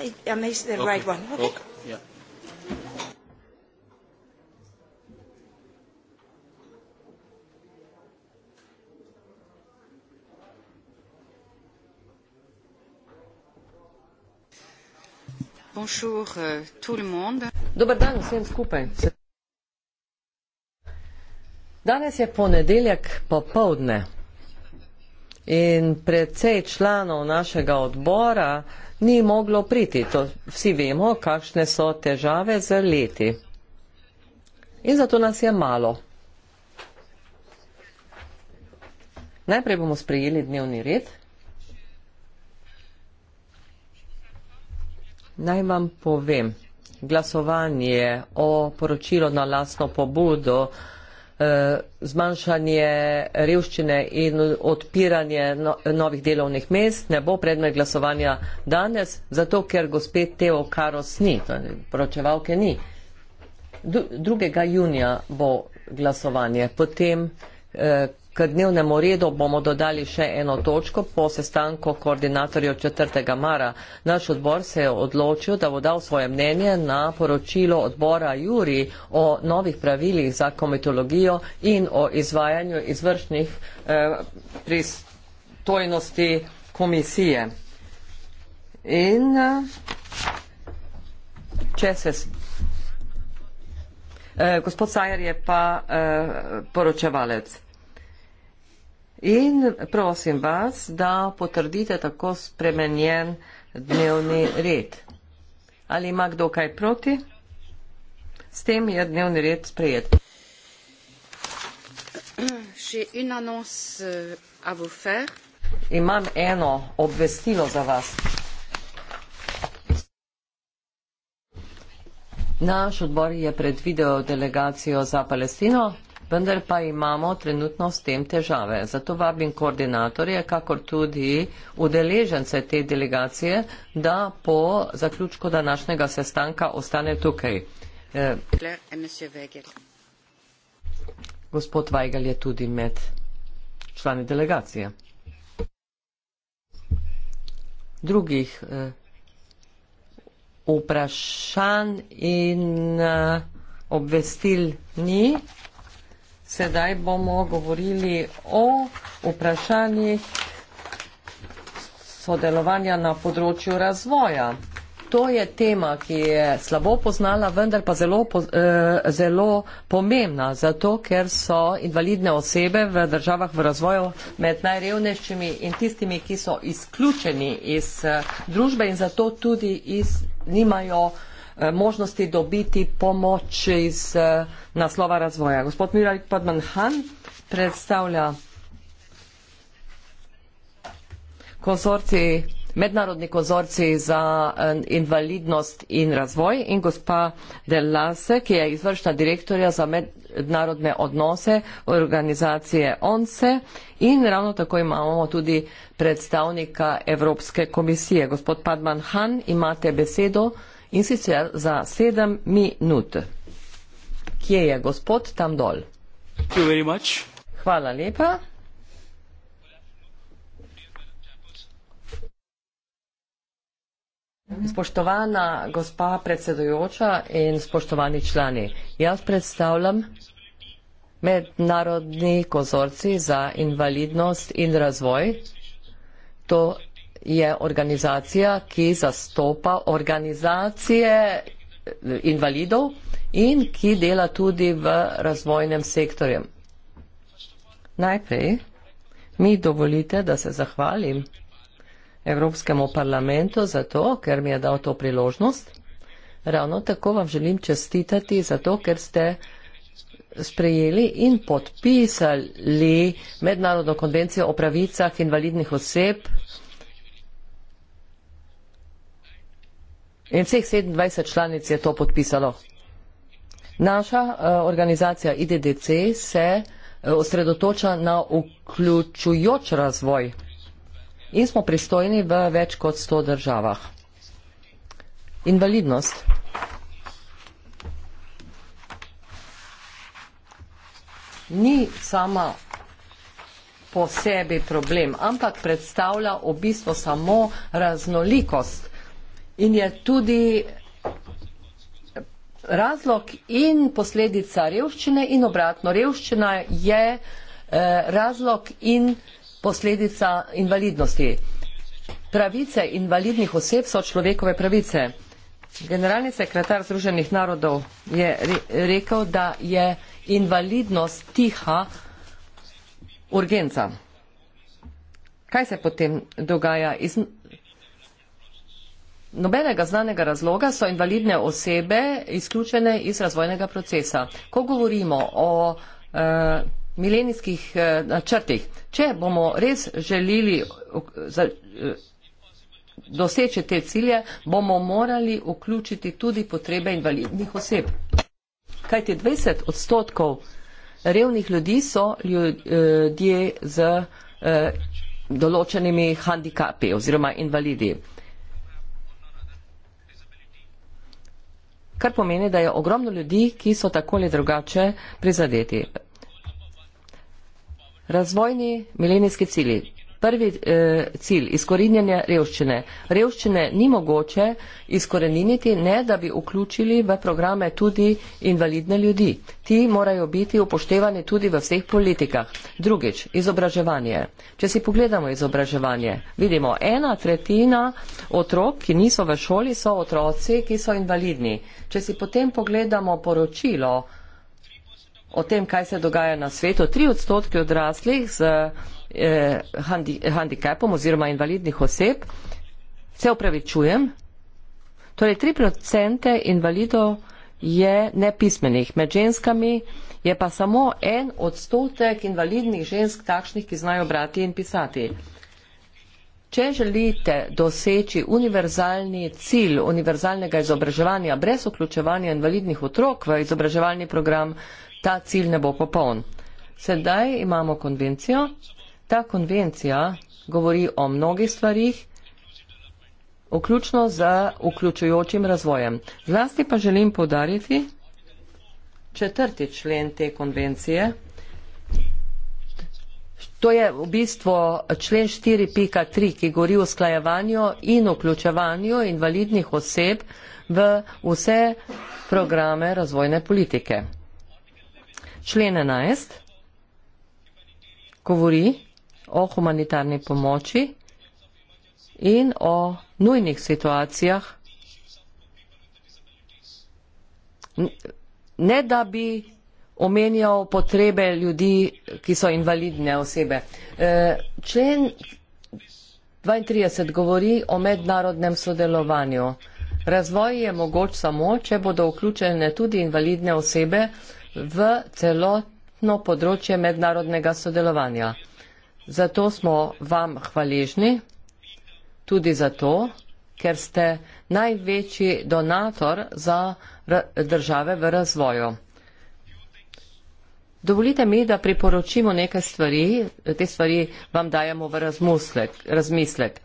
I missed the okay. right one. Okay. okay. Yeah. Bonjour, euh, tout le monde. Dobar dan vsem skupaj. Danes je ponedeljek popovdne in predsej članov našega odbora ni moglo priti. To vsi vemo, kakšne so težave z leti. In zato nas je malo. Najprej bomo sprejeli dnevni red. Naj vam povem, glasovanje o poročilu na lasno pobudo, Eh, zmanjšanje revščine in odpiranje no, novih delovnih mest ne bo predmet glasovanja danes, zato ker gospe Teo Karos ni, poročevalke ni. 2. junija bo glasovanje, potem eh, K dnevnemu redu bomo dodali še eno točko po sestanku koordinatorjev 4. mara. Naš odbor se je odločil, da bo dal svoje mnenje na poročilo odbora Juri o novih pravilih za komitologijo in o izvajanju izvršnih eh, pristojnosti komisije. In eh, če se. Eh, gospod Sajer je pa eh, poročevalec. In prosim vas, da potrdite tako spremenjen dnevni red. Ali ima kdo kaj proti? S tem je dnevni red sprejet. Euh, Imam eno obvestilo za vas. Naš odbor je predvidel delegacijo za Palestino, vendar pa imamo trenutno s tem težave. Zato vabim koordinatorje, kakor tudi udeležence te delegacije, da po zaključku današnjega sestanka ostane tukaj. Eh, gospod Vajgal je tudi med člani delegacije. Drugih eh, vprašanj in eh, obvestil ni. Sedaj bomo govorili o vprašanjih sodelovanja na področju razvoja. To je tema, ki je slabo poznala, vendar pa zelo, eh, zelo pomembna, zato ker so invalidne osebe v državah v razvoju med najrevnejšimi in tistimi, ki so izključeni iz eh, družbe in zato tudi iz, nimajo Eh, možnosti dobiti pomoč iz eh, naslova razvoja. Gospod Mirali Padmanhan predstavlja konzorci, mednarodni konzorci za eh, invalidnost in razvoj in gospa Delase, ki je izvršna direktorja za mednarodne odnose organizacije ONSE in ravno tako imamo tudi predstavnika Evropske komisije. Gospod Padman Han, imate besedo in sicer za sedem minut. Kje je gospod tam dol? Hvala lepa. Spoštovana gospa predsedujoča in spoštovani člani, jaz predstavljam mednarodni konzorci za invalidnost in razvoj. To je organizacija, ki zastopa organizacije invalidov in ki dela tudi v razvojnem sektorju. Najprej mi dovolite, da se zahvalim Evropskemu parlamentu za to, ker mi je dal to priložnost. Ravno tako vam želim čestitati za to, ker ste sprejeli in podpisali mednarodno konvencijo o pravicah invalidnih oseb In vseh 27 članic je to podpisalo. Naša uh, organizacija IDDC se uh, osredotoča na vključujoč razvoj in smo pristojni v več kot 100 državah. Invalidnost. Ni sama po sebi problem, ampak predstavlja v bistvu samo raznolikost in je tudi razlog in posledica revščine in obratno. Revščina je eh, razlog in posledica invalidnosti. Pravice invalidnih oseb so človekove pravice. Generalni sekretar Združenih narodov je rekel, da je invalidnost tiha urgenca. Kaj se potem dogaja? nobenega znanega razloga so invalidne osebe izključene iz razvojnega procesa. Ko govorimo o uh, milenijskih eh, načrtih. Če bomo res želeli eh, doseči te cilje, bomo morali vključiti tudi potrebe invalidnih oseb. Kajti 20 odstotkov revnih ljudi so ljudje z določenimi handikapi oziroma invalidi. kar pomeni, da je ogromno ljudi, ki so tako ali drugače prizadeti. Razvojni milenijski cilji prvi eh, cilj izkorinjanje revščine. Revščine ni mogoče izkoreniniti, ne da bi vključili v programe tudi invalidne ljudi. Ti morajo biti upoštevani tudi v vseh politikah. Drugič, izobraževanje. Če si pogledamo izobraževanje, vidimo, ena tretjina otrok, ki niso v šoli, so otroci, ki so invalidni. Če si potem pogledamo poročilo o tem, kaj se dogaja na svetu, tri odstotke odraslih z eh, handi, handikapom oziroma invalidnih oseb. Se upravičujem. Torej, 3% invalidov je nepismenih. Med ženskami je pa samo en odstotek invalidnih žensk takšnih, ki znajo brati in pisati. Če želite doseči univerzalni cilj univerzalnega izobraževanja brez vključevanja invalidnih otrok v izobraževalni program, ta cilj ne bo popoln. Sedaj imamo konvencijo, Ta konvencija govori o mnogih stvarih, vključno z vključujočim razvojem. Zlasti pa želim podariti četrti člen te konvencije. To je v bistvu člen 4.3, ki govori o sklajevanju in vključevanju invalidnih oseb v vse programe razvojne politike. Člen 11 govori o humanitarni pomoči in o nujnih situacijah, ne da bi omenjal potrebe ljudi, ki so invalidne osebe. E, člen 32 govori o mednarodnem sodelovanju. Razvoj je mogoč samo, če bodo vključene tudi invalidne osebe v celotno področje mednarodnega sodelovanja. Zato smo vam hvaležni, tudi zato, ker ste največji donator za države v razvoju. Dovolite mi, da priporočimo nekaj stvari, te stvari vam dajemo v razmuslek, razmislek.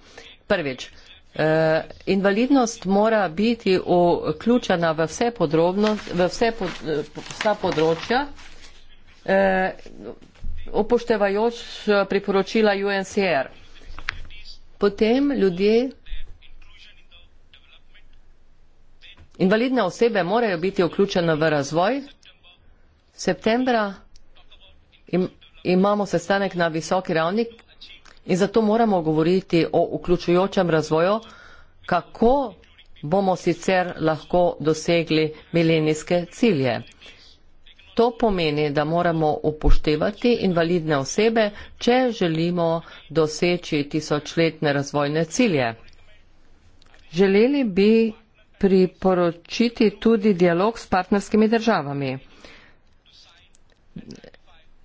Prvič, eh, invalidnost mora biti vključena v vse, v vse, pod, eh, vse področja. Eh, upoštevajoč eh, priporočila UNCR. Potem ljudje, invalidne osebe morajo biti vključene v razvoj. Septembra imamo sestanek na visoki ravni in zato moramo govoriti o vključujočem razvoju, kako bomo sicer lahko dosegli milenijske cilje. To pomeni, da moramo upoštevati invalidne osebe, če želimo doseči tisočletne razvojne cilje. Želeli bi priporočiti tudi dialog s partnerskimi državami.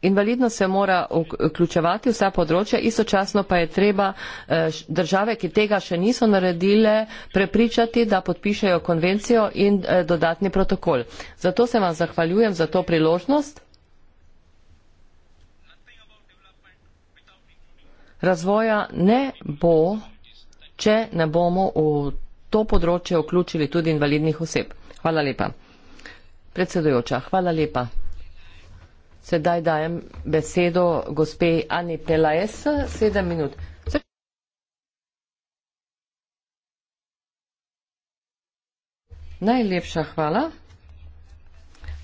Invalidnost se mora vključevati v vsa področja, istočasno pa je treba eh, države, ki tega še niso naredile, prepričati, da podpišejo konvencijo in eh, dodatni protokol. Zato se vam zahvaljujem za to priložnost. Razvoja ne bo, če ne bomo v to področje vključili tudi invalidnih oseb. Hvala lepa. Predsedujoča, hvala lepa. Sedaj dajem besedo gospe Ani Pelaes, sedem minut. Najlepša hvala.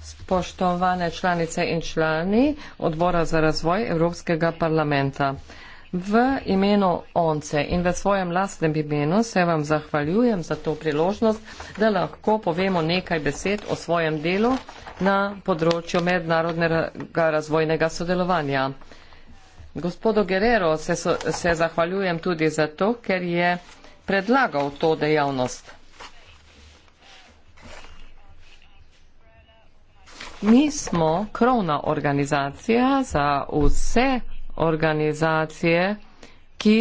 Spoštovane članice in člani odbora za razvoj Evropskega parlamenta. V imenu ONCE in v svojem lastnem imenu se vam zahvaljujem za to priložnost, da lahko povemo nekaj besed o svojem delu na področju mednarodnega razvojnega sodelovanja. Gospodu Guerrero se, se zahvaljujem tudi zato, ker je predlagal to dejavnost. Mi smo krovna organizacija za vse organizacije, ki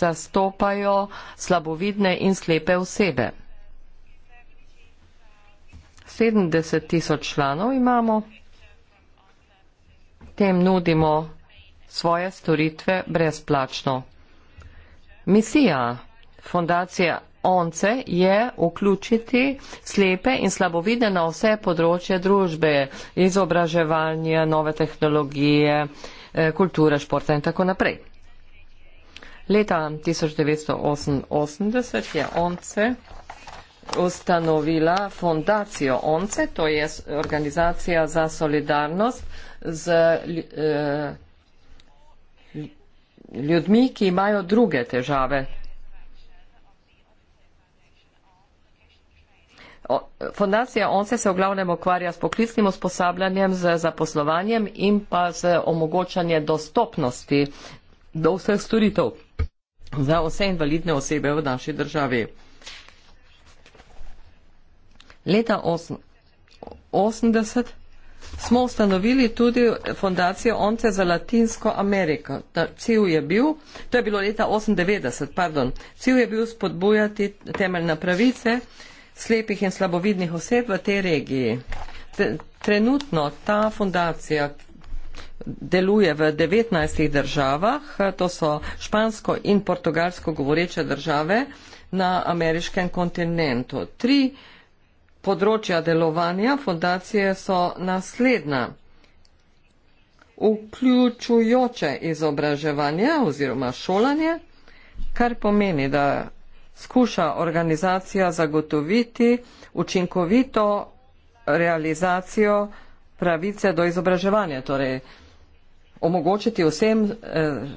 zastopajo slabovidne in slepe osebe. 70 tisoč članov imamo, tem nudimo svoje storitve brezplačno. Misija fondacije ONCE je vključiti slepe in slabovide na vse področje družbe, izobraževanje, nove tehnologije, eh, kulture, športa in tako naprej. Leta 1988 je ONCE ustanovila fondacijo ONCE, to je organizacija za solidarnost z eh, ljudmi, ki imajo druge težave. Fondacija ONCE se v glavnem okvarja s poklicnim usposabljanjem, z zaposlovanjem in pa z omogočanjem dostopnosti do vseh storitev za vse invalidne osebe v naši državi. Leta 1980 smo ustanovili tudi fondacijo ONCE za Latinsko Ameriko. Ta cilj je bil, to je bilo leta 1998, pardon, cilj je bil spodbujati temeljne pravice slepih in slabovidnih oseb v tej regiji. Trenutno ta fondacija deluje v 19 državah, to so špansko in portugalsko govoreče države na ameriškem kontinentu. Tri Področja delovanja fundacije so naslednja. Vključujoče izobraževanje oziroma šolanje, kar pomeni, da skuša organizacija zagotoviti učinkovito realizacijo pravice do izobraževanja, torej omogočiti vsem eh,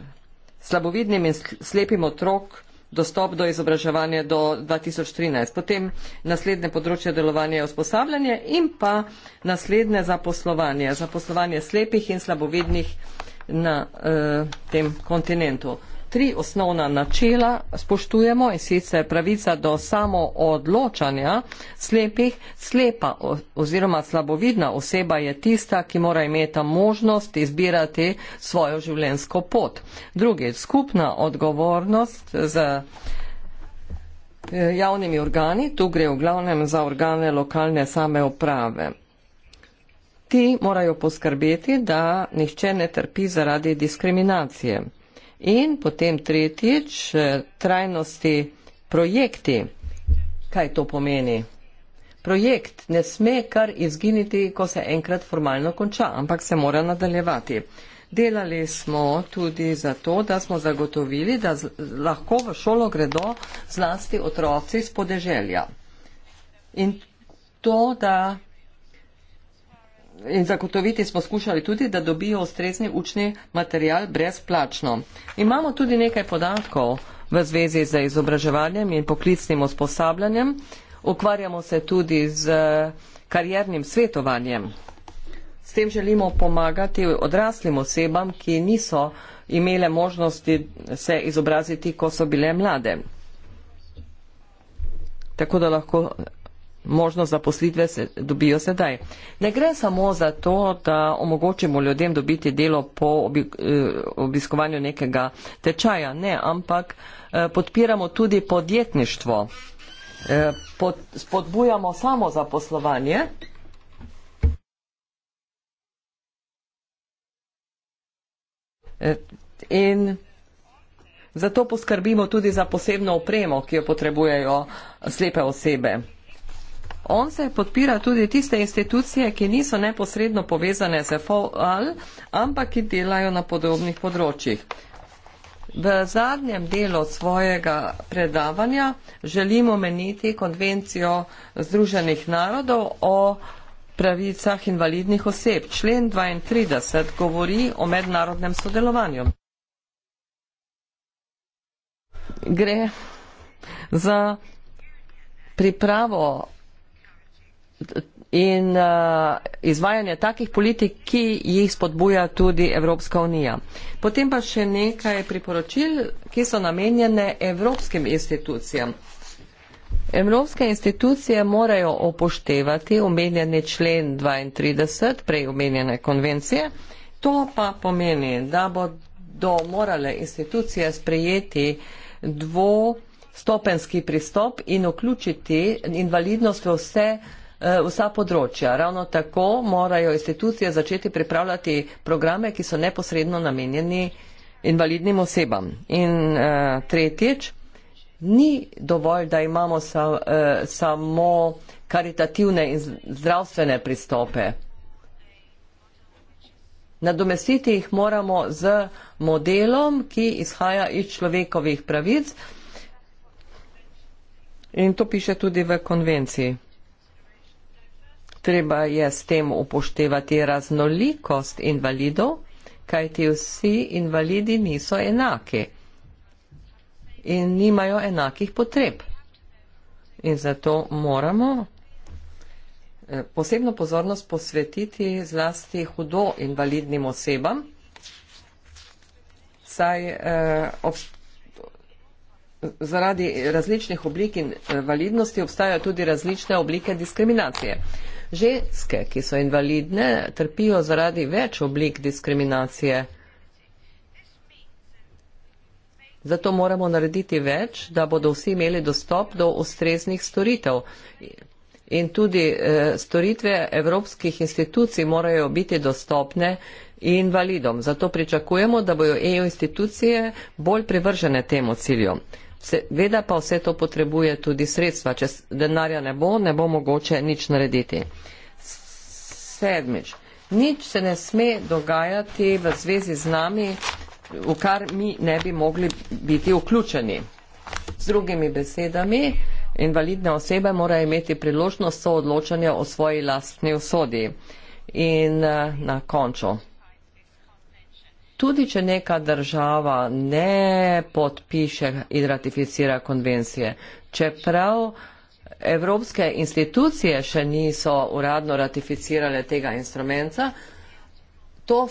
slabovidnim in slepim otrokom, dostop do izobraževanja do 2013. Potem naslednje področje delovanja je usposabljanje in pa naslednje zaposlovanje, zaposlovanje slepih in slabovidnih na uh, tem kontinentu tri osnovna načela spoštujemo in sicer pravica do samoodločanja slepih. Slepa oziroma slabovidna oseba je tista, ki mora imeti možnost izbirati svojo življenjsko pot. Drugič, skupna odgovornost z eh, javnimi organi, tu gre v glavnem za organe lokalne same uprave. Ti morajo poskrbeti, da nihče ne trpi zaradi diskriminacije. In potem tretjič, eh, trajnosti projekti. Kaj to pomeni? Projekt ne sme kar izginiti, ko se enkrat formalno konča, ampak se mora nadaljevati. Delali smo tudi zato, da smo zagotovili, da lahko v šolo gredo zlasti otroci iz podeželja. In to, da in zagotoviti smo skušali tudi, da dobijo ustrezni učni material brezplačno. Imamo tudi nekaj podatkov v zvezi z izobraževanjem in poklicnim usposabljanjem. Ukvarjamo se tudi z kariernim svetovanjem. S tem želimo pomagati odraslim osebam, ki niso imele možnosti se izobraziti, ko so bile mlade. Tako da lahko možnost zaposlitve se, dobijo sedaj. Ne gre samo za to, da omogočimo ljudem dobiti delo po eh, obiskovanju nekega tečaja, ne, ampak eh, podpiramo tudi podjetništvo, eh, pod, spodbujamo samo zaposlovanje. In zato poskrbimo tudi za posebno opremo, ki jo potrebujejo slepe osebe. On se podpira tudi tiste institucije, ki niso neposredno povezane z FOL, ampak ki delajo na podobnih področjih. V zadnjem delu svojega predavanja želimo meniti konvencijo Združenih narodov o pravicah invalidnih oseb. Člen 32 govori o mednarodnem sodelovanju. Gre za pripravo in uh, izvajanje takih politik, ki jih spodbuja tudi Evropska unija. Potem pa še nekaj priporočil, ki so namenjene evropskim institucijam. Evropske institucije morajo upoštevati omenjeni člen 32, prej omenjene konvencije. To pa pomeni, da bodo morale institucije sprejeti dvostopenski pristop in vključiti invalidnost v vse Eh, vsa področja. Ravno tako morajo institucije začeti pripravljati programe, ki so neposredno namenjeni invalidnim osebam. In uh, tretjič, ni dovolj, da imamo sa, uh, samo karitativne in zdravstvene pristope. Nadomestiti jih moramo z modelom, ki izhaja iz človekovih pravic. In to piše tudi v konvenciji treba je s tem upoštevati raznolikost invalidov, kajti vsi invalidi niso enaki in nimajo enakih potreb. In zato moramo eh, posebno pozornost posvetiti zlasti hudo invalidnim osebam, saj eh, zaradi različnih oblik invalidnosti eh, obstajajo tudi različne oblike diskriminacije. Eh, ženske, ki so invalidne, trpijo zaradi več oblik diskriminacije. Zato moramo narediti več, da bodo vsi imeli dostop do ustreznih storitev. In tudi e, storitve evropskih institucij morajo biti dostopne invalidom. Zato pričakujemo, da bojo EU institucije bolj privržene temu cilju. Seveda pa vse to potrebuje tudi sredstva. Če denarja ne bo, ne bo mogoče nič narediti. Sedmič. Nič se ne sme dogajati v zvezi z nami, v kar mi ne bi mogli biti vključeni. Z drugimi besedami, invalidne osebe morajo imeti priložnost soodločanja o svoji lastni usodi. In eh, na koncu tudi če neka država ne podpiše in ratificira konvencije, čeprav evropske institucije še niso uradno ratificirale tega instrumenta, to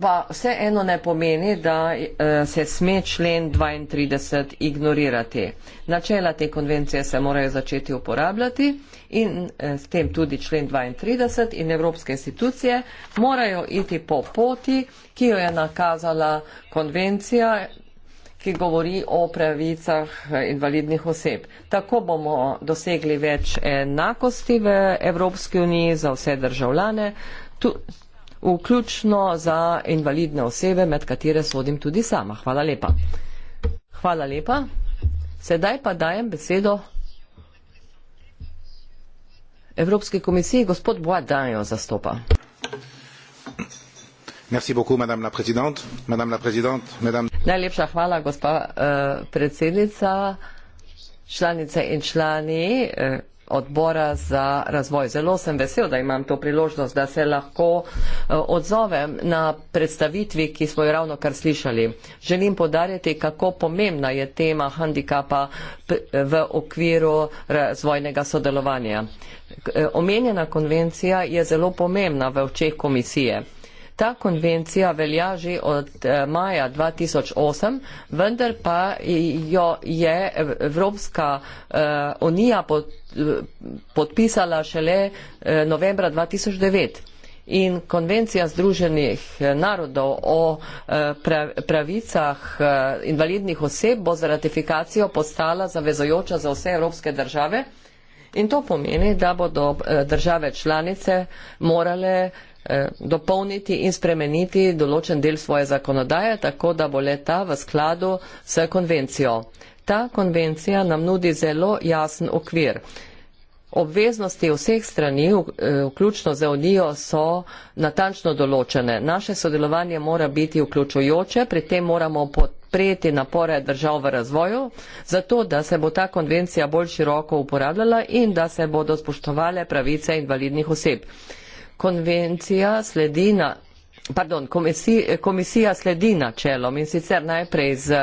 Pa vseeno ne pomeni, da eh, se sme člen 32 ignorirati. Načela te konvencije se morajo začeti uporabljati in eh, s tem tudi člen 32 in evropske institucije morajo iti po poti, ki jo je nakazala konvencija, ki govori o pravicah invalidnih oseb. Tako bomo dosegli več enakosti v Evropski uniji za vse državljane. Tu, vključno za invalidne osebe, med katere sodim tudi sama. Hvala lepa. Hvala lepa. Sedaj pa dajem besedo Evropski komisiji, gospod Boadanjo zastopa. Merci beaucoup, madame la présidente. Madame la présidente, madame... Najlepša hvala, gospa uh, predsednica, članice in člani uh, odbora za razvoj. Zelo sem vesel, da imam to priložnost, da se lahko eh, odzovem na predstavitvi, ki smo jo ravno kar slišali. Želim podarjati, kako pomembna je tema handikapa v okviru razvojnega sodelovanja. Eh, omenjena konvencija je zelo pomembna v očeh komisije. Ta konvencija velja že od eh, maja 2008, vendar pa jo je Evropska eh, unija eh, podpisala šele novembra 2009. In konvencija Združenih narodov o pravicah invalidnih oseb bo za ratifikacijo postala zavezojoča za vse evropske države. In to pomeni, da bodo države članice morale Eh, dopolniti in spremeniti določen del svoje zakonodaje, tako da bo leta v skladu s konvencijo. Ta konvencija nam nudi zelo jasen okvir. Obveznosti vseh strani, eh, vključno za Unijo, so natančno določene. Naše sodelovanje mora biti vključujoče, pri tem moramo podpreti napore držav v razvoju, zato da se bo ta konvencija bolj široko uporabljala in da se bodo spoštovale pravice invalidnih oseb konvencija sledi na. Pardon, komisija, komisija sledi načelom in sicer najprej z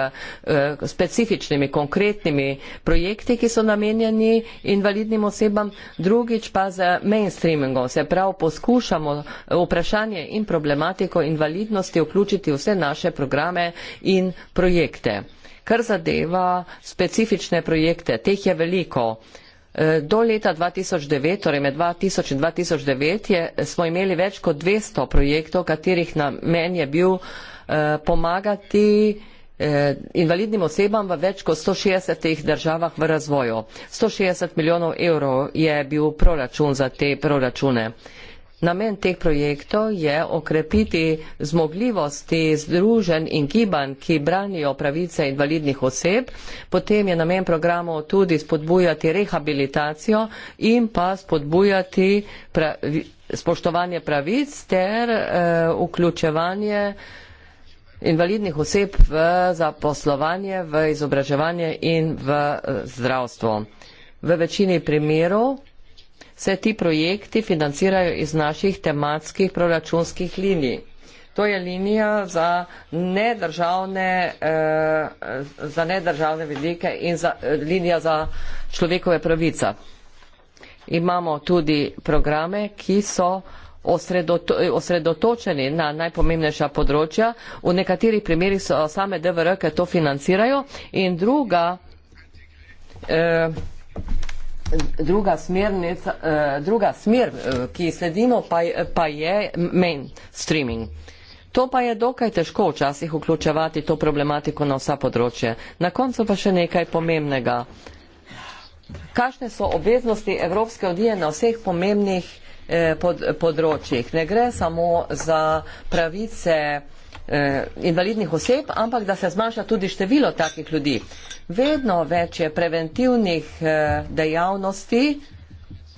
uh, specifičnimi, konkretnimi projekti, ki so namenjeni invalidnim osebam, drugič pa z mainstreamingom. Se pravi, poskušamo eh, vprašanje in problematiko invalidnosti vključiti v vse naše programe in projekte. Kar zadeva specifične projekte, teh je veliko. Uh, Eh, do leta 2009, torej med 2000 in 2009, je, smo imeli več kot 200 projektov, katerih namen je bil eh, pomagati eh, invalidnim osebam v več kot 160 državah v razvoju. 160 milijonov evrov je bil proračun za te proračune. Eh, Namen teh projektov je okrepiti zmogljivosti združenj in gibanj, ki branijo pravice invalidnih oseb, potem je namen programov tudi spodbujati rehabilitacijo in pa spodbujati pravi, spoštovanje pravic ter e, vključevanje invalidnih oseb v zaposlovanje, v izobraževanje in v eh, zdravstvo. V večini primerov se ti projekti financirajo iz naših tematskih proračunskih linij. To je linija za nedržavne, eh, za nedržavne vidike in za, eh, linija za človekove pravice. Imamo tudi programe, ki so osredotočeni na najpomembnejša področja. V nekaterih primerjih so same DVR, ki to financirajo. In druga, eh, druga smernica, eh, druga smer, eh, ki sledimo, pa, pa je mainstreaming. To pa je dokaj težko včasih vključevati to problematiko na vsa področja. Na koncu pa še nekaj pomembnega. Kakšne so obveznosti Evropske unije na vseh pomembnih eh, pod, področjih? Ne gre samo za pravice eh, Eh, invalidnih oseb, ampak da se zmanjša tudi število takih ljudi. Vedno več je preventivnih eh, dejavnosti,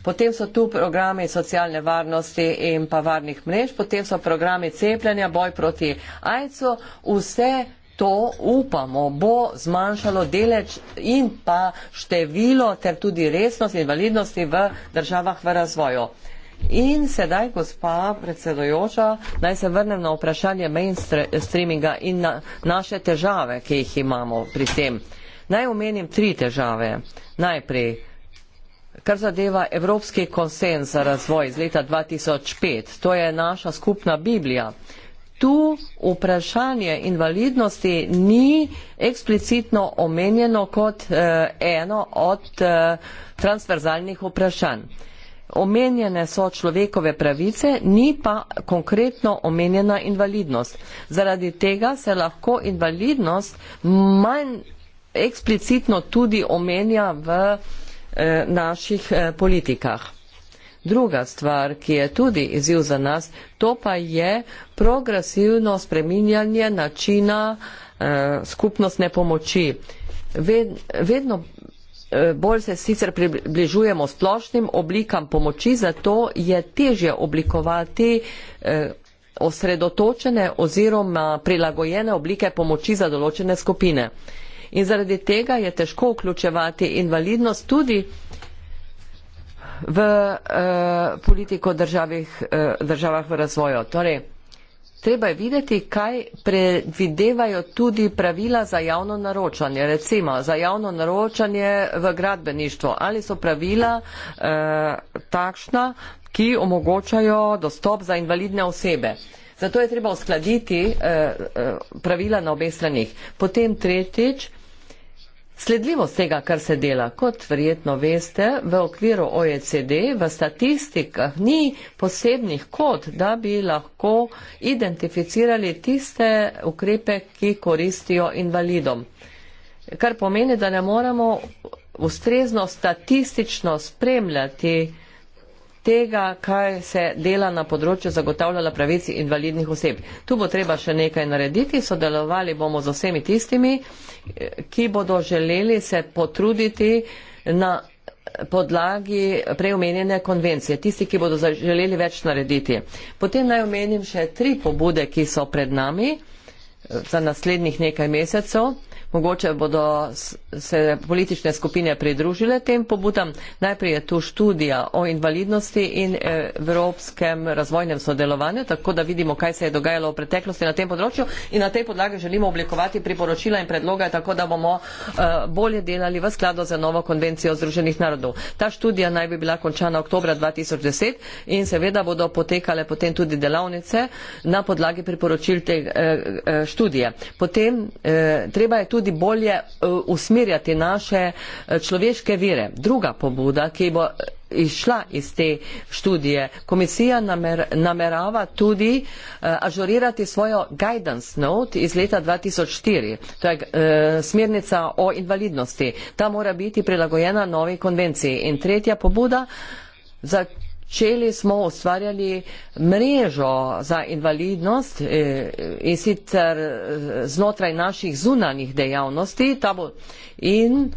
potem so tu programi socialne varnosti in pa varnih mrež, potem so programi cepljenja, boj proti AIDS-u, vse to upamo bo zmanjšalo deleč in pa število ter tudi resnost invalidnosti v državah v razvoju. In sedaj, gospa predsedojoča, naj se vrnem na vprašanje mainstreaminga in na naše težave, ki jih imamo pri tem. Naj omenim tri težave. Najprej, kar zadeva Evropski konsens za razvoj iz leta 2005, to je naša skupna Biblija. Tu vprašanje invalidnosti ni eksplicitno omenjeno kot eh, eno od eh, transverzalnih vprašanj omenjene so človekove pravice, ni pa konkretno omenjena invalidnost. Zaradi tega se lahko invalidnost manj eksplicitno tudi omenja v eh, naših eh, politikah. Druga stvar, ki je tudi izziv za nas, to pa je progresivno spreminjanje načina eh, skupnostne pomoči. Ved, vedno Eh, bolj se sicer približujemo splošnim oblikam pomoči, zato je težje oblikovati eh, osredotočene oziroma prilagojene oblike pomoči za določene skupine. In zaradi tega je težko vključevati invalidnost tudi v eh, politiko državih, eh, državah v razvoju. Torej, Treba je videti, kaj predvidevajo tudi pravila za javno naročanje, recimo za javno naročanje v gradbeništvu. Ali so pravila eh, takšna, ki omogočajo dostop za invalidne osebe. Zato je treba uskladiti eh, eh pravila na obeh stranih. Potem tretjič, Sledljivost tega, kar se dela, kot verjetno veste, v okviru OECD v statistikah ni posebnih kod, da bi lahko identificirali tiste ukrepe, ki koristijo invalidom. Kar pomeni, da ne moremo ustrezno statistično spremljati tega, kaj se dela na področju zagotavljala pravic invalidnih oseb. Tu bo treba še nekaj narediti, sodelovali bomo z vsemi tistimi, ki bodo želeli se potruditi na podlagi preomenjene konvencije, tisti, ki bodo želeli več narediti. Potem naj omenim še tri pobude, ki so pred nami eh, za naslednjih nekaj mesecev mogoče bodo se politične skupine pridružile tem pobudam. Najprej je tu študija o invalidnosti in e, evropskem razvojnem sodelovanju, tako da vidimo, kaj se je dogajalo v preteklosti na tem področju in na tej podlagi želimo oblikovati priporočila in predloga, tako da bomo e, bolje delali v skladu za novo konvencijo Združenih narodov. Ta študija naj bi bila končana oktobra 2010 in seveda bodo potekale potem tudi delavnice na podlagi priporočil te e, študije. Potem treba je tudi tudi bolje eh, usmerjati naše eh, človeške vire. Druga pobuda, ki bo eh, izšla iz te študije. Komisija namer, namerava tudi uh, ažurirati svojo guidance note iz leta 2004. To je uh, smernica o invalidnosti. Ta mora biti prilagojena novi konvenciji. In tretja pobuda, za začeli smo ustvarjali mrežo za invalidnost eh, in sicer eh, znotraj naših zunanih dejavnosti bo, in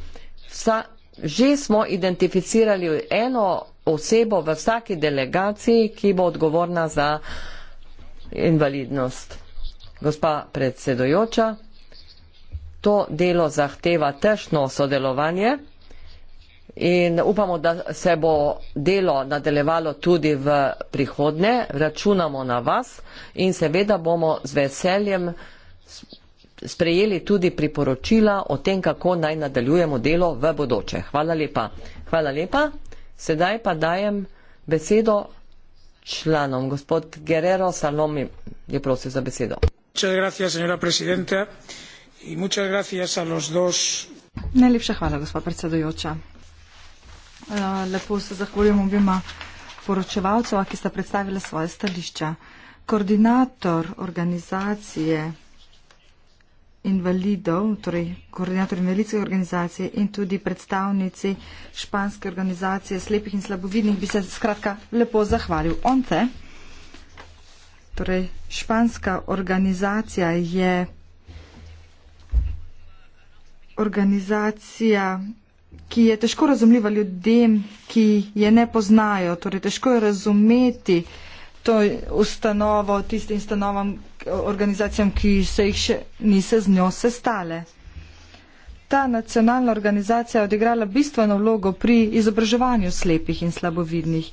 vsa, že smo identificirali eno osebo v vsaki delegaciji, ki bo odgovorna za invalidnost. Gospa predsedojoča, to delo zahteva tešno sodelovanje. In upamo, da se bo delo nadaljevalo tudi v prihodnje. Računamo na vas in seveda bomo z veseljem sprejeli tudi priporočila o tem, kako naj nadaljujemo delo v bodoče. Hvala lepa. Hvala lepa. Sedaj pa dajem besedo članom. Gospod Guerrero Salomi je prosil za besedo. Najlepša hvala, gospod predsedujoča. Eh, lepo se zahvaljujem obima poročevalcova, ki sta predstavila svoje stališča. Koordinator organizacije invalidov, torej koordinator invalidske organizacije in tudi predstavnici španske organizacije slepih in slabovidnih bi se skratka lepo zahvalil. On te, torej španska organizacija je organizacija ki je težko razumljiva ljudem, ki je ne poznajo. Torej, težko je razumeti to ustanovo, tistim ustanovam, organizacijam, ki se jih še niso z njo sestale. Ta nacionalna organizacija je odigrala bistveno vlogo pri izobraževanju slepih in slabovidnih.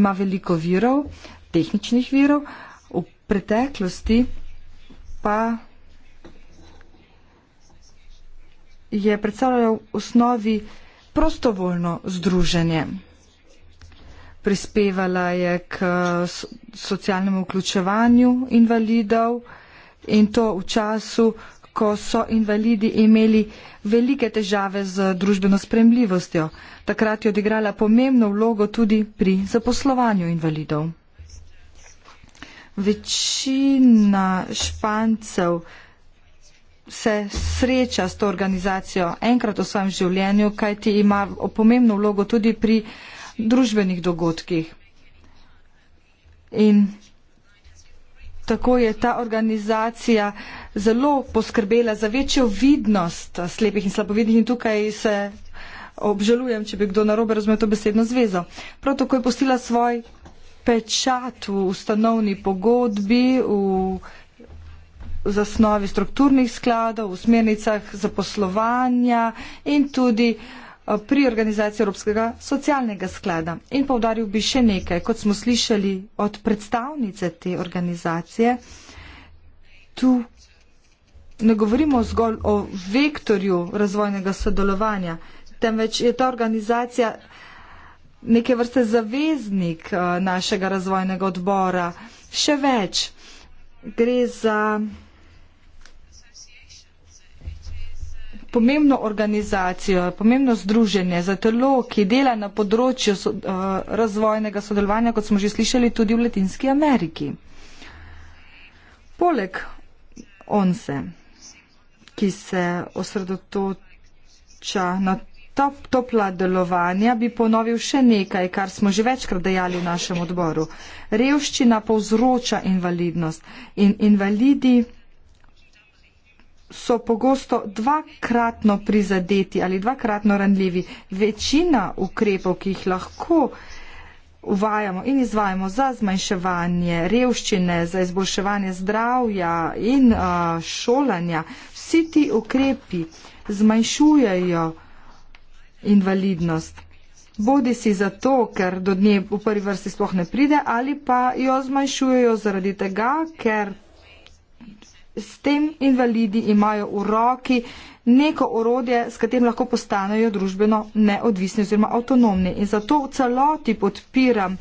Ima veliko virov, tehničnih virov, v preteklosti pa je predstavljal v osnovi prostovoljno združenje. Prispevala je k socialnemu vključevanju invalidov in to v času, ko so invalidi imeli velike težave z družbeno spremljivostjo. Takrat je odigrala pomembno vlogo tudi pri zaposlovanju invalidov. Večina špancev se sreča s to organizacijo enkrat v svojem življenju, kajti ima pomembno vlogo tudi pri družbenih dogodkih. In tako je ta organizacija zelo poskrbela za večjo vidnost slepih in slabovidnih in tukaj se obžalujem, če bi kdo narobe razumel to besedno zvezo. Prav tako je postila svoj pečat v ustanovni pogodbi, v zasnovi strukturnih skladov, v smernicah zaposlovanja in tudi eh, pri organizaciji Evropskega socialnega sklada. In povdaril bi še nekaj, kot smo slišali od predstavnice te organizacije, tu ne govorimo zgolj o vektorju razvojnega sodelovanja, temveč je ta organizacija neke vrste zaveznik eh, našega razvojnega odbora. Še več, gre za pomembno organizacijo, pomembno združenje za telo, ki dela na področju so, uh, razvojnega sodelovanja, kot smo že slišali, tudi v Latinski Ameriki. Poleg ONSE, ki se osredotoča na top, topla delovanja, bi ponovil še nekaj, kar smo že večkrat dejali v našem odboru. Revščina povzroča invalidnost in invalidi so pogosto dvakratno prizadeti ali dvakratno ranljivi. Večina ukrepov, ki jih lahko uvajamo in izvajamo za zmanjševanje revščine, za izboljševanje zdravja in a, šolanja, vsi ti ukrepi zmanjšujejo invalidnost. Bodi si zato, ker do nje v prvi vrsti sploh ne pride, ali pa jo zmanjšujejo zaradi tega, ker s tem invalidi imajo v roki neko orodje, s katerim lahko postanejo družbeno neodvisni oziroma avtonomni. In zato v celoti podpiram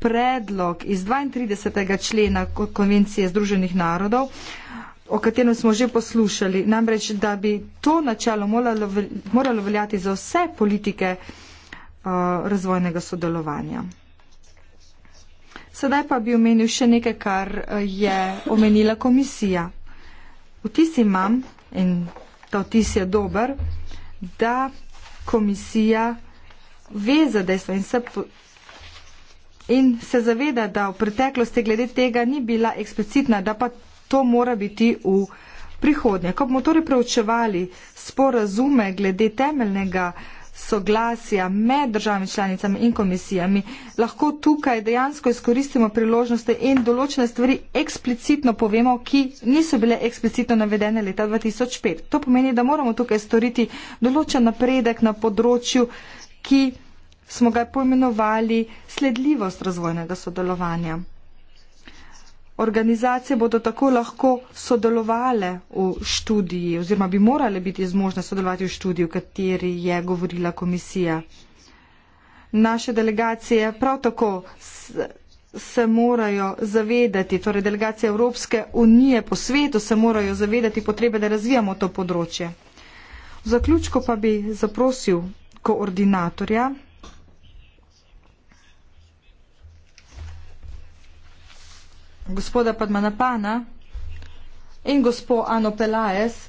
predlog iz 32. člena konvencije Združenih narodov, o katerem smo že poslušali, namreč, da bi to načelo moralo veljati za vse politike uh, razvojnega sodelovanja. Sedaj pa bi omenil še nekaj, kar uh, je omenila komisija. Vtis imam, in ta vtis je dober, da komisija ve za dejstva in se, in se zaveda, da v preteklosti glede tega ni bila eksplicitna, da pa to mora biti v prihodnje. Ko bomo torej preučevali sporazume glede temeljnega, soglasja med državami članicami in komisijami, lahko tukaj dejansko izkoristimo priložnosti in določene stvari eksplicitno povemo, ki niso bile eksplicitno navedene leta 2005. To pomeni, da moramo tukaj storiti določen napredek na področju, ki smo ga pojmenovali sledljivost razvojnega sodelovanja organizacije bodo tako lahko sodelovale v študiji oziroma bi morale biti zmožne sodelovati v študiji, v kateri je govorila komisija. Naše delegacije prav tako se morajo zavedati, torej delegacije Evropske unije po svetu se morajo zavedati potrebe, da razvijamo to področje. V zaključku pa bi zaprosil koordinatorja gospoda Padmanapana in gospo Ano Pelaez,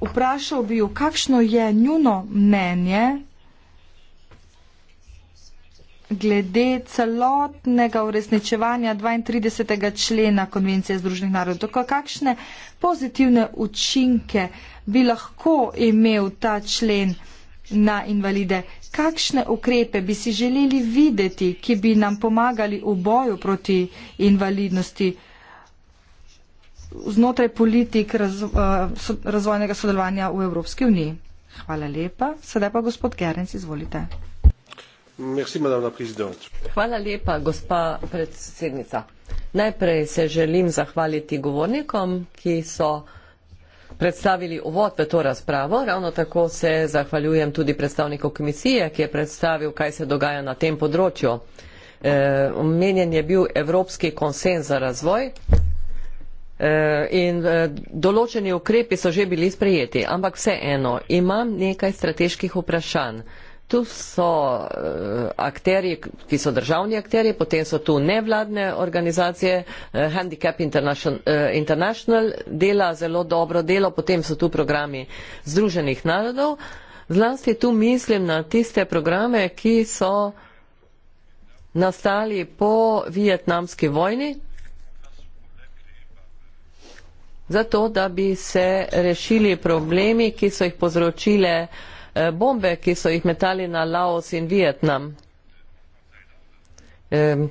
vprašal bi jo, kakšno je njuno mnenje glede celotnega uresničevanja 32. člena Konvencije Združenih narodov. Tako kakšne pozitivne učinke bi lahko imel ta člen vsega, na invalide. Kakšne ukrepe bi si želeli videti, ki bi nam pomagali v boju proti invalidnosti znotraj politik eh, razvojnega sodelovanja v Evropski uniji? Hvala lepa. Sedaj pa gospod Gerenc, izvolite. Merci, Hvala lepa, gospa predsednica. Najprej se želim zahvaliti govornikom, ki so predstavili uvod v to razpravo. Ravno tako se zahvaljujem tudi predstavniku komisije, ki je predstavil, kaj se dogaja na tem področju. Eh, omenjen je bil Evropski konsens za razvoj eh, in eh, določeni ukrepi so že bili sprejeti, ampak vseeno imam nekaj strateških vprašanj tu so uh, eh, akteri, ki so državni akteri, potem so tu nevladne organizacije, uh, Handicap International, uh, eh, International dela zelo dobro delo, potem so tu programi Združenih narodov. Zlasti tu mislim na tiste programe, ki so nastali po vietnamski vojni, zato da bi se rešili problemi, ki so jih povzročile uh, Eh, bombe, ki so jih metali na Laos in Vietnam, eh,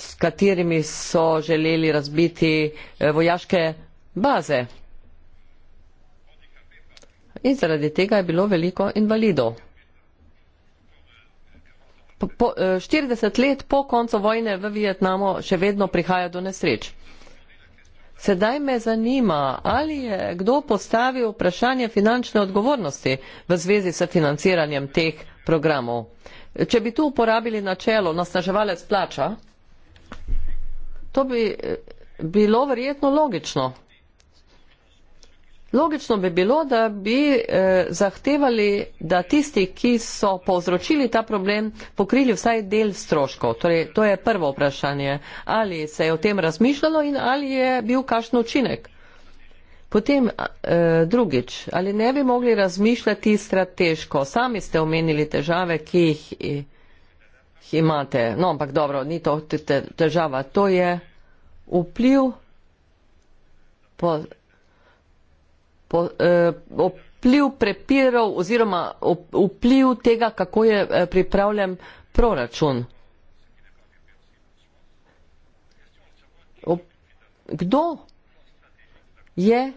s katerimi so želeli razbiti eh, vojaške baze. In zaradi tega je bilo veliko invalidov. 40 let po koncu vojne v Vietnamu še vedno prihaja do nesreč. Sedaj me zanima, ali je kdo postavil vprašanje finančne odgovornosti v zvezi s financiranjem teh programov. Če bi tu uporabili načelo nasnaževalec plača, to bi eh, bilo verjetno logično. Logično bi bilo, da bi eh, zahtevali, da tisti, ki so povzročili ta problem, pokrili vsaj del stroškov. Torej, to je prvo vprašanje. Ali se je o tem razmišljalo in ali je bil kakšen učinek? Potem eh, drugič, ali ne bi mogli razmišljati strateško? Sami ste omenili težave, ki jih, jih imate. No, ampak dobro, ni to težava. To je vpliv. Po, Eh, vpliv prepirov oziroma vpliv tega, kako je eh, pripravljen proračun. Kdo je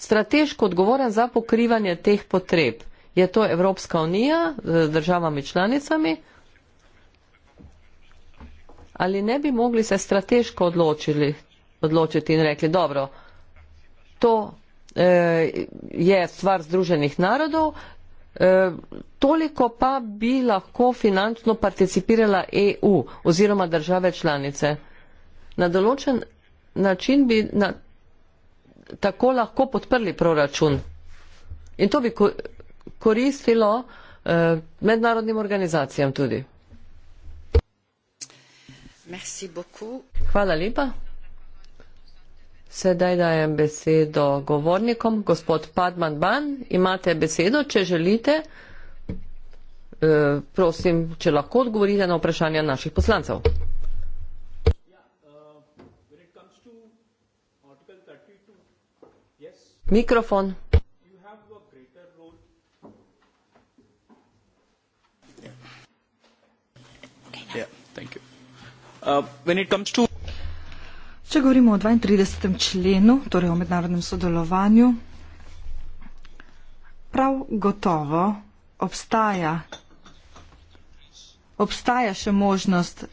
strateško odgovoren za pokrivanje teh potreb? Je to Evropska unija z državami članicami? Ali ne bi mogli se strateško odločili, odločiti in rekli, dobro, to Eh, je stvar Združenih narodov, eh, toliko pa bi lahko finančno participirala EU oziroma države članice. Na določen način bi na, tako lahko podprli proračun. In to bi koristilo eh, mednarodnim organizacijam tudi. Merci beaucoup. Hvala lepa. Sedaj dajem besedo govornikom. Gospod Padman Ban, imate besedo, če želite. E, prosim, če lahko odgovorite na vprašanja naših poslancev. Mikrofon. Yeah, thank you. Uh, when it comes to Če govorimo o 32. členu, torej o mednarodnem sodelovanju, prav gotovo obstaja, obstaja še možnost,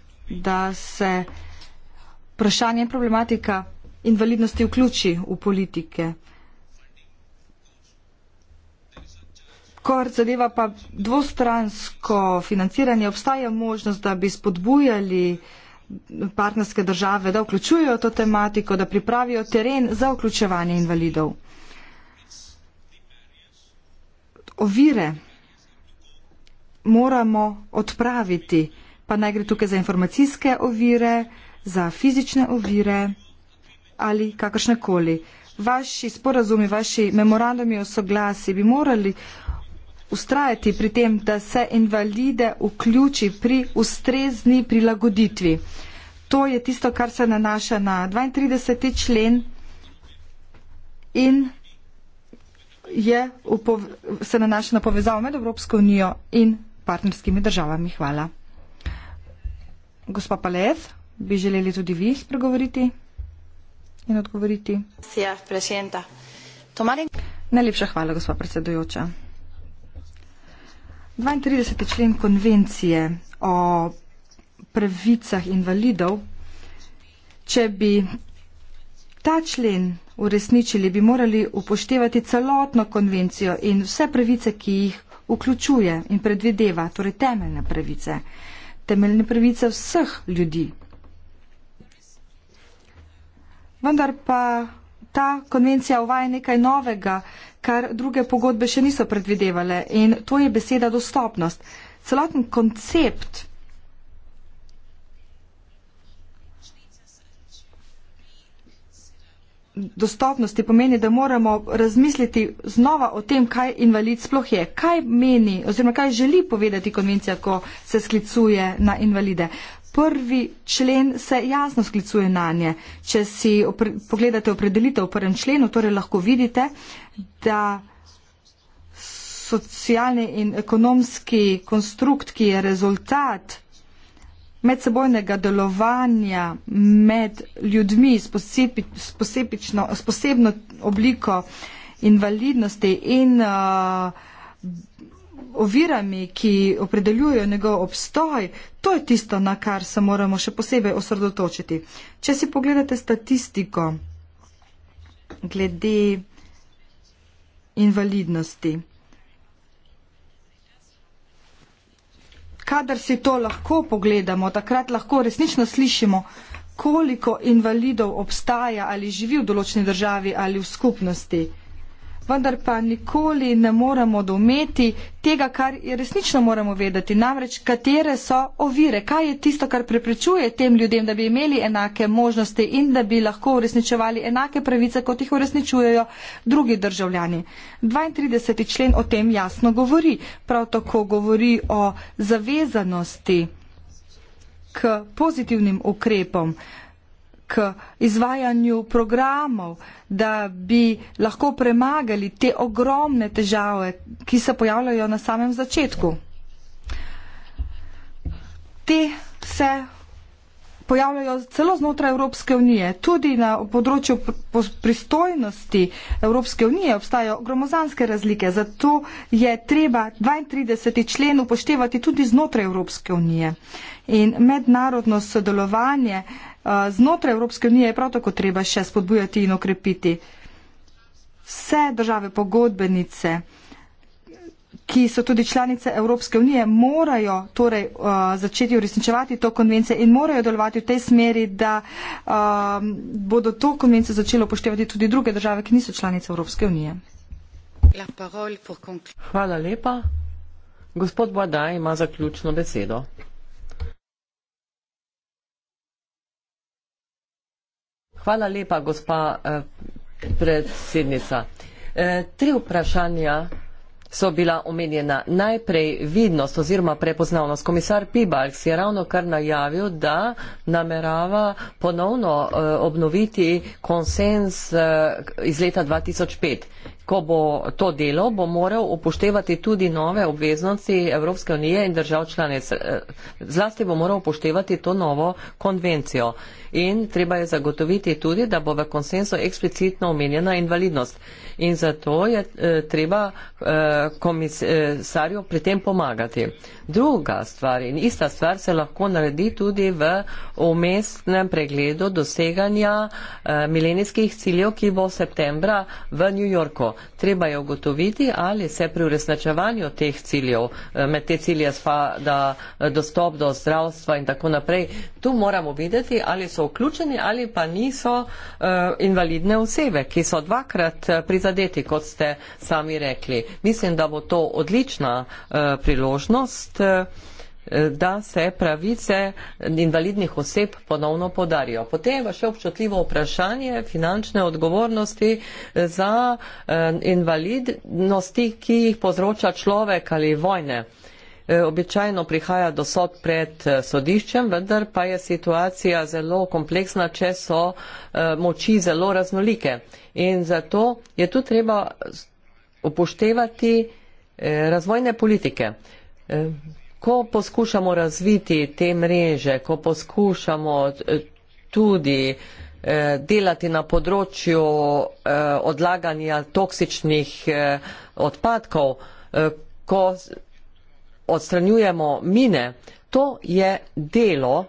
da se vprašanje in problematika invalidnosti vključi v politike. Kor zadeva pa dvostransko financiranje, obstaja možnost, da bi spodbujali uh, partnerske države, da vključujejo to tematiko, da pripravijo teren za vključevanje invalidov. Ovire moramo odpraviti, pa naj gre tukaj za informacijske ovire, za fizične ovire ali kakršnekoli. Vaši sporazumi, vaši memorandumi o soglasi bi morali ustrajati pri tem, da se invalide vključi pri ustrezni prilagoditvi. To je tisto, kar se nanaša na 32. člen in je, se nanaša na povezavo med Evropsko unijo in partnerskimi državami. Hvala. Gospa Palev, bi želeli tudi vi spregovoriti in odgovoriti? Najlepša hvala, gospa predsedujoča. 32. člen konvencije o pravicah invalidov, če bi ta člen uresničili, bi morali upoštevati celotno konvencijo in vse pravice, ki jih vključuje in predvideva, torej temeljne pravice, temeljne pravice vseh ljudi. Vendar pa ta konvencija uvaja nekaj novega, kar druge pogodbe še niso predvidevale in to je beseda dostopnost. Celoten koncept dostopnosti pomeni, da moramo razmisliti znova o tem, kaj invalid sploh je, kaj meni oziroma kaj želi povedati konvencija, ko se sklicuje na invalide prvi člen se jasno sklicuje na nje. Če si opre, pogledate opredelitev v prvem členu, torej lahko vidite, da socialni in ekonomski konstrukt, ki je rezultat medsebojnega delovanja med ljudmi s, posebi, s posebno obliko invalidnosti in uh, ovirami, ki opredeljujejo njegov obstoj, to je tisto, na kar se moramo še posebej osredotočiti. Če si pogledate statistiko glede invalidnosti, kadar si to lahko pogledamo, takrat lahko resnično slišimo, koliko invalidov obstaja ali živi v določeni državi ali v skupnosti vendar pa nikoli ne moremo dometi tega, kar resnično moramo vedeti, namreč katere so ovire, kaj je tisto, kar preprečuje tem ljudem, da bi imeli enake možnosti in da bi lahko uresničevali enake pravice, kot jih uresničujejo drugi državljani. 32. člen o tem jasno govori, prav tako govori o zavezanosti k pozitivnim ukrepom k izvajanju programov, da bi lahko premagali te ogromne težave, ki se pojavljajo na samem začetku. Te se pojavljajo celo znotraj Evropske unije. Tudi na področju pristojnosti Evropske unije obstajajo gromozanske razlike, zato je treba 32. člen upoštevati tudi znotraj Evropske unije. In mednarodno sodelovanje znotraj Evropske unije je prav tako treba še spodbujati in okrepiti vse države pogodbenice ki so tudi članice Evropske unije, morajo torej uh, začeti uresničevati to konvencijo in morajo delovati v tej smeri, da uh, bodo to konvencijo začelo upoštevati tudi druge države, ki niso članice Evropske unije. Hvala lepa. Gospod Bada ima zaključno besedo. Hvala lepa, gospa eh, predsednica. Eh, tri vprašanja so bila omenjena najprej vidnost oziroma prepoznavnost. Komisar Pibalks je ravno kar najavil, da namerava ponovno uh, obnoviti konsens uh, iz leta 2005. Ko bo to delo, bo moral upoštevati tudi nove obveznosti Evropske unije in držav članic. Eh, zlasti bo moral upoštevati to novo konvencijo. In treba je zagotoviti tudi, da bo v konsensu eksplicitno omenjena invalidnost. Uh, in zato je eh, treba eh, eh, komisarju pri tem pomagati. Druga stvar in ista stvar se lahko naredi tudi v umestnem pregledu doseganja eh, milenijskih ciljev, ki bo septembra v New Yorku. Treba je ugotoviti, ali se pri uresničevanju teh ciljev, eh, med te cilje spada eh, dostop do zdravstva in tako naprej, tu moramo videti, ali so vključeni ali pa niso eh, invalidne osebe, ki so dvakrat eh, pri prizadeti, kot ste sami rekli. Mislim, da bo to odlična eh, priložnost, eh, da se pravice invalidnih oseb ponovno podarijo. Potem je pa še občutljivo vprašanje finančne odgovornosti eh, za eh, invalidnosti, ki jih povzroča človek ali vojne. Eh, Eh, običajno prihaja do sod pred eh, sodiščem, vendar pa je situacija zelo kompleksna, če so eh, moči zelo raznolike. In zato je tu treba upoštevati razvojne politike. Ko poskušamo razviti te mreže, ko poskušamo tudi delati na področju odlaganja toksičnih odpadkov, ko odstranjujemo mine, to je delo,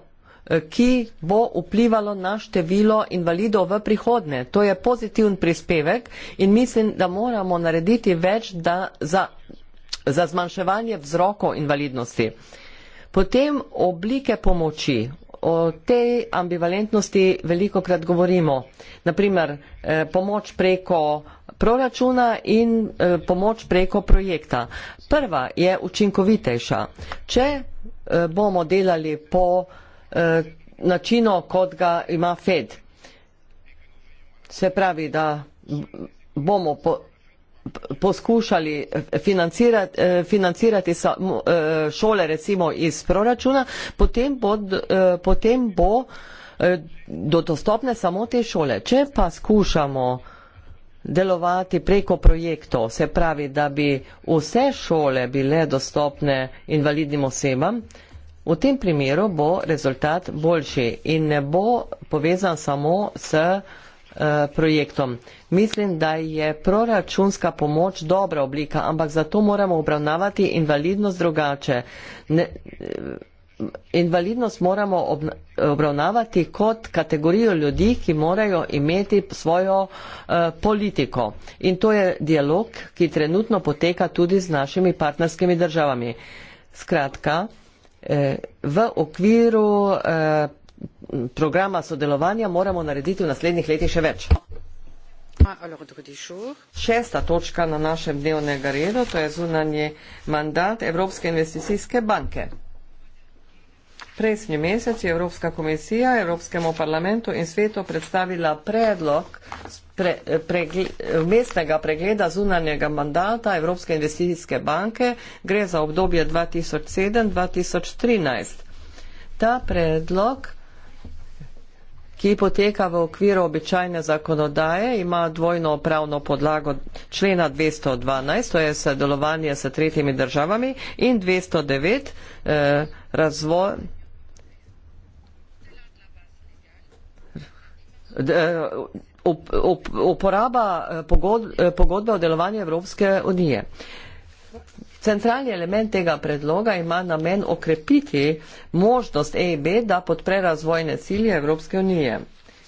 eh, ki bo vplivalo na število invalidov v prihodnje. To je pozitiven prispevek in mislim, da moramo narediti več da, za, za zmanjševanje vzrokov invalidnosti. Potem oblike pomoči, o tej ambivalentnosti veliko krat govorimo. Naprimer, eh, pomoč preko proračuna in eh, pomoč preko projekta. Prva je učinkovitejša. Če eh, bomo delali po načino, kot ga ima FED, se pravi, da bomo poskušali eh, eh, financirati, financirati eh, šole recimo iz proračuna, potem bo, potem bo do dostopne samo te šole. Če pa skušamo delovati preko projektov, se pravi, da bi vse šole bile dostopne invalidnim osebam, v tem primeru bo rezultat boljši in ne bo povezan samo s Eh, projektom. Mislim, da je proračunska pomoč dobra oblika, ampak zato moramo obravnavati invalidnost drugače. Ne, eh, invalidnost moramo obravnavati kot kategorijo ljudi, ki morajo imeti svojo eh, politiko. In to je dialog, ki trenutno poteka tudi z našimi partnerskimi državami. Skratka, v okviru programa sodelovanja moramo narediti v naslednjih letih še več. Šesta točka na našem dnevnega redu, to je zunanje mandat Evropske investicijske banke. Prejšnji mesec je Evropska komisija Evropskemu parlamentu in svetu predstavila predlog pre, pregle, mestnega pregleda zunanjega mandata Evropske investicijske banke. Gre za obdobje 2007-2013. Ta predlog ki poteka v okviru običajne zakonodaje, ima dvojno pravno podlago člena 212, to je sodelovanje s tretjimi državami, in 209 eh, razvoj. Eh, uporaba eh, eh, pogodbe o delovanju Evropske unije. Centralni element tega predloga ima namen okrepiti možnost EIB, da podpre razvojne cilje Evropske unije.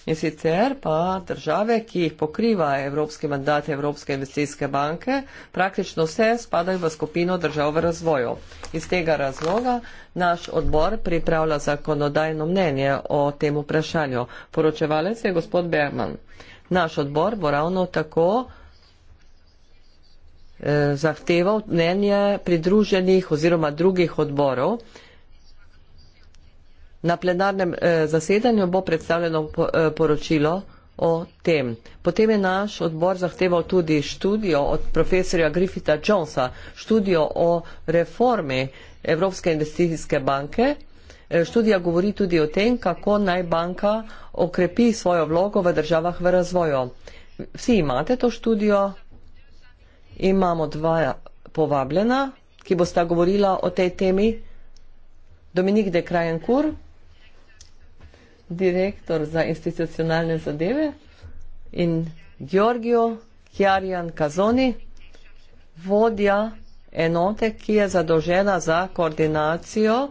In sicer pa države, ki jih pokriva Evropski mandat Evropske investicijske banke, praktično vse spadajo v skupino držav v razvoju. Iz tega razloga naš odbor pripravlja zakonodajno mnenje o tem vprašanju. Poročevalec je gospod Berman. Naš odbor bo ravno tako Eh, zahteval mnenje pridruženih oziroma drugih odborov. Na plenarnem eh, zasedanju bo predstavljeno eh, poročilo o tem. Potem je naš odbor zahteval tudi študijo od profesorja Griffitha Jonesa, študijo o reformi Evropske investicijske banke. Študija govori tudi o tem, kako naj banka okrepi svojo vlogo v državah v razvoju. Vsi imate to študijo, imamo dva povabljena, ki bosta govorila o tej temi. Dominik de Krajenkur, direktor za institucionalne zadeve in Giorgio Chiarian Kazoni, vodja enote, ki je zadolžena za koordinacijo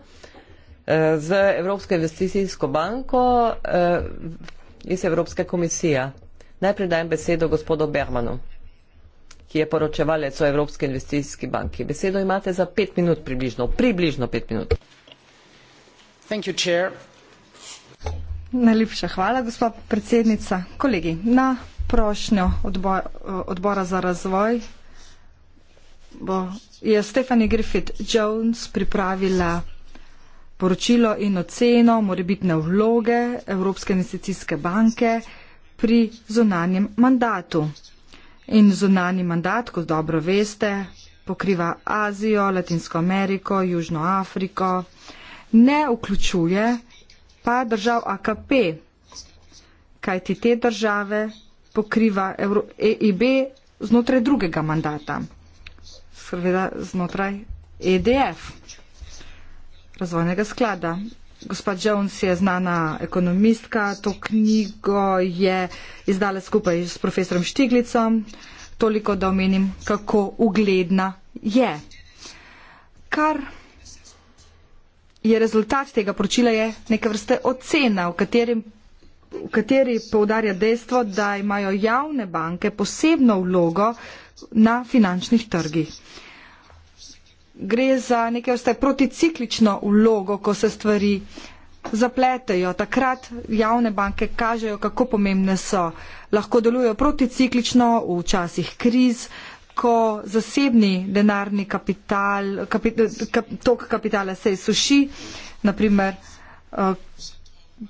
eh, z Evropsko investicijsko banko eh, iz Evropske komisije. Najprej dajem besedo gospodu Bermanu ki je poročevalec o Evropski investicijski banki. Besedo imate za pet minut približno, približno pet minut. Thank you, chair. Najlepša hvala, gospod predsednica. Kolegi, na prošnjo odbor, odbora za razvoj bo, je Stephanie Griffith-Jones pripravila poročilo in oceno morebitne vloge Evropske investicijske banke pri zunanjem mandatu in zunani mandat, kot dobro veste, pokriva Azijo, Latinsko Ameriko, Južno Afriko, ne vključuje pa držav AKP, kajti te države pokriva EIB e znotraj drugega mandata, seveda znotraj EDF, razvojnega sklada. Gospa Jones je znana ekonomistka. To knjigo je izdala skupaj s profesorom Štiglicom. Toliko, da omenim, kako ugledna je. Kar je rezultat tega poročila, je neka vrste ocena, v, katerim, v kateri poudarja dejstvo, da imajo javne banke posebno vlogo na finančnih trgih gre za neke vrste proticiklično vlogo, ko se stvari zapletejo. Takrat javne banke kažejo, kako pomembne so. Lahko delujejo proticiklično v časih kriz, ko zasebni denarni kapital, kapi, kap, tok kapitala se izsuši, naprimer. Uh, eh,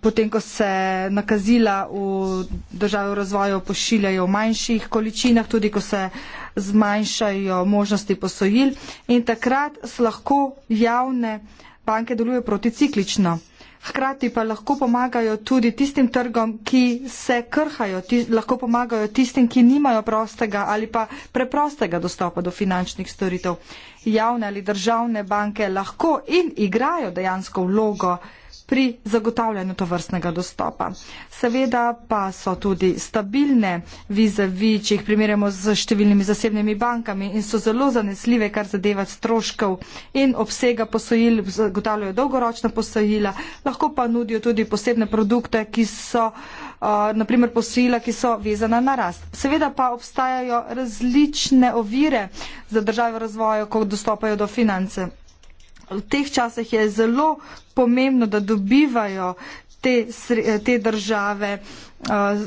potem, ko se nakazila v državi v razvoju pošiljajo v manjših količinah, tudi ko se zmanjšajo možnosti posojil in takrat lahko javne banke delujejo proticiklično. Hkrati pa lahko pomagajo tudi tistim trgom, ki se krhajo, ti, lahko pomagajo tistim, ki nimajo prostega ali pa preprostega dostopa do finančnih storitev. Javne ali državne banke lahko in igrajo dejansko vlogo pri zagotavljanju to vrstnega dostopa. Seveda pa so tudi stabilne vizavi, če jih primerjamo z številnimi zasebnimi bankami in so zelo zanesljive, kar zadeva stroškov in obsega posojil, zagotavljajo dolgoročna posojila, lahko pa nudijo tudi posebne produkte, ki so uh, eh, naprimer posojila, ki so vezana na rast. Seveda pa obstajajo različne ovire za države v razvoju, ko dostopajo do finance v teh časih je zelo pomembno, da dobivajo te, te države eh,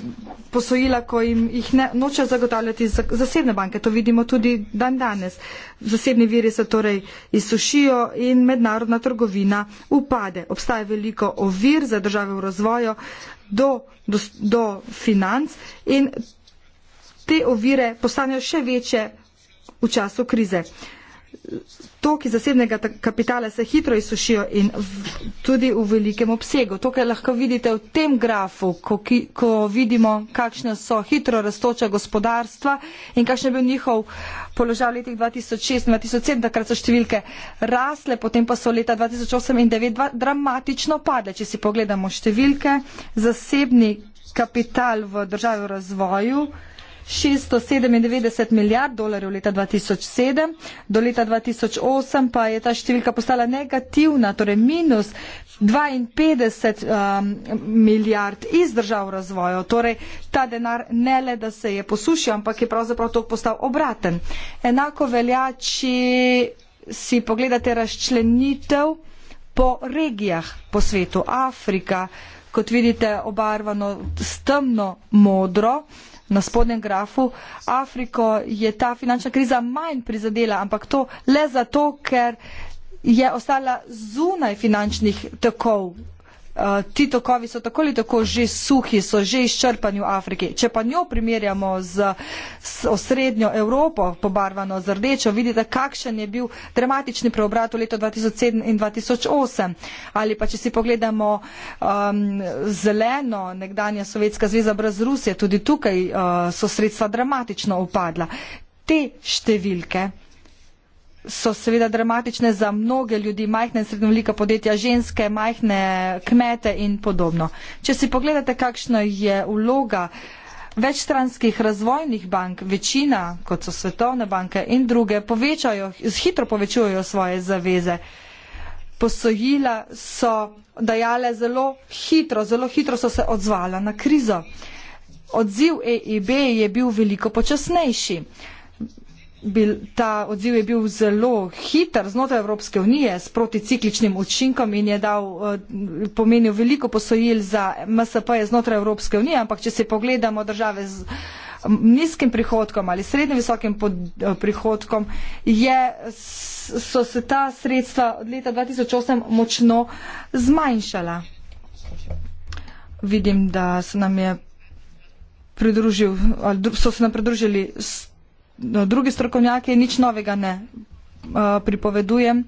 posojila, ko jim jih ne, noče zagotavljati zasebne banke. To vidimo tudi dan danes. Zasebni viri se torej izsušijo in mednarodna trgovina upade. Obstaja veliko ovir za države v razvoju do, do, do financ in te ovire postanejo še večje v času krize. Uh, toki zasebnega kapitala se hitro izsušijo in v, tudi v velikem obsegu. To, kar lahko vidite v tem grafu, ko, ki, ko vidimo, kakšne so hitro raztoča gospodarstva in kakšen je bil njihov položaj v letih 2006-2007, takrat so številke rasle, potem pa so leta 2008 in 2009 dramatično padle. Če si pogledamo številke, zasebni kapital v državi v razvoju 697 milijard dolarjev leta 2007, do leta 2008 pa je ta številka postala negativna, torej minus 52 um, milijard iz držav razvoja. Torej ta denar ne le, da se je posušil, ampak je pravzaprav to postal obraten. Enako velja, če si pogledate razčlenitev po regijah po svetu. Afrika, kot vidite, obarvano s temno modro na spodnjem grafu, Afriko je ta finančna kriza manj prizadela, ampak to le zato, ker je ostala zunaj finančnih tokov Eh, ti tokovi so tako ali tako že suhi, so že izčrpani v Afriki. Če pa njo primerjamo z, z osrednjo Evropo, pobarvano z rdečo, vidite, kakšen je bil dramatični preobrat v letu 2007 in 2008. Ali pa, če si pogledamo um, zeleno, nekdanja Sovjetska zveza brez Rusije, tudi tukaj uh, so sredstva dramatično upadla. Te številke so seveda dramatične za mnoge ljudi, majhne in srednje velika podjetja, ženske, majhne kmete in podobno. Če si pogledate, kakšna je vloga večstranskih razvojnih bank, večina, kot so svetovne banke in druge, povečajo, hitro povečujejo svoje zaveze. Posojila so dajale zelo hitro, zelo hitro so se odzvala na krizo. Odziv EIB je bil veliko počasnejši bil, ta odziv je bil zelo hiter znotraj Evropske unije s proticikličnim učinkom in je dal, eh, pomenil veliko posojil za MSP -je znotraj Evropske unije, ampak če se pogledamo države z nizkim prihodkom ali srednjim visokim pod, eh, prihodkom, je, so se ta sredstva od leta 2008 močno zmanjšala. Vidim, da se nam je pridružil, so se nam pridružili No, drugi strokovnjaki nič novega ne uh, pripovedujem.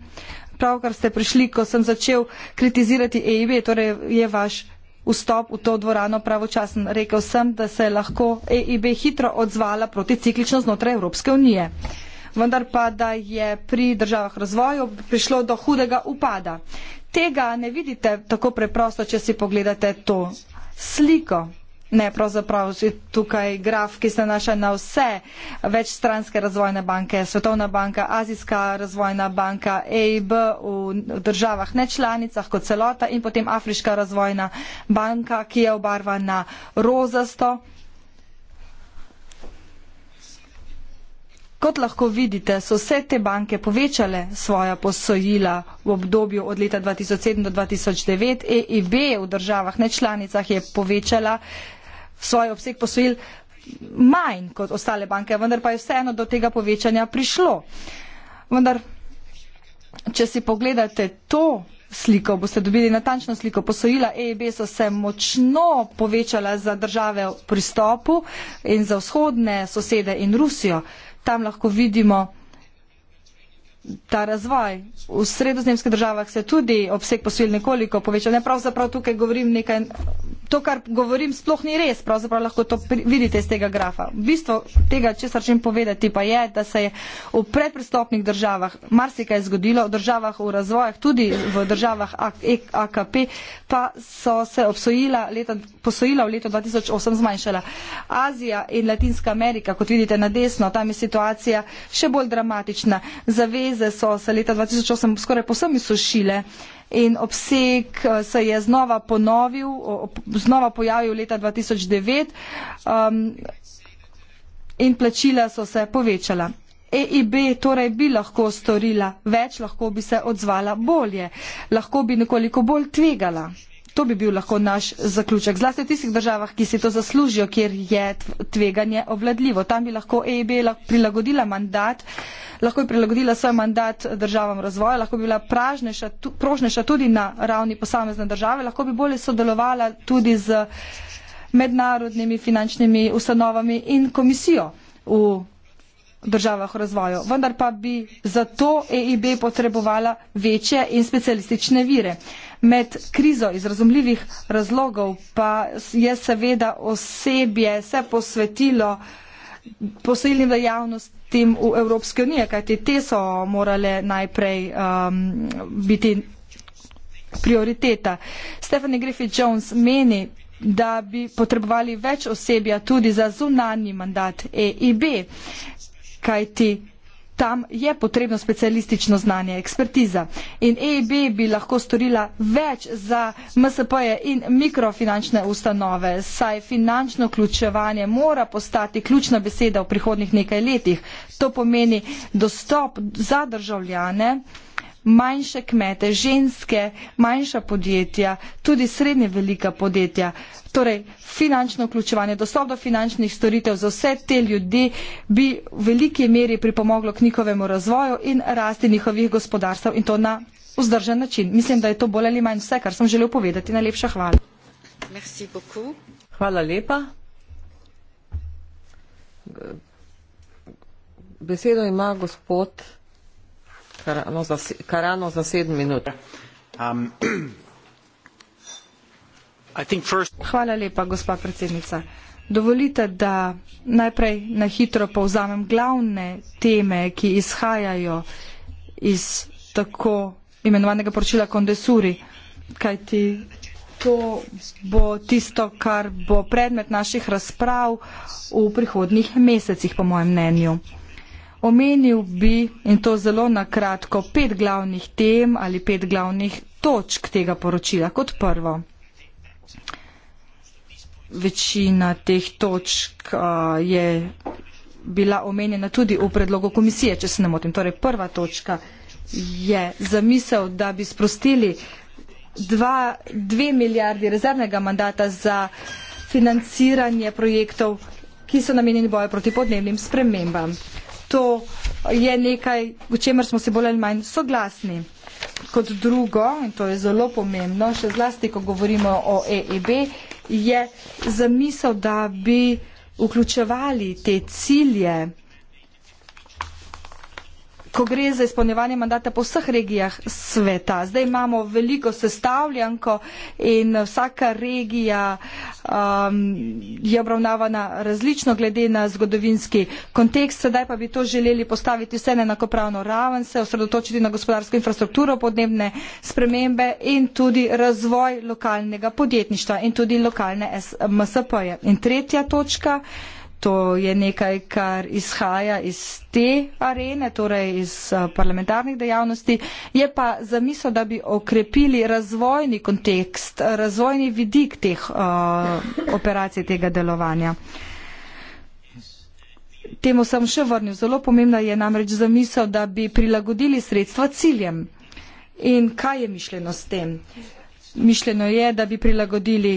Pravkar ste prišli, ko sem začel kritizirati EIB, torej je vaš vstop v to dvorano pravočasen. Rekel sem, da se je lahko EIB hitro odzvala proti ciklično znotraj Evropske unije. Vendar pa, da je pri državah razvoju prišlo do hudega upada. Tega ne vidite tako preprosto, če si pogledate to sliko. Ne, pravzaprav je tukaj graf, ki se naša na vse večstranske razvojne banke, Svetovna banka, Azijska razvojna banka, EIB v državah nečlanicah kot celota in potem Afriška razvojna banka, ki je obarvana rozasto. Kot lahko vidite, so vse te banke povečale svoja posojila v obdobju od leta 2007 do 2009. EIB v državah nečlanicah je povečala svoj obseg posojil manj kot ostale banke, vendar pa je vseeno do tega povečanja prišlo. Vendar, če si pogledate to sliko, boste dobili natančno sliko. Posojila EIB so se močno povečala za države pristopu in za vzhodne sosede in Rusijo. Tam lahko vidimo, ta razvoj. V sredozemskih državah se tudi obseg posojil nekoliko povečal. Ne, pravzaprav tukaj govorim nekaj, to, kar govorim, sploh ni res, pravzaprav lahko to vidite iz tega grafa. V bistvu tega, če sračim povedati, pa je, da se je v predpristopnih državah marsikaj zgodilo, v državah v razvojah, tudi v državah AKP, e, pa so se leta, posojila v letu 2008 zmanjšala. Azija in Latinska Amerika, kot vidite na desno, tam je situacija še bolj dramatična. Zavez jeze so se leta 2008 skoraj posebno sušile in obseg eh, se je znova ponovil, znova pojavil leta 2009 um, in plačila so se povečala. EIB torej bi lahko storila več, lahko bi se odzvala bolje, lahko bi nekoliko bolj tvegala. To bi bil lahko naš zaključek. Zlasti v tistih državah, ki si to zaslužijo, kjer je tveganje obvladljivo. Tam bi lahko EIB e prilagodila mandat, lahko bi prilagodila svoj mandat državam razvoja, lahko bi bila pražnejša, tu, prožnejša tudi na ravni posamezne države, lahko bi bolje sodelovala tudi z mednarodnimi finančnimi ustanovami in komisijo v državah v razvoju. Vendar pa bi zato EIB potrebovala večje in specialistične vire. Med krizo iz razumljivih razlogov pa je seveda osebje se posvetilo posilnim dejavnostim v Evropske unije, kajti te so morale najprej um, biti prioriteta. Stephanie Griffith-Jones meni, da bi potrebovali več osebja tudi za zunanji mandat EIB kaj ti tam je potrebno specialistično znanje, ekspertiza. In EIB bi lahko storila več za MSP-je in mikrofinančne ustanove, saj finančno vključevanje mora postati ključna beseda v prihodnih nekaj letih. To pomeni dostop za državljane, manjše kmete, ženske, manjša podjetja, tudi srednje velika podjetja. Torej, finančno vključevanje, dostop do finančnih storitev za vse te ljudi bi v veliki meri pripomoglo k njihovemu razvoju in rasti njihovih gospodarstv in to na vzdržen način. Mislim, da je to bolj ali manj vse, kar sem želel povedati. Najlepša hvala. Hvala lepa. Besedo ima gospod. Karano za, karano za sedem minut. Um, Hvala lepa, gospa predsednica. Dovolite, da najprej na hitro povzamem glavne teme, ki izhajajo iz tako imenovanega poročila Kondesuri, kajti to bo tisto, kar bo predmet naših razprav v prihodnjih mesecih, po mojem mnenju. Omenil bi in to zelo na kratko pet glavnih tem ali pet glavnih točk tega poročila kot prvo. Večina teh točk uh, je bila omenjena tudi v predlogu komisije, če se ne motim. Torej, prva točka je zamisel, da bi sprostili dva, dve milijardi rezervnega mandata za financiranje projektov, ki so namenjeni boju proti podnebnim spremembam to je nekaj, v čemer smo se bolj ali manj soglasni. Kot drugo, in to je zelo pomembno, še zlasti, ko govorimo o EEB, je zamisel, da bi vključevali te cilje, ko gre za izpolnjevanje mandata po vseh regijah sveta. Zdaj imamo veliko sestavljanko in vsaka regija um, je obravnavana različno glede na zgodovinski kontekst. Sedaj pa bi to želeli postaviti vse na enakopravno raven, se osredotočiti na gospodarsko infrastrukturo, podnebne spremembe in tudi razvoj lokalnega podjetništva in tudi lokalne MSP-je. In tretja točka. To je nekaj, kar izhaja iz te arene, torej iz eh, parlamentarnih dejavnosti. Je pa za misel, da bi okrepili razvojni kontekst, razvojni vidik teh uh, operacij, tega delovanja. Temu sem še vrnil. Zelo pomembna je namreč za misel, da bi prilagodili sredstva ciljem. In kaj je mišljeno s tem? Mišljeno je, da bi prilagodili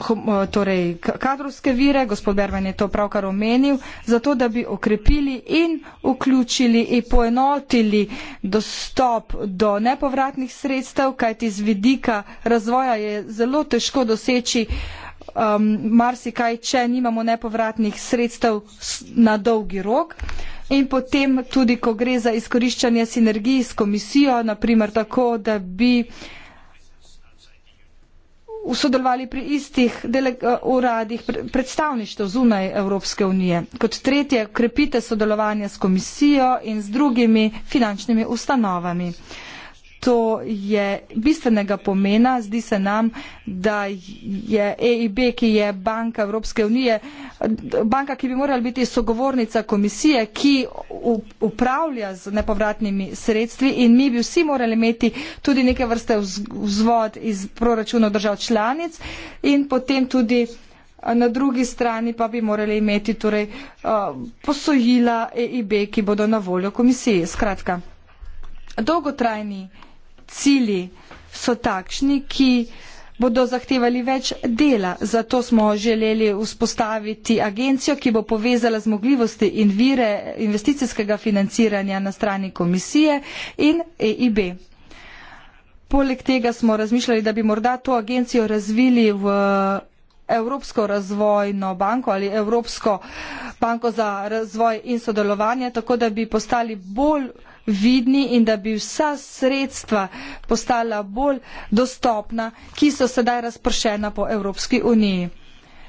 Eh, torej kadrovske vire, gospod Berman je to pravkar omenil, zato da bi okrepili in vključili in poenotili dostop do nepovratnih sredstev, kajti z vidika razvoja je zelo težko doseči um, marsikaj, če nimamo nepovratnih sredstev na dolgi rok. In potem tudi, ko gre za izkoriščanje sinergij s komisijo, naprimer tako, da bi sodelovali pri istih eh, uradih predstavništev zunaj Evropske unije. Kot tretje, krepite sodelovanje s komisijo in z drugimi finančnimi ustanovami to je bistvenega pomena. Zdi se nam, da je EIB, ki je banka Evropske unije, banka, ki bi morala biti sogovornica komisije, ki upravlja z nepovratnimi sredstvi in mi bi vsi morali imeti tudi neke vrste vzvod iz proračuna držav članic in potem tudi na drugi strani pa bi morali imeti torej, posojila EIB, ki bodo na voljo komisiji. Skratka, dolgotrajni cilji so takšni, ki bodo zahtevali več dela. Zato smo želeli vzpostaviti agencijo, ki bo povezala zmogljivosti in vire investicijskega financiranja na strani komisije in EIB. Poleg tega smo razmišljali, da bi morda to agencijo razvili v Evropsko razvojno banko ali Evropsko banko za razvoj in sodelovanje, tako da bi postali bolj vidni in da bi vsa sredstva postala bolj dostopna, ki so sedaj razpršena po Evropski uniji.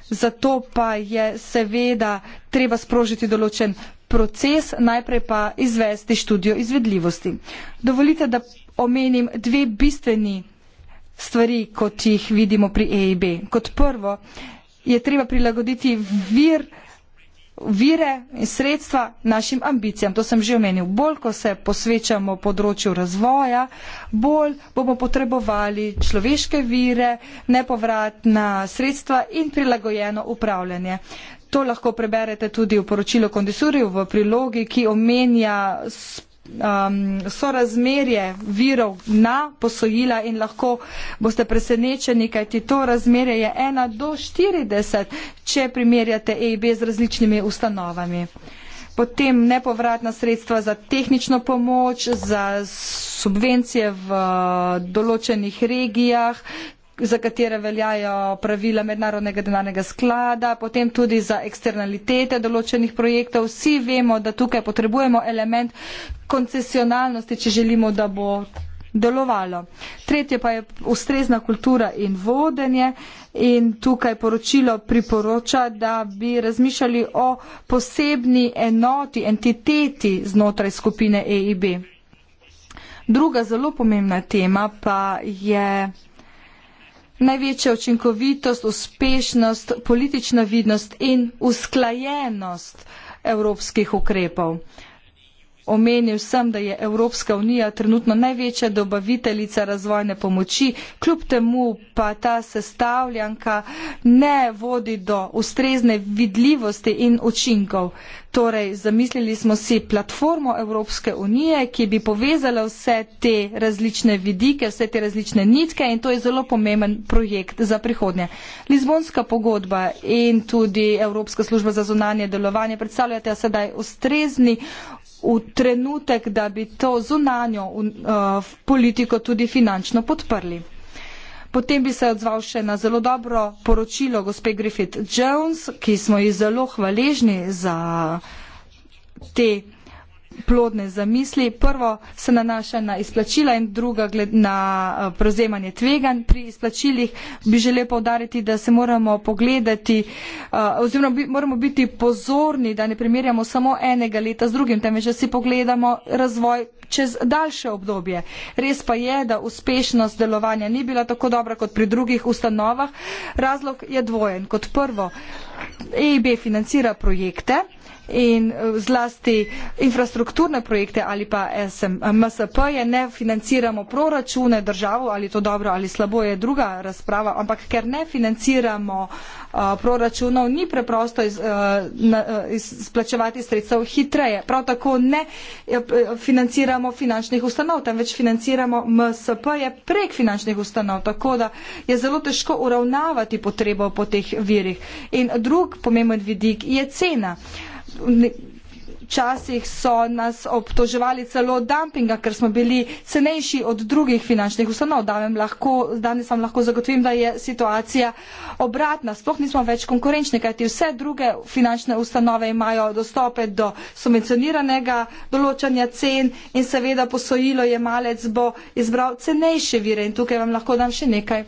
Zato pa je seveda treba sprožiti določen proces, najprej pa izvesti študijo izvedljivosti. Dovolite, da omenim dve bistveni stvari, kot jih vidimo pri EIB. Kot prvo je treba prilagoditi vir vire in sredstva našim ambicijam. To sem že omenil. Bolj, ko se posvečamo področju razvoja, bolj bomo potrebovali človeške vire, nepovratna sredstva in prilagojeno upravljanje. To lahko preberete tudi v poročilu kondisurju v prilogi, ki omenja um, sorazmerje virov na posojila in lahko boste presenečeni, kajti to razmerje je 1 do 40, če primerjate EIB z različnimi ustanovami. Potem nepovratna sredstva za tehnično pomoč, za subvencije v določenih regijah, za katere veljajo pravila mednarodnega denarnega sklada, potem tudi za eksternalitete določenih projektov. Vsi vemo, da tukaj potrebujemo element koncesionalnosti, če želimo, da bo delovalo. Tretje pa je ustrezna kultura in vodenje in tukaj poročilo priporoča, da bi razmišljali o posebni enoti, entiteti znotraj skupine EIB. Druga zelo pomembna tema pa je največja učinkovitost, uspešnost, politična vidnost in usklajenost evropskih ukrepov. Omenil sem, da je Evropska unija trenutno največja dobaviteljica razvojne pomoči, kljub temu pa ta sestavljanka ne vodi do ustrezne vidljivosti in učinkov. Torej, zamislili smo si platformo Evropske unije, ki bi povezala vse te različne vidike, vse te različne nitke in to je zelo pomemben projekt za prihodnje. Lizbonska pogodba in tudi Evropska služba za zunanje delovanje predstavljate sedaj ustrezni v trenutek, da bi to zunanjo uh, politiko tudi finančno podprli. Potem bi se odzval še na zelo dobro poročilo gospe Griffith Jones, ki smo ji zelo hvaležni za te plodne zamisli. Prvo se nanaša na izplačila in druga na eh, prevzemanje tvegan. Pri izplačilih bi želel povdariti, da se moramo pogledati eh, oziroma moramo biti pozorni, da ne primerjamo samo enega leta z drugim, temveč da si pogledamo razvoj čez daljše obdobje. Res pa je, da uspešnost delovanja ni bila tako dobra kot pri drugih ustanovah. Razlog je dvojen. Kot prvo, EIB financira projekte, in eh, zlasti infrastrukturne projekte ali pa MSP-je eh, ne financiramo proračune državo ali to dobro ali slabo je druga razprava, ampak ker ne financiramo eh, proračunov, ni preprosto izplačevati sredstev hitreje. Prav tako ne financiramo finančnih ustanov, temveč financiramo MSP-je prek finančnih ustanov, tako da je zelo težko uravnavati potrebo po teh virih. In drug pomemben vidik je cena. Včasih so nas obtoževali celo dumpinga, ker smo bili cenejši od drugih finančnih ustanov. Lahko, danes vam lahko zagotovim, da je situacija obratna. Sploh nismo več konkurenčni, kajti vse druge finančne ustanove imajo dostope do subvencioniranega določanja cen in seveda posojilo jemalec bo izbral cenejše vire. In tukaj vam lahko dam še nekaj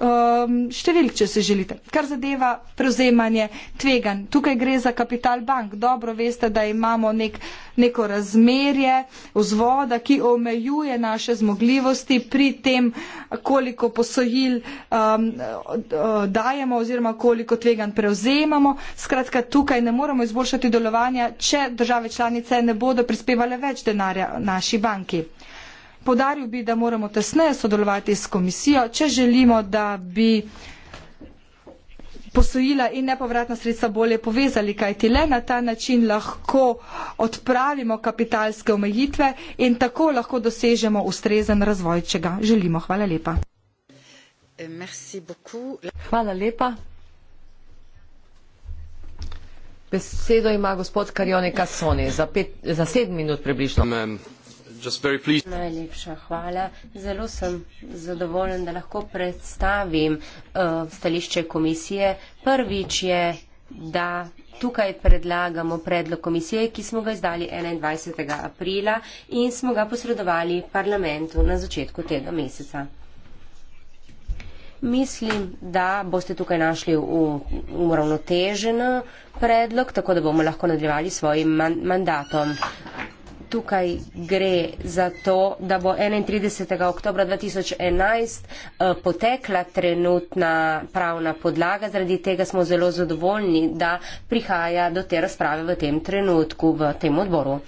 um, številk, če se želite. Kar zadeva prevzemanje tvegan, tukaj gre za kapital bank. Dobro veste, da imamo nek, neko razmerje vzvoda, ki omejuje naše zmogljivosti pri tem, koliko posojil um, dajemo oziroma koliko tvegan prevzemamo. Skratka, tukaj ne moramo izboljšati delovanja, če države članice ne bodo prispevale več denarja naši banki. Podaril bi, da moramo tesneje sodelovati s komisijo, če želimo, da bi posojila in nepovratna sredstva bolje povezali, kajti le na ta način lahko odpravimo kapitalske omejitve in tako lahko dosežemo ustrezen razvoj, če ga želimo. Hvala lepa. Hvala lepa. Besedo ima gospod Karione Kasone za, pet, za sedem minut približno. Najlepša hvala. Zelo sem zadovoljen, da lahko predstavim uh, stališče komisije. Prvič je, da tukaj predlagamo predlog komisije, ki smo ga izdali 21. aprila in smo ga posredovali parlamentu na začetku tega meseca. Mislim, da boste tukaj našli uravnotežen predlog, tako da bomo lahko nadaljevali svojim mandatom tukaj gre za to, da bo 31. oktober 2011 potekla trenutna pravna podlaga. Zaradi tega smo zelo zadovoljni, da prihaja do te razprave v tem trenutku v tem odboru.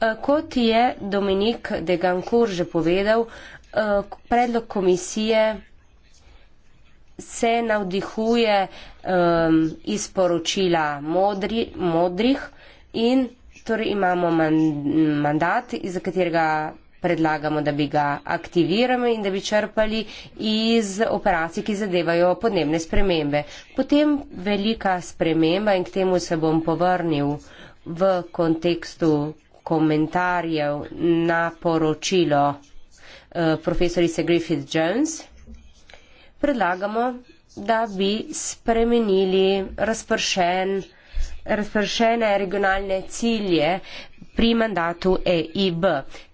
Eh, kot je Dominik de Gancourt že povedal, eh, predlog komisije se navdihuje ehm, iz poročila modri, modrih in torej imamo man, mandat, za katerega predlagamo, da bi ga aktivirali in da bi črpali iz operacij, ki zadevajo podnebne spremembe. Potem velika sprememba in k temu se bom povrnil v kontekstu komentarjev na poročilo eh, profesorice Griffith Jones. Predlagamo, da bi spremenili razpršen razpršene regionalne cilje pri mandatu EIB.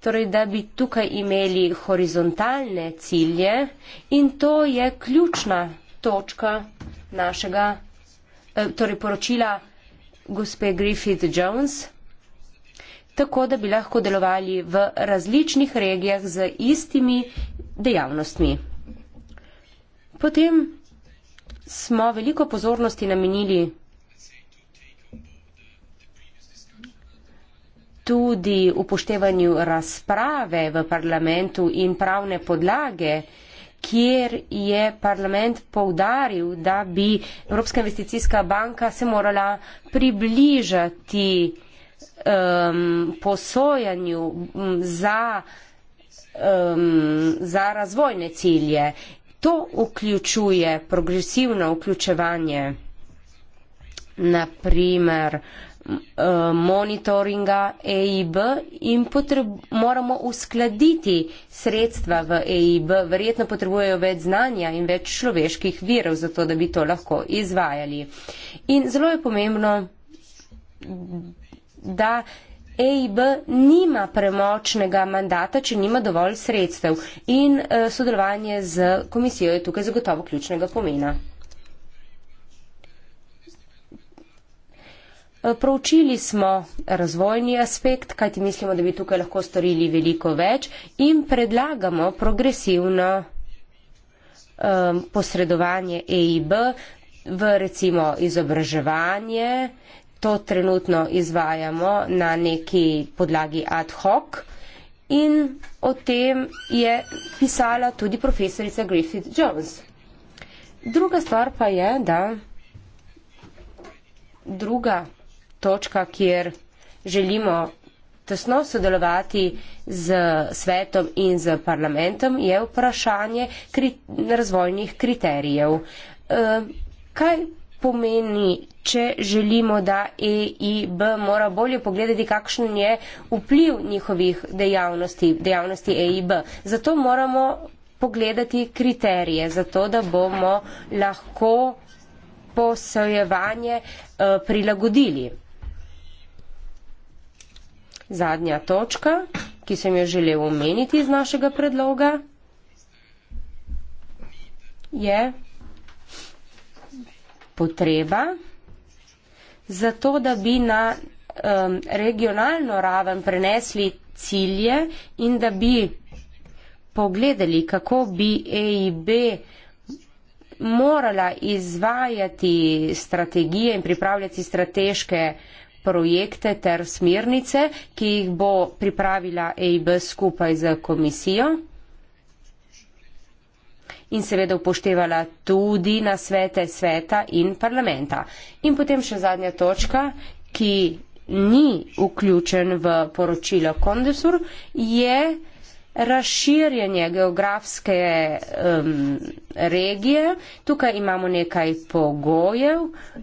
Torej, da bi tukaj imeli horizontalne cilje in to je ključna točka našega eh, torej poročila gospe Griffith Jones, tako da bi lahko delovali v različnih regijah z istimi dejavnostmi. Potem smo veliko pozornosti namenili tudi upoštevanju razprave v parlamentu in pravne podlage, kjer je parlament povdaril, da bi Evropska investicijska banka se morala približati um, posojanju um, za, um, za razvojne cilje. To vključuje progresivno vključevanje, naprimer, Eh, monitoringa EIB in potreb, moramo uskladiti sredstva v EIB. Verjetno potrebujejo več znanja in več človeških virov, zato da bi to lahko izvajali. In zelo je pomembno, da EIB nima premočnega mandata, če nima dovolj sredstev. In eh, sodelovanje z komisijo je tukaj zagotovo ključnega pomena. Proučili smo razvojni aspekt, kajti mislimo, da bi tukaj lahko storili veliko več in predlagamo progresivno um, posredovanje EIB v recimo izobraževanje. To trenutno izvajamo na neki podlagi ad hoc in o tem je pisala tudi profesorica Griffith Jones. Druga stvar pa je, da. Druga točka, kjer želimo tesno sodelovati z svetom in z parlamentom, je vprašanje kri razvojnih kriterijev. E, kaj pomeni, če želimo, da EIB mora bolje pogledati, kakšen je vpliv njihovih dejavnosti, dejavnosti EIB? Zato moramo pogledati kriterije, zato da bomo lahko posojevanje uh, prilagodili zadnja točka, ki sem jo želel omeniti iz našega predloga, je potreba za to, da bi na um, regionalno raven prenesli cilje in da bi pogledali, kako bi EIB morala izvajati strategije in pripravljati strateške uh, projekte ter smernice, ki jih bo pripravila EIB skupaj z komisijo in seveda upoštevala tudi na svete sveta in parlamenta. In potem še zadnja točka, ki ni vključen v poročilo Kondesur, je razširjanje geografske um, regije. Tukaj imamo nekaj pogojev,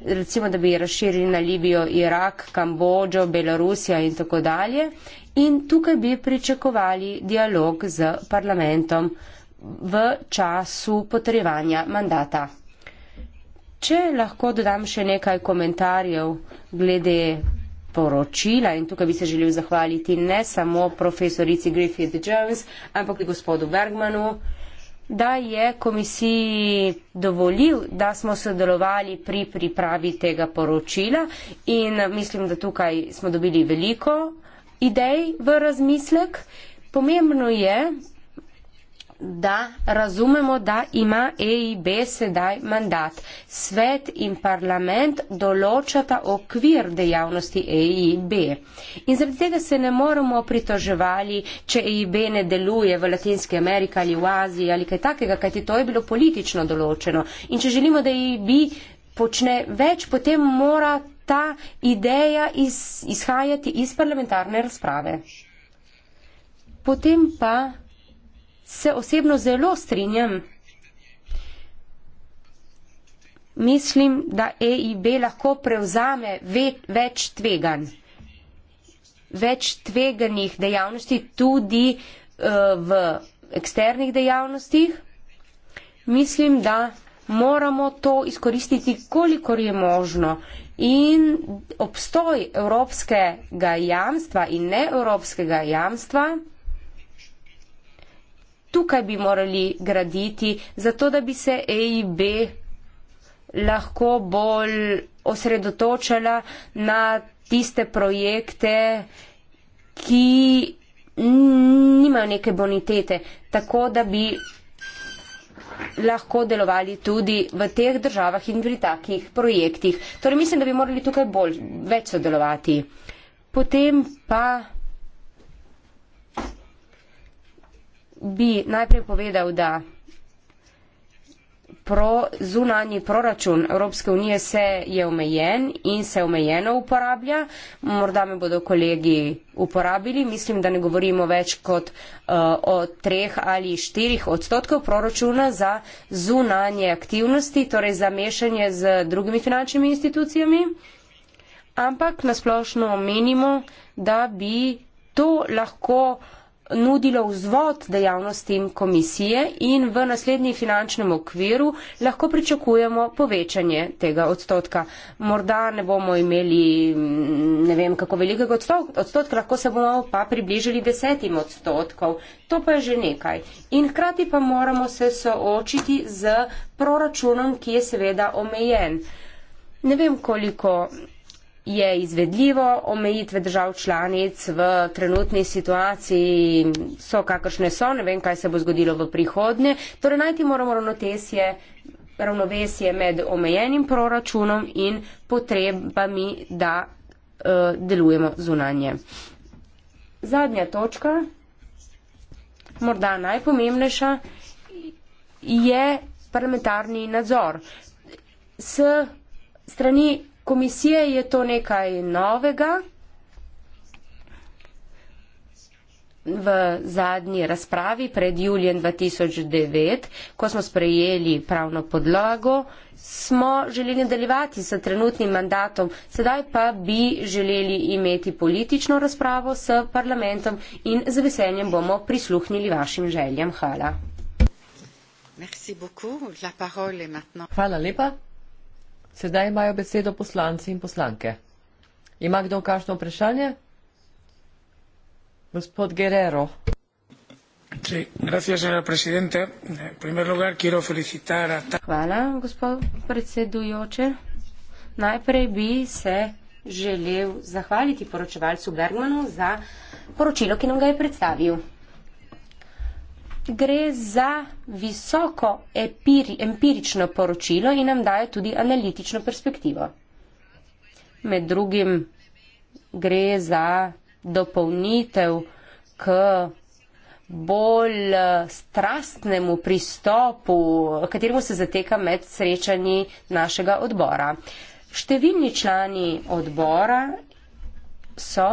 recimo, da bi razširili na Libijo, Irak, Kambodžo, Belorusijo in tako dalje. In tukaj bi pričakovali dialog z parlamentom v času potrjevanja mandata. Če lahko dodam še nekaj komentarjev glede poročila in tukaj bi se želel zahvaliti ne samo profesorici Griffith Jones, ampak tudi gospodu Bergmanu, da je komisiji dovolil, da smo sodelovali pri pripravi tega poročila in mislim, da tukaj smo dobili veliko idej v razmislek. Pomembno je, da razumemo, da ima EIB sedaj mandat. Svet in parlament določata okvir dejavnosti EIB. In zaradi tega se ne moremo pritoževali, če EIB ne deluje v Latinski Ameriki ali v Aziji ali kaj takega, kajti to je bilo politično določeno. In če želimo, da EIB počne več, potem mora ta ideja iz, izhajati iz parlamentarne razprave. Potem pa se osebno zelo strinjam. Mislim, da EIB lahko prevzame več tvegan, več tveganih dejavnosti tudi uh, v eksternih dejavnostih. Mislim, da moramo to izkoristiti, kolikor je možno. In obstoj evropskega jamstva in neevropskega jamstva tukaj bi morali graditi, zato da bi se EIB lahko bolj osredotočala na tiste projekte, ki nimajo neke bonitete, tako da bi lahko delovali tudi v teh državah in pri takih projektih. Torej mislim, da bi morali tukaj bolj, več sodelovati. Potem pa bi najprej povedal, da pro, zunanji proračun Evropske unije se je omejen in se omejeno uporablja. Morda me bodo kolegi uporabili. Mislim, da ne govorimo več kot uh, o treh ali štirih odstotkov proračuna za zunanje aktivnosti, torej za mešanje z drugimi finančnimi institucijami. Ampak nasplošno menimo, da bi to lahko uh, nudilo vzvod dejavnostim komisije in v naslednjem finančnem okviru lahko pričakujemo povečanje tega odstotka. Morda ne bomo imeli ne vem kako velikega odstotka, lahko se bomo pa približili desetim odstotkov. To pa je že nekaj. In hkrati pa moramo se soočiti z proračunom, ki je seveda omejen. Ne vem koliko je izvedljivo, omejitve držav članic v trenutni situaciji so kakršne so, ne vem, kaj se bo zgodilo v prihodnje. Torej najti moramo ravnotesje, ravnovesje med omejenim proračunom in potrebami, da uh, delujemo zunanje. Zadnja točka, morda najpomembnejša, je parlamentarni nadzor. S strani komisije je to nekaj novega. V zadnji razpravi pred julijem 2009, ko smo sprejeli pravno podlago, smo želeli nadaljevati s trenutnim mandatom, sedaj pa bi želeli imeti politično razpravo s parlamentom in z veseljem bomo prisluhnili vašim željam. Hvala. Hvala lepa. Sedaj imajo besedo poslanci in poslanke. Ima kdo kakšno vprašanje? Gospod Guerrero. Hvala, gospod predsedujoče. Najprej bi se želel zahvaliti poročevalcu Bergmanu za poročilo, ki nam ga je predstavil gre za visoko epiri, empirično poročilo in nam daje tudi analitično perspektivo. Med drugim gre za dopolnitev k bolj eh, strastnemu pristopu, kateremu se zateka med srečanji našega odbora. Številni člani odbora so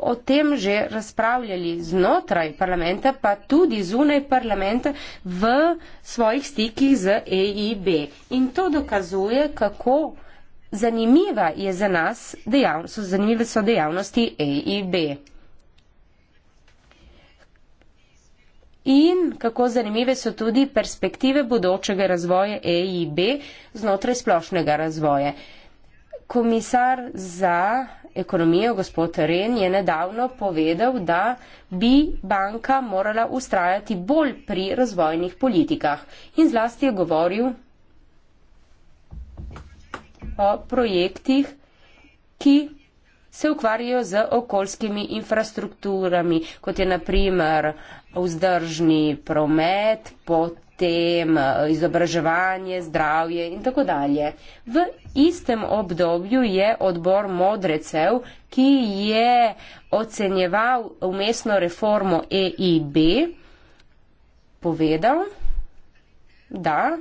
o tem že razpravljali znotraj parlamenta, pa tudi zunaj parlamenta v svojih stikih z EIB. In to dokazuje, kako zanimiva je za nas dejavnost, zanimive so dejavnosti EIB. In kako zanimive so tudi perspektive bodočega razvoja EIB znotraj splošnega razvoja. Komisar za ekonomije, gospod Ren, je nedavno povedal, da bi banka morala ustrajati bolj pri razvojnih politikah. In zlasti je govoril o projektih, ki se ukvarjajo z okoljskimi infrastrukturami, kot je naprimer vzdržni promet, pot tem, izobraževanje, zdravje in tako dalje. V istem obdobju je odbor modrecev, ki je ocenjeval umestno reformo EIB, povedal, da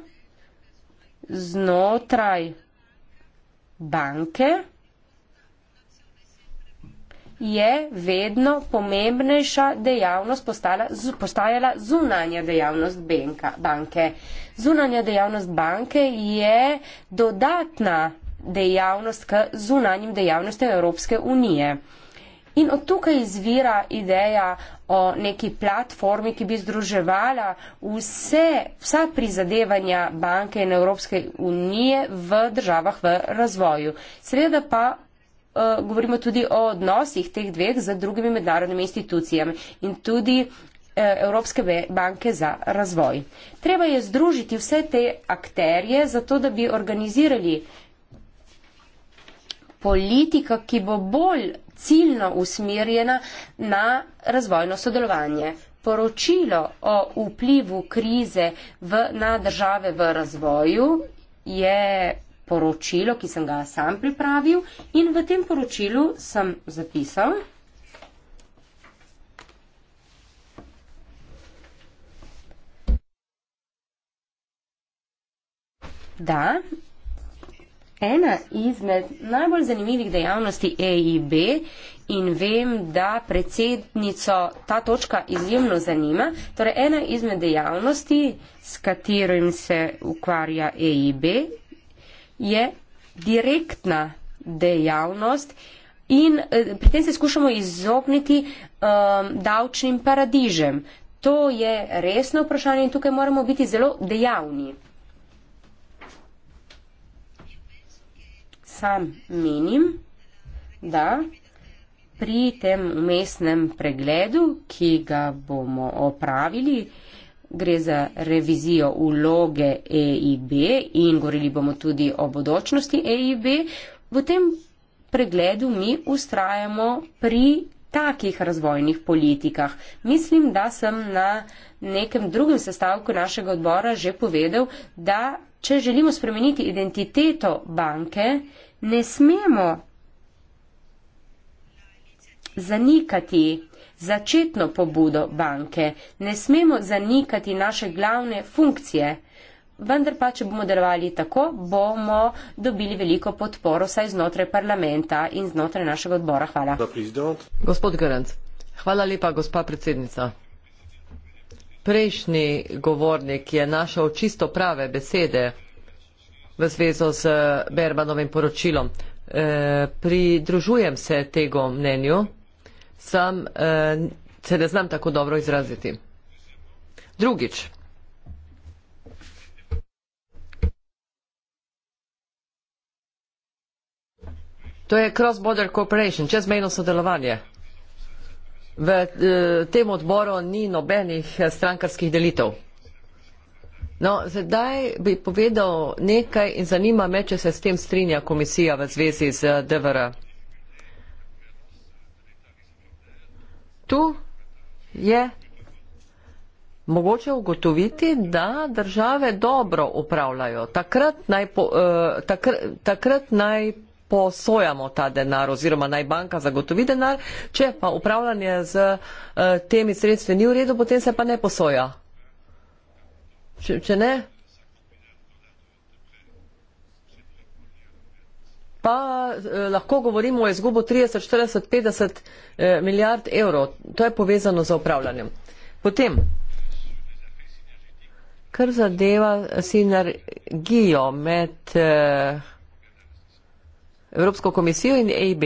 znotraj banke je vedno pomembnejša dejavnost postala, z, postajala zunanja dejavnost banka, banke. Zunanja dejavnost banke je dodatna dejavnost k zunanjim dejavnostem Evropske unije. In od tukaj izvira ideja o neki platformi, ki bi združevala vse, vsa prizadevanja banke in Evropske unije v državah v razvoju. Sreda pa Eh, govorimo tudi o odnosih teh dveh z drugimi mednarodnimi institucijami in tudi eh, Evropske banke za razvoj. Treba je združiti vse te akterje, zato da bi organizirali politika, ki bo bolj ciljno usmerjena na razvojno sodelovanje. Poročilo o vplivu krize v, na države v razvoju je poročilo, ki sem ga sam pripravil in v tem poročilu sem zapisal. Da, ena izmed najbolj zanimivih dejavnosti EIB in vem, da predsednico ta točka izjemno zanima, torej ena izmed dejavnosti, s katerim se ukvarja EIB, je direktna dejavnost in eh, pri tem se skušamo izogniti um, davčnim paradižem. To je resno vprašanje in tukaj moramo biti zelo dejavni. Sam menim, da pri tem umestnem pregledu, ki ga bomo opravili, uh, gre za revizijo uloge EIB in govorili bomo tudi o bodočnosti EIB, v tem pregledu mi ustrajamo pri takih razvojnih politikah. Mislim, da sem na nekem drugem sestavku našega odbora že povedal, da če želimo spremeniti identiteto banke, ne smemo zanikati začetno pobudo banke. Ne smemo zanikati naše glavne funkcije. Vendar pa, če bomo delovali tako, bomo dobili veliko podporo saj znotraj parlamenta in znotraj našega odbora. Hvala. Gospod Grant, hvala lepa, gospa predsednica. Prejšnji govornik je našel čisto prave besede v zvezo z Berbanovim poročilom. E, pridružujem se tego mnenju sam e, se ne znam tako dobro izraziti. Drugič. To je Cross Border Cooperation, čezmejno sodelovanje. V e, tem odboru ni nobenih eh, strankarskih delitev. No, zdaj bi povedal nekaj in zanima me, če se s tem strinja komisija v zvezi z DVR. -a. tu je mogoče ugotoviti, da države dobro upravljajo. Takrat naj, po, uh, takr, takrat naj posojamo ta denar oziroma naj banka zagotovi denar, če pa upravljanje z uh, temi sredstvi ni v redu, potem se pa ne posoja. Če, če ne, pa eh, lahko govorimo o izgubo 30, 40, 50 eh, milijard evrov. To je povezano z upravljanjem. Potem, kar zadeva sinergijo med eh, Evropsko komisijo in EIB.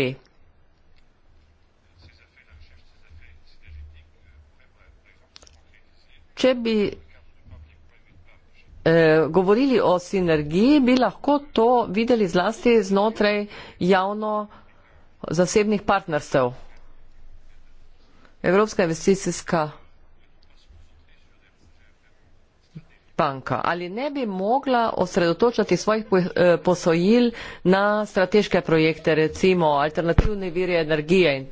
Če bi Eh, govorili o sinergiji, bi lahko to videli zlasti znotraj javno-zasebnih partnerstev. Evropska investicijska banka ali ne bi mogla osredotočati svojih eh, posojil na strateške projekte, recimo alternativne vire energije.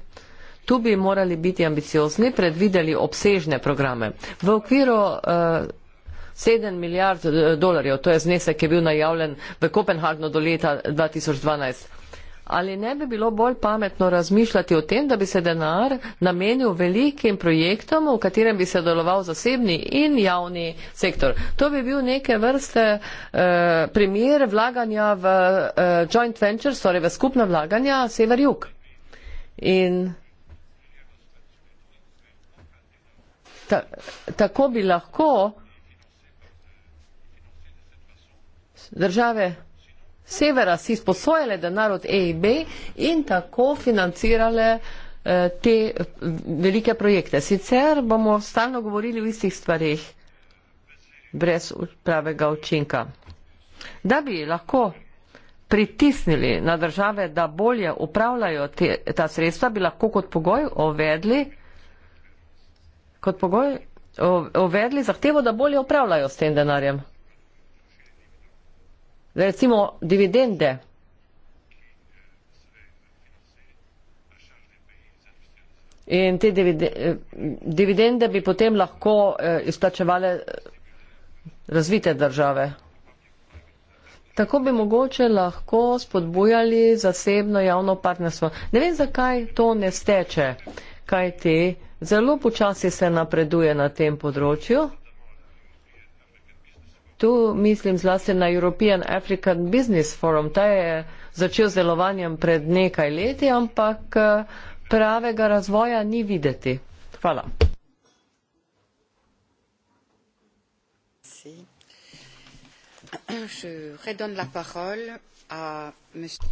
Tu bi morali biti ambiciozni, predvideli obsežne programe. V okviru uh, 7 milijard eh, dolarjev, to je znesek, ki je bil najavljen v Kopenhagnu do leta 2012. Ali ne bi bilo bolj pametno razmišljati o tem, da bi se denar namenil velikim projektom, v katerem bi se deloval zasebni in javni sektor? To bi bil neke vrste eh, primer vlaganja v eh, joint ventures, torej v skupna vlaganja sever-jug. In ta, tako bi lahko države severa si sposojale denar od EIB in tako financirale eh, te mm, velike projekte. Sicer bomo stalno govorili o istih stvarih brez pravega učinka. Da bi lahko pritisnili na države, da bolje upravljajo te, ta sredstva, bi lahko kot pogoj ovedli, kot pogoj ovedli zahtevo, da bolje upravljajo s tem denarjem recimo dividende. In te dividende bi potem lahko eh, izplačevale eh, razvite države. Tako bi mogoče lahko spodbujali zasebno javno partnerstvo. Ne vem, zakaj to ne steče, kaj ti zelo počasi se napreduje na tem področju. Tu mislim zlasti na European African Business Forum. Ta je začel z delovanjem pred nekaj leti, ampak eh, pravega razvoja ni videti. Hvala.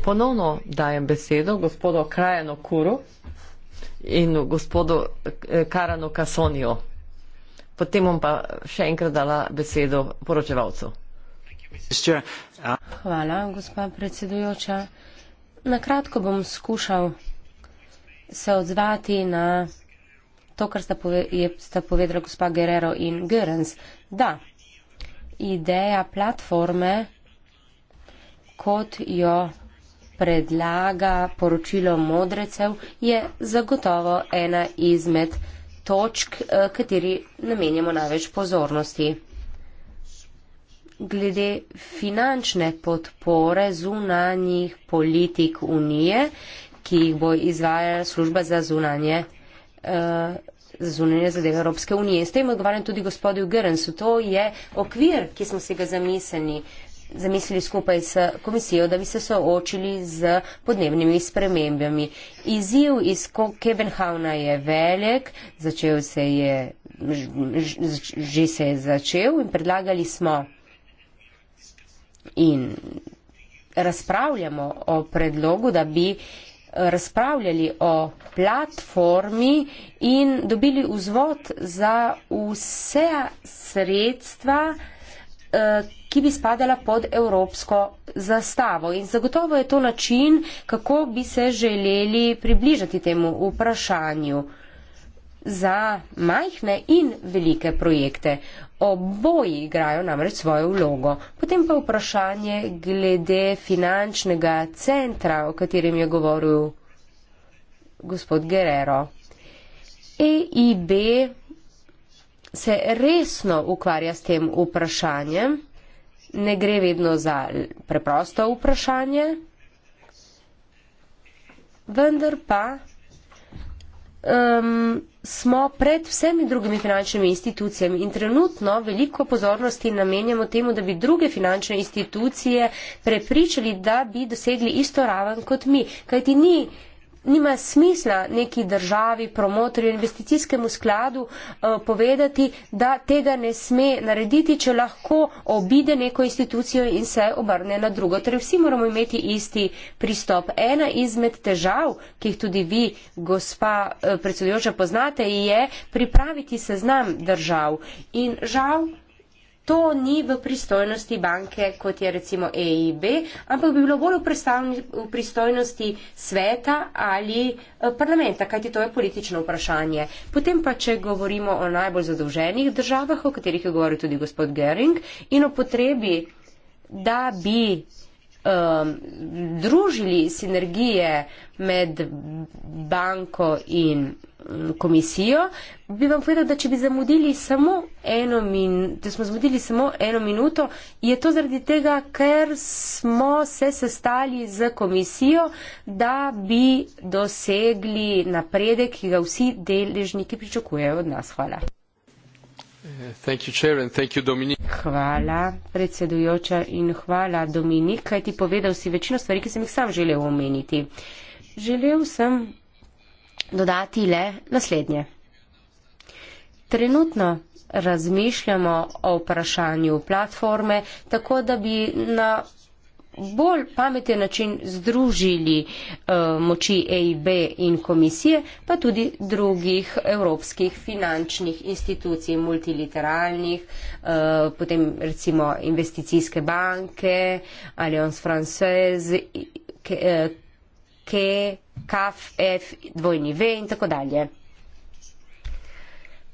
Ponovno dajem besedo gospodu Krajano Kuru in gospodu eh, Karano Kasonijo. Potem bom pa še enkrat dala besedo poročevalcu. Hvala, gospa predsedujoča. Nakratko bom skušal se odzvati na to, kar sta, pove, je, sta povedala gospa Guerrero in Gerens. Da, ideja platforme, kot jo predlaga poročilo modrecev, je zagotovo ena izmed točk, eh, kateri namenjamo največ pozornosti. Glede finančne podpore zunanjih politik Unije, ki jih bo izvajala služba za zunanje, uh, zunanje zadeve Evropske unije. S tem odgovarjam tudi gospodu Gerensu. To je okvir, ki smo si ga zamislili. Uh, zamislili skupaj s komisijo, da bi se soočili z podnebnimi spremembami. Iziv iz Kebenhavna je velik, začel se je, že se je začel in predlagali smo in razpravljamo o predlogu, da bi eh, razpravljali o platformi in dobili vzvod za vse sredstva, eh, ki bi spadala pod evropsko zastavo. In zagotovo je to način, kako bi se želeli približati temu vprašanju za majhne in velike projekte. Oboji igrajo namreč svojo vlogo. Potem pa vprašanje glede finančnega centra, o katerem je govoril gospod Guerrero. EIB se resno ukvarja s tem vprašanjem ne gre vedno za preprosto vprašanje, vendar pa um, smo pred vsemi drugimi finančnimi institucijami in trenutno veliko pozornosti namenjamo temu, da bi druge finančne institucije prepričali, da bi dosegli isto raven kot mi, kajti ni nima smisla neki državi, promotorju, investicijskemu skladu eh, povedati, da tega ne sme narediti, če lahko obide neko institucijo in se obrne na drugo. Torej vsi moramo imeti isti pristop. Ena izmed težav, ki jih tudi vi, gospa eh, predsedujoča, poznate, je pripraviti seznam držav. In žal, to ni v pristojnosti banke, kot je recimo EIB, ampak bi bilo bolj v, v pristojnosti sveta ali eh, parlamenta, kajti to je politično vprašanje. Potem pa, če govorimo o najbolj zadolženih državah, o katerih je govoril tudi gospod Gering, in o potrebi, da bi um, družili sinergije med banko in komisijo, bi vam povedal, da če bi zamudili samo eno, min, smo zamudili samo eno minuto, je to zaradi tega, ker smo se sestali z komisijo, da bi dosegli napredek, ki ga vsi deležniki pričakujejo od nas. Hvala. Thank you, chair, and thank you, hvala, predsedujoča in hvala, Dominik, kaj ti povedal si večino stvari, ki sem jih sam želel omeniti. Želel sem dodati le naslednje. Trenutno razmišljamo o vprašanju platforme, tako da bi na bolj pameten način združili eh, moči EIB in komisije, pa tudi drugih evropskih finančnih institucij, multilateralnih, eh, potem recimo investicijske banke, Alliance Française, ki. Eh, kaf, e f, dvojni v in tako dalje.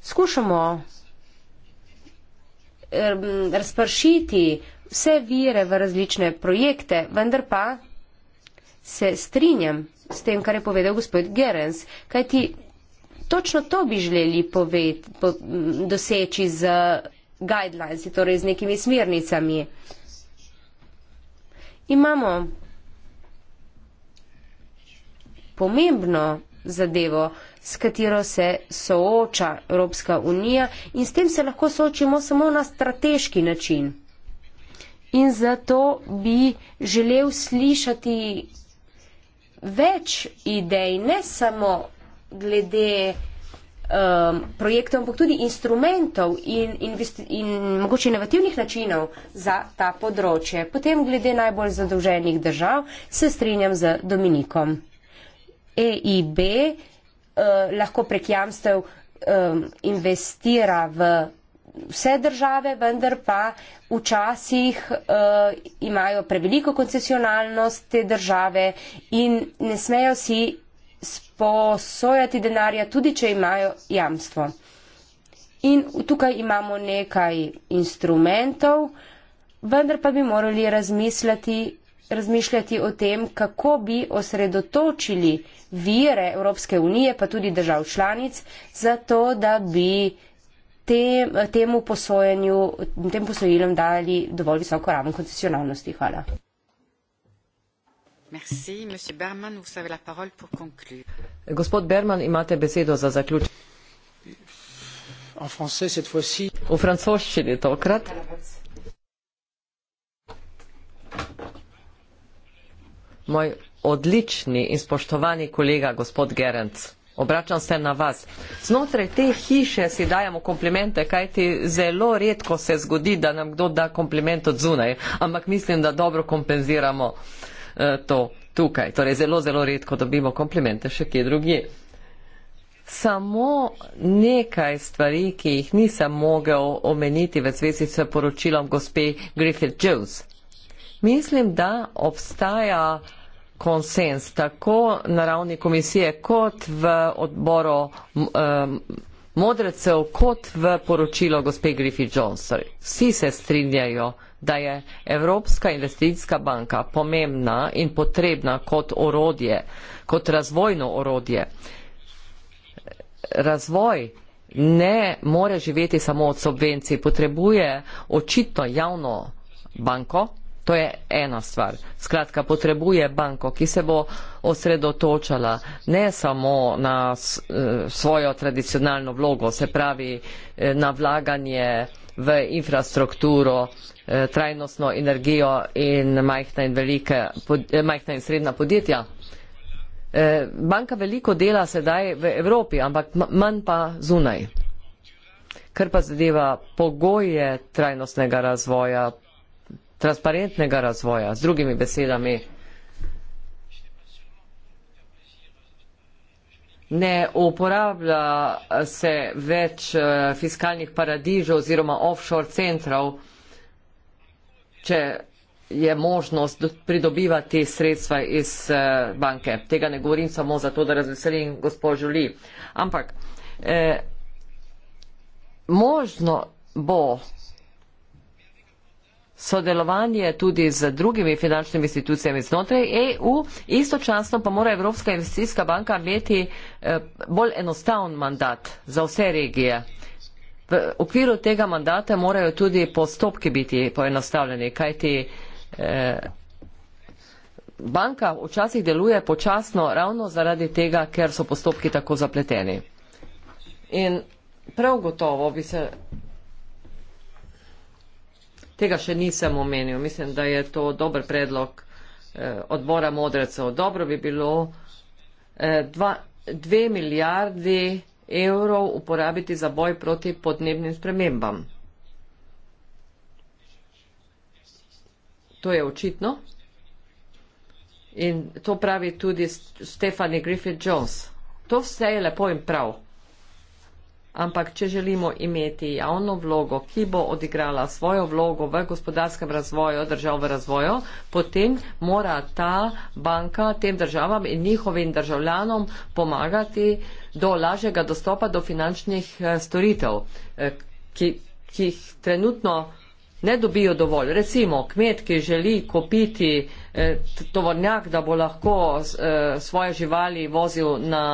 Skušamo razpršiti vse vire v različne projekte, vendar pa se strinjam s tem, kar je povedal gospod Gerens, kajti točno to bi želeli poved, po, doseči z guidelines, torej z nekimi smernicami. Imamo pomembno zadevo, s katero se sooča Evropska unija in s tem se lahko soočimo samo na strateški način. In zato bi želel slišati več idej, ne samo glede um, projektov, ampak tudi instrumentov in, in, in mogoče inovativnih načinov za ta področje. Potem glede najbolj zadolženih držav se strinjam z Dominikom. EIB uh, eh, lahko prek jamstev um, investira v vse države, vendar pa včasih uh, imajo preveliko koncesionalnost te države in ne smejo si sposojati denarja, tudi če imajo jamstvo. In tukaj imamo nekaj instrumentov, vendar pa bi morali razmisliti, razmišljati o tem, kako bi osredotočili vire Evropske unije, pa tudi držav članic, zato da bi tem, temu posojenju, tem posojilom dali dovolj visoko raven koncesionalnosti. Hvala. Merci, Berman, Gospod Berman, imate besedo za zaključek. V francoščini tokrat. Hvala. moj odlični in spoštovani kolega gospod Gerenc. Obračam se na vas. Znotraj te hiše si dajemo komplimente, kajti zelo redko se zgodi, da nam kdo da kompliment od zunaj, ampak mislim, da dobro kompenziramo eh, to tukaj. Torej zelo, zelo redko dobimo komplimente še kje drugje. Samo nekaj stvari, ki jih nisem mogel omeniti v zvezi s poročilom gospe Griffith Jones. Mislim, da obstaja konsens tako na ravni komisije kot v odboru eh, modrecev kot v poročilo gospe Griffith Johnson. Torej, vsi se strinjajo, da je Evropska investicijska banka pomembna in potrebna kot orodje, kot razvojno orodje. Razvoj ne more živeti samo od subvencij, potrebuje očitno javno banko, To je ena stvar. Skratka, potrebuje banko, ki se bo osredotočala ne samo na eh, svojo tradicionalno vlogo, se pravi eh, na vlaganje v infrastrukturo, eh, trajnostno energijo in majhna in, velike, majhna in srednja podjetja. Banka veliko dela sedaj v Evropi, ampak manj pa zunaj. Kar pa zadeva pogoje trajnostnega razvoja, transparentnega razvoja, z drugimi besedami. Ne uporablja se več eh, fiskalnih paradižov oziroma offshore centrov, če je možnost pridobivati sredstva iz eh, banke. Tega ne govorim samo zato, da razveselim gospod Žuli. Ampak eh, možno bo sodelovanje tudi z drugimi finančnimi institucijami znotraj EU, istočasno pa mora Evropska investicijska banka imeti eh, bolj enostavn mandat za vse regije. V okviru tega mandata morajo tudi postopki biti poenostavljeni, kajti eh, banka včasih deluje počasno ravno zaradi tega, ker so postopki tako zapleteni. In prav gotovo bi se tega še nisem omenil. Mislim, da je to dober predlog eh, odbora modrecev. Dobro bi bilo eh, dva, dve milijardi evrov uporabiti za boj proti podnebnim spremembam. To je očitno. In to pravi tudi Stephanie Griffith-Jones. To vse je lepo in prav ampak če želimo imeti javno vlogo, ki bo odigrala svojo vlogo v gospodarskem razvoju držav v razvoju, potem mora ta banka tem državam in njihovim državljanom pomagati do lažjega dostopa do finančnih eh, storitev, eh, ki, ki jih trenutno ne dobijo dovolj. Recimo, kmet, ki želi kupiti eh, tovornjak, da bo lahko svoje živali vozil na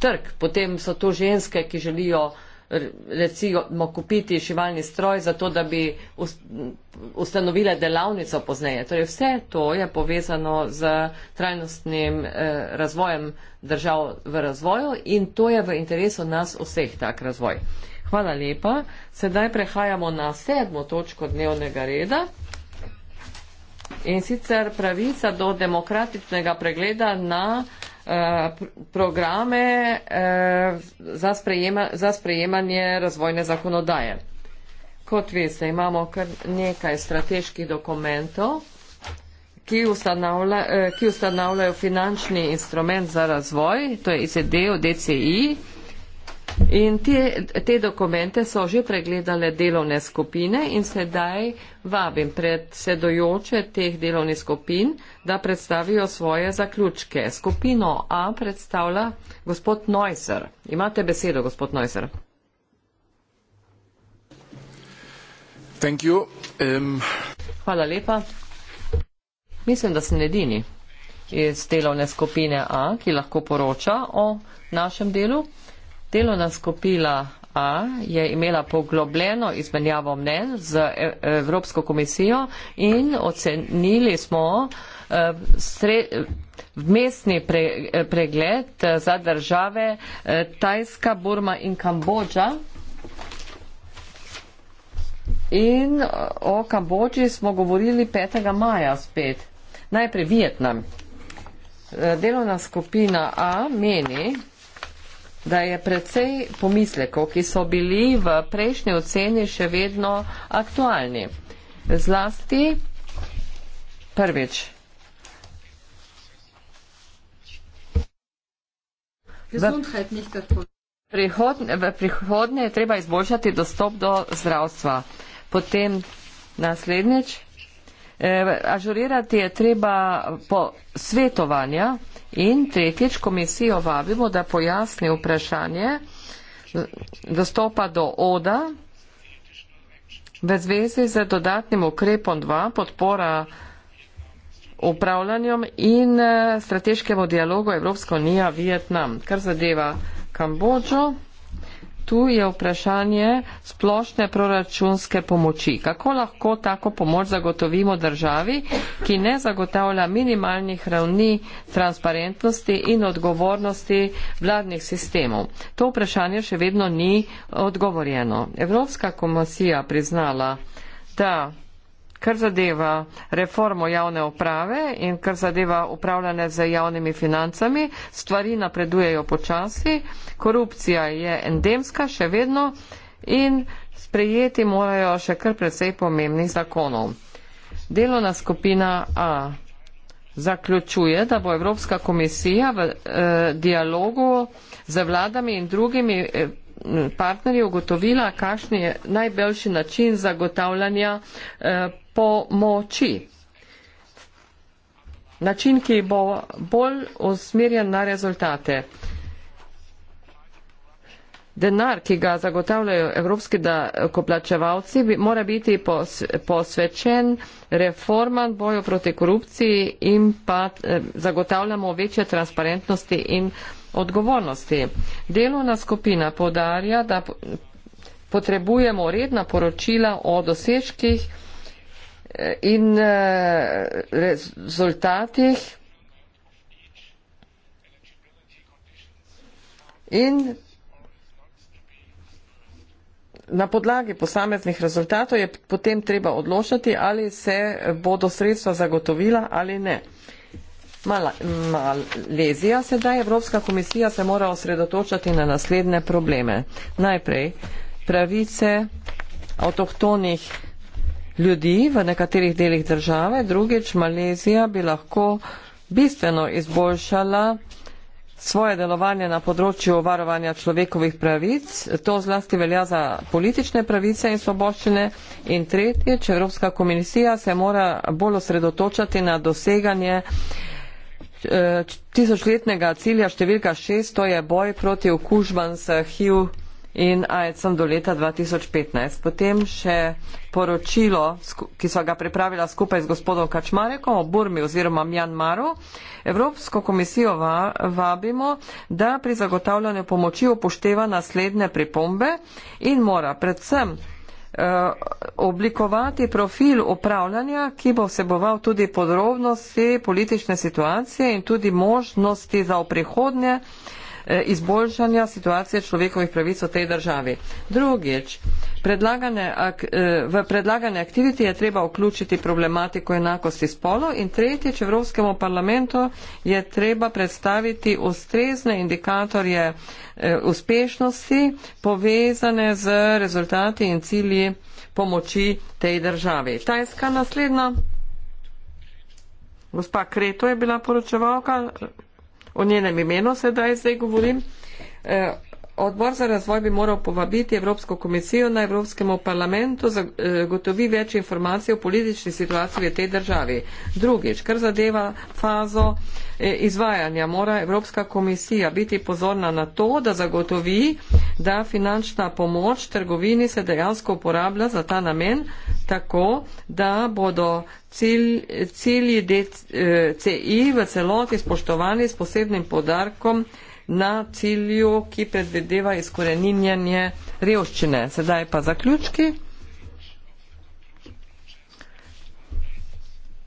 trg, potem so to ženske, ki želijo recimo kupiti šivalni stroj, zato da bi ustanovile delavnico pozneje. Torej vse to je povezano z trajnostnim eh, razvojem držav v razvoju in to je v interesu nas vseh tak razvoj. Hvala lepa. Sedaj prehajamo na sedmo točko dnevnega reda. In sicer pravica do demokratičnega pregleda na Eh, programe eh, za, sprejema, za sprejemanje razvojne zakonodaje. Kot veste, imamo kar nekaj strateških dokumentov, ki, ustanavlja, eh, ki ustanavljajo finančni instrument za razvoj, to je ICD od DCI, In te, te dokumente so že pregledale delovne skupine in sedaj vabim predsedojoče teh delovnih skupin, da predstavijo svoje zaključke. Skupino A predstavlja gospod Neusser. Imate besedo, gospod Neusser. Um... Hvala lepa. Mislim, da sem edini iz delovne skupine A, ki lahko poroča o našem delu. Delovna skupila A je imela poglobljeno izmenjavo mnen z e-, Evropsko komisijo in ocenili smo e, vmesni e, pregled za države Tajska, Burma in Kambodža. In o Kambodži smo govorili 5. maja spet. Najprej Vietnam. Delovna skupina A meni, da je precej pomislekov, ki so bili v prejšnji oceni še vedno aktualni. Zlasti prvič. V, prihodne, v prihodnje je treba izboljšati dostop do zdravstva. Potem naslednjič. Eh, ažurirati je treba po svetovanja, In tretjič komisijo vabimo, da pojasni vprašanje dostopa do ODA v zvezi z dodatnim ukrepom 2 podpora upravljanjem in eh, strateškemu dialogu Evropska unija-Vietnam. Kar zadeva Kambodžo. Tu je vprašanje splošne proračunske pomoči. Kako lahko tako pomoč zagotovimo državi, ki ne zagotavlja minimalnih ravni transparentnosti in odgovornosti vladnih sistemov? To vprašanje še vedno ni odgovorjeno. Evropska komisija priznala, da kar zadeva reformo javne uprave in kar zadeva upravljanje z javnimi financami, stvari napredujejo počasi, korupcija je endemska še vedno in sprejeti morajo še kar precej pomembnih zakonov. Delovna skupina A zaključuje, da bo Evropska komisija v eh, dialogu z vladami in drugimi eh, partnerji ugotovila, kakšen je najboljši način zagotavljanja eh, pomoči. Način, ki bo bolj usmerjen na rezultate. Denar, ki ga zagotavljajo evropski dokoplačevalci, bi, mora biti pos, posvečen reformam boju proti korupciji in pa eh, zagotavljamo večje transparentnosti in odgovornosti. Delovna skupina podarja, da potrebujemo redna poročila o dosežkih in eh, rezultatih in Na podlagi posameznih rezultatov je potem treba odločiti, ali se bodo sredstva zagotovila ali ne. Mala, Malezija sedaj, Evropska komisija se mora osredotočati na naslednje probleme. Najprej pravice avtohtonih ljudi v nekaterih delih države, drugič Malezija bi lahko bistveno izboljšala svoje delovanje na področju varovanja človekovih pravic. To zlasti velja za politične pravice in svoboščine. In tretjič, Evropska komisija se mora bolj osredotočati na doseganje eh, tisočletnega cilja številka 6, to je boj proti okužbam s HIV in AECM do leta 2015. Potem še poročilo, ki so ga pripravila skupaj z gospodom Kačmarekom o Burmi oziroma Mjanmaru. Evropsko komisijo vabimo, da pri zagotavljanju pomoči upošteva naslednje pripombe in mora predvsem eh, oblikovati profil upravljanja, ki bo vseboval tudi podrobnosti politične situacije in tudi možnosti za prihodnje uh, Eh, izboljšanja situacije človekovih pravic v tej državi. Drugič, predlagane ak, eh, v predlagane aktiviti je treba vključiti problematiko enakosti spolo in tretjič, Evropskemu parlamentu je treba predstaviti ustrezne indikatorje eh, uspešnosti povezane z rezultati in cilji pomoči tej državi. Tajska naslednja. Gospa Kreto je bila poročevalka o njenem imenu sedaj zdaj govorim. Eh, odbor za razvoj bi moral povabiti Evropsko komisijo na Evropskemu parlamentu, zagotovi eh, več informacij o politični situaciji v tej državi. Drugič, kar zadeva fazo eh, izvajanja, mora Evropska komisija biti pozorna na to, da zagotovi, da finančna pomoč trgovini se dejansko uporablja za ta namen, tako da bodo cilj, cilji DCI eh, v celoti spoštovani s posebnim podarkom na cilju, ki predvedeva izkoreninjanje revščine. Sedaj pa zaključki.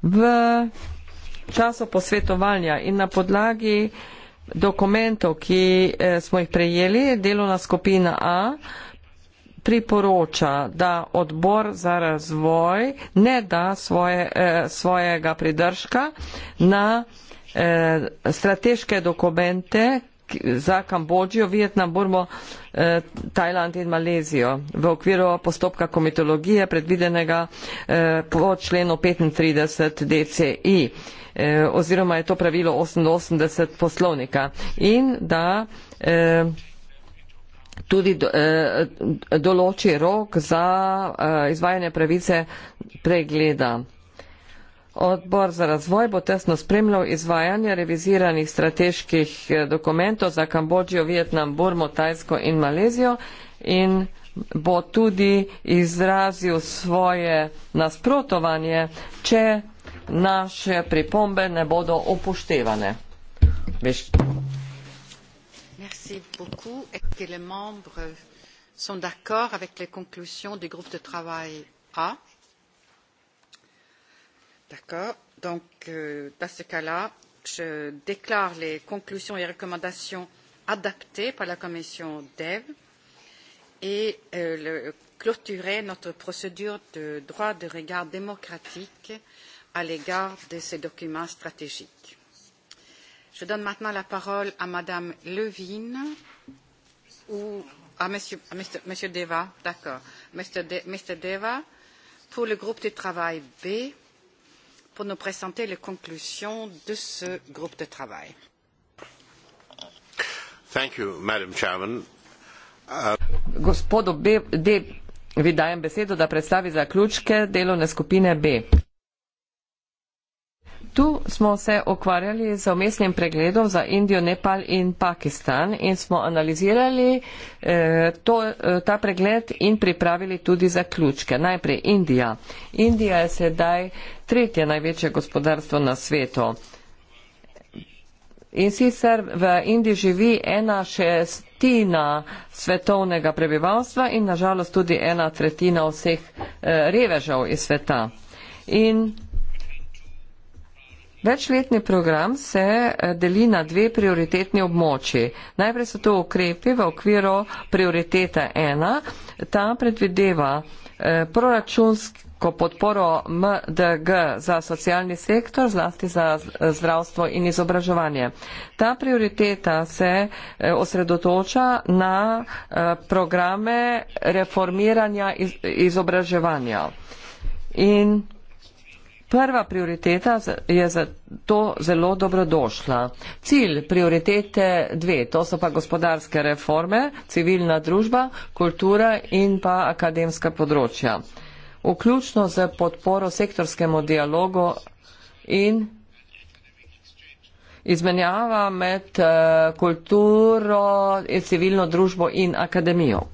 V času posvetovanja in na podlagi dokumentov, ki eh, smo jih prejeli, delovna skupina A priporoča, da odbor za razvoj ne da svoje, eh, svojega pridržka na eh, strateške dokumente, za Kambodžo, Vietnam, Burmo, eh, Tajland in Malezijo v okviru postopka komitologije predvidenega eh, po členu 35 DCI eh, oziroma je to pravilo 88 poslovnika in da eh, tudi eh, določi rok za eh, izvajanje pravice pregleda. Odbor za razvoj bo tesno spremljal izvajanje reviziranih strateških eh, dokumentov za Kambodžo, Vietnam, Burmo, Tajsko in Malezijo in bo tudi izrazil svoje nasprotovanje, če naše pripombe ne bodo upoštevane. Veš. Merci beaucoup. Est-ce que les membres sont d'accord avec les conclusions du groupe de travail A D'accord. Donc, euh, dans ce cas-là, je déclare les conclusions et recommandations adaptées par la commission DEV et euh, le, clôturer notre procédure de droit de regard démocratique à l'égard de ces documents stratégiques. Je donne maintenant la parole à Madame Levine ou à Monsieur, à Monsieur, Monsieur Deva, d'accord, Monsieur, de, Monsieur Deva, pour le groupe de travail B pour nous présenter les conclusions de ce groupe de travail. Thank you, Madam Chairman. Uh, Gospodu B. D. vi dajem besedo, da predstavi zaključke delovne skupine B. Tu smo se okvarjali z omestnim pregledom za Indijo, Nepal in Pakistan in smo analizirali eh, to, eh, ta pregled in pripravili tudi zaključke. Najprej Indija. Indija je sedaj tretje največje gospodarstvo na svetu. In sicer v Indiji živi ena šestina svetovnega prebivalstva in nažalost tudi ena tretjina vseh eh, revežev iz sveta. In Večletni program se eh, deli na dve prioritetni območji. Najprej so to ukrepi v okviru prioriteta 1. Ta predvideva eh, proračunsko podporo MDG za socialni sektor, zlasti za eh, zdravstvo in izobraževanje. Ta prioriteta se osredotoča na programe reformiranja izobraževanja. In Prva prioriteta je zato zelo dobrodošla. Cilj prioritete dve, to so pa gospodarske reforme, civilna družba, kultura in pa akademska področja. Vključno z podporo sektorskemu dialogu in izmenjava med eh, kulturo, civilno družbo in akademijo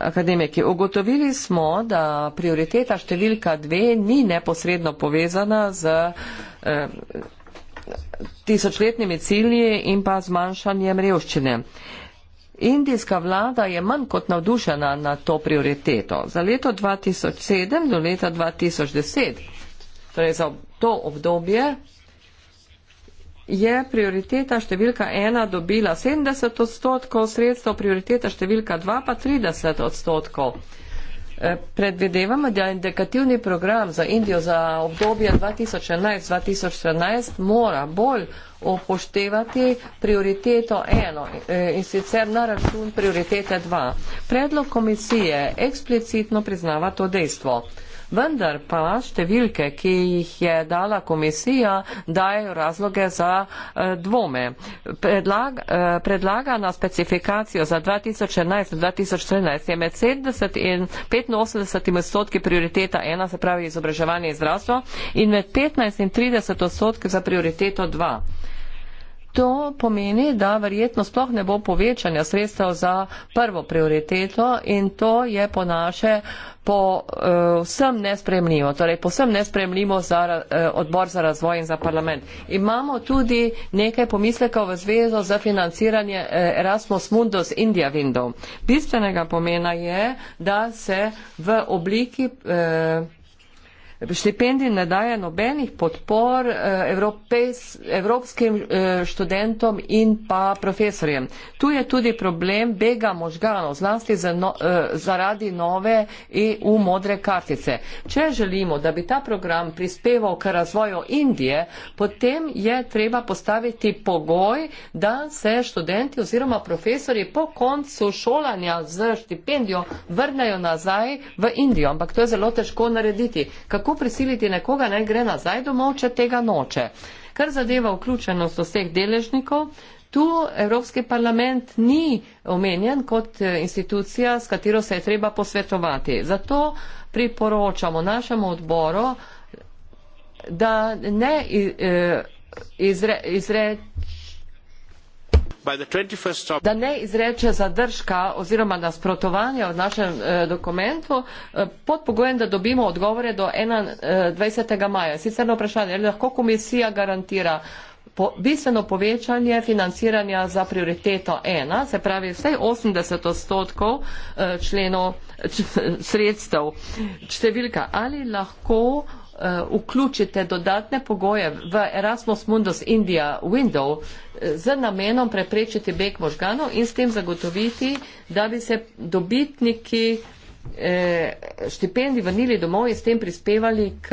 akademiki. Ugotovili smo, da prioriteta številka dve ni neposredno povezana z eh, tisočletnimi cilji in pa zmanjšanjem revščine. Indijska vlada je manj kot navdušena na to prioriteto. Za leto 2007 do leta 2010, torej za to obdobje, je prioriteta številka ena dobila 70 odstotkov sredstev, prioriteta številka dva pa 30 odstotkov. Eh, predvidevamo, da indikativni program za Indijo za obdobje 2011-2014 mora bolj upoštevati prioriteto eno eh, in sicer na račun prioritete dva. Predlog komisije eksplicitno priznava to dejstvo vendar pa številke, ki jih je dala komisija, dajo razloge za uh, dvome. Predlag, uh, predlagana specifikacija za 2011-2013 je med 70 in 85 odstotki prioriteta 1, se pravi izobraževanje in zdravstvo, in med 15 in 30 odstotki za prioriteto 2. To pomeni, da verjetno sploh ne bo povečanja sredstev za prvo prioriteto in to je po naše povsem eh, uh, nespremljivo, torej povsem nespremljivo za uh, odbor za razvoj in za parlament. Imamo tudi nekaj pomislekov v zvezo za financiranje uh, Erasmus Mundus India Window. Bistvenega pomena je, da se v obliki. Uh, štipendij ne daje nobenih podpor eh, evropes, evropskim eh, študentom in pa profesorjem. Tu je tudi problem bega možganov, zlasti za no, eh, zaradi nove EU modre kartice. Če želimo, da bi ta program prispeval k razvoju Indije, potem je treba postaviti pogoj, da se študenti oziroma profesori po koncu šolanja z štipendijo vrnejo nazaj v Indijo. Ampak to je zelo težko narediti. Kako kako prisiliti nekoga naj ne gre nazaj domov, če tega noče. Kar zadeva vključenost vseh deležnikov, tu Evropski parlament ni omenjen kot eh, institucija, s katero se je treba posvetovati. Zato priporočamo našemu odboru, da ne eh, izre, izre, da ne izreče zadržka oziroma nasprotovanja v našem eh, dokumentu eh, pod pogojem, da dobimo odgovore do 21. maja. Sicer na vprašanje, ali lahko komisija garantira po, bistveno povečanje financiranja za prioriteto 1, se pravi vsaj 80 odstotkov eh, členov sredstev številka, ali lahko Eh, vključite dodatne pogoje v Erasmus Mundus India Window eh, z namenom preprečiti beg možganov in s tem zagotoviti, da bi se dobitniki eh, štipendij vrnili domov in s tem prispevali k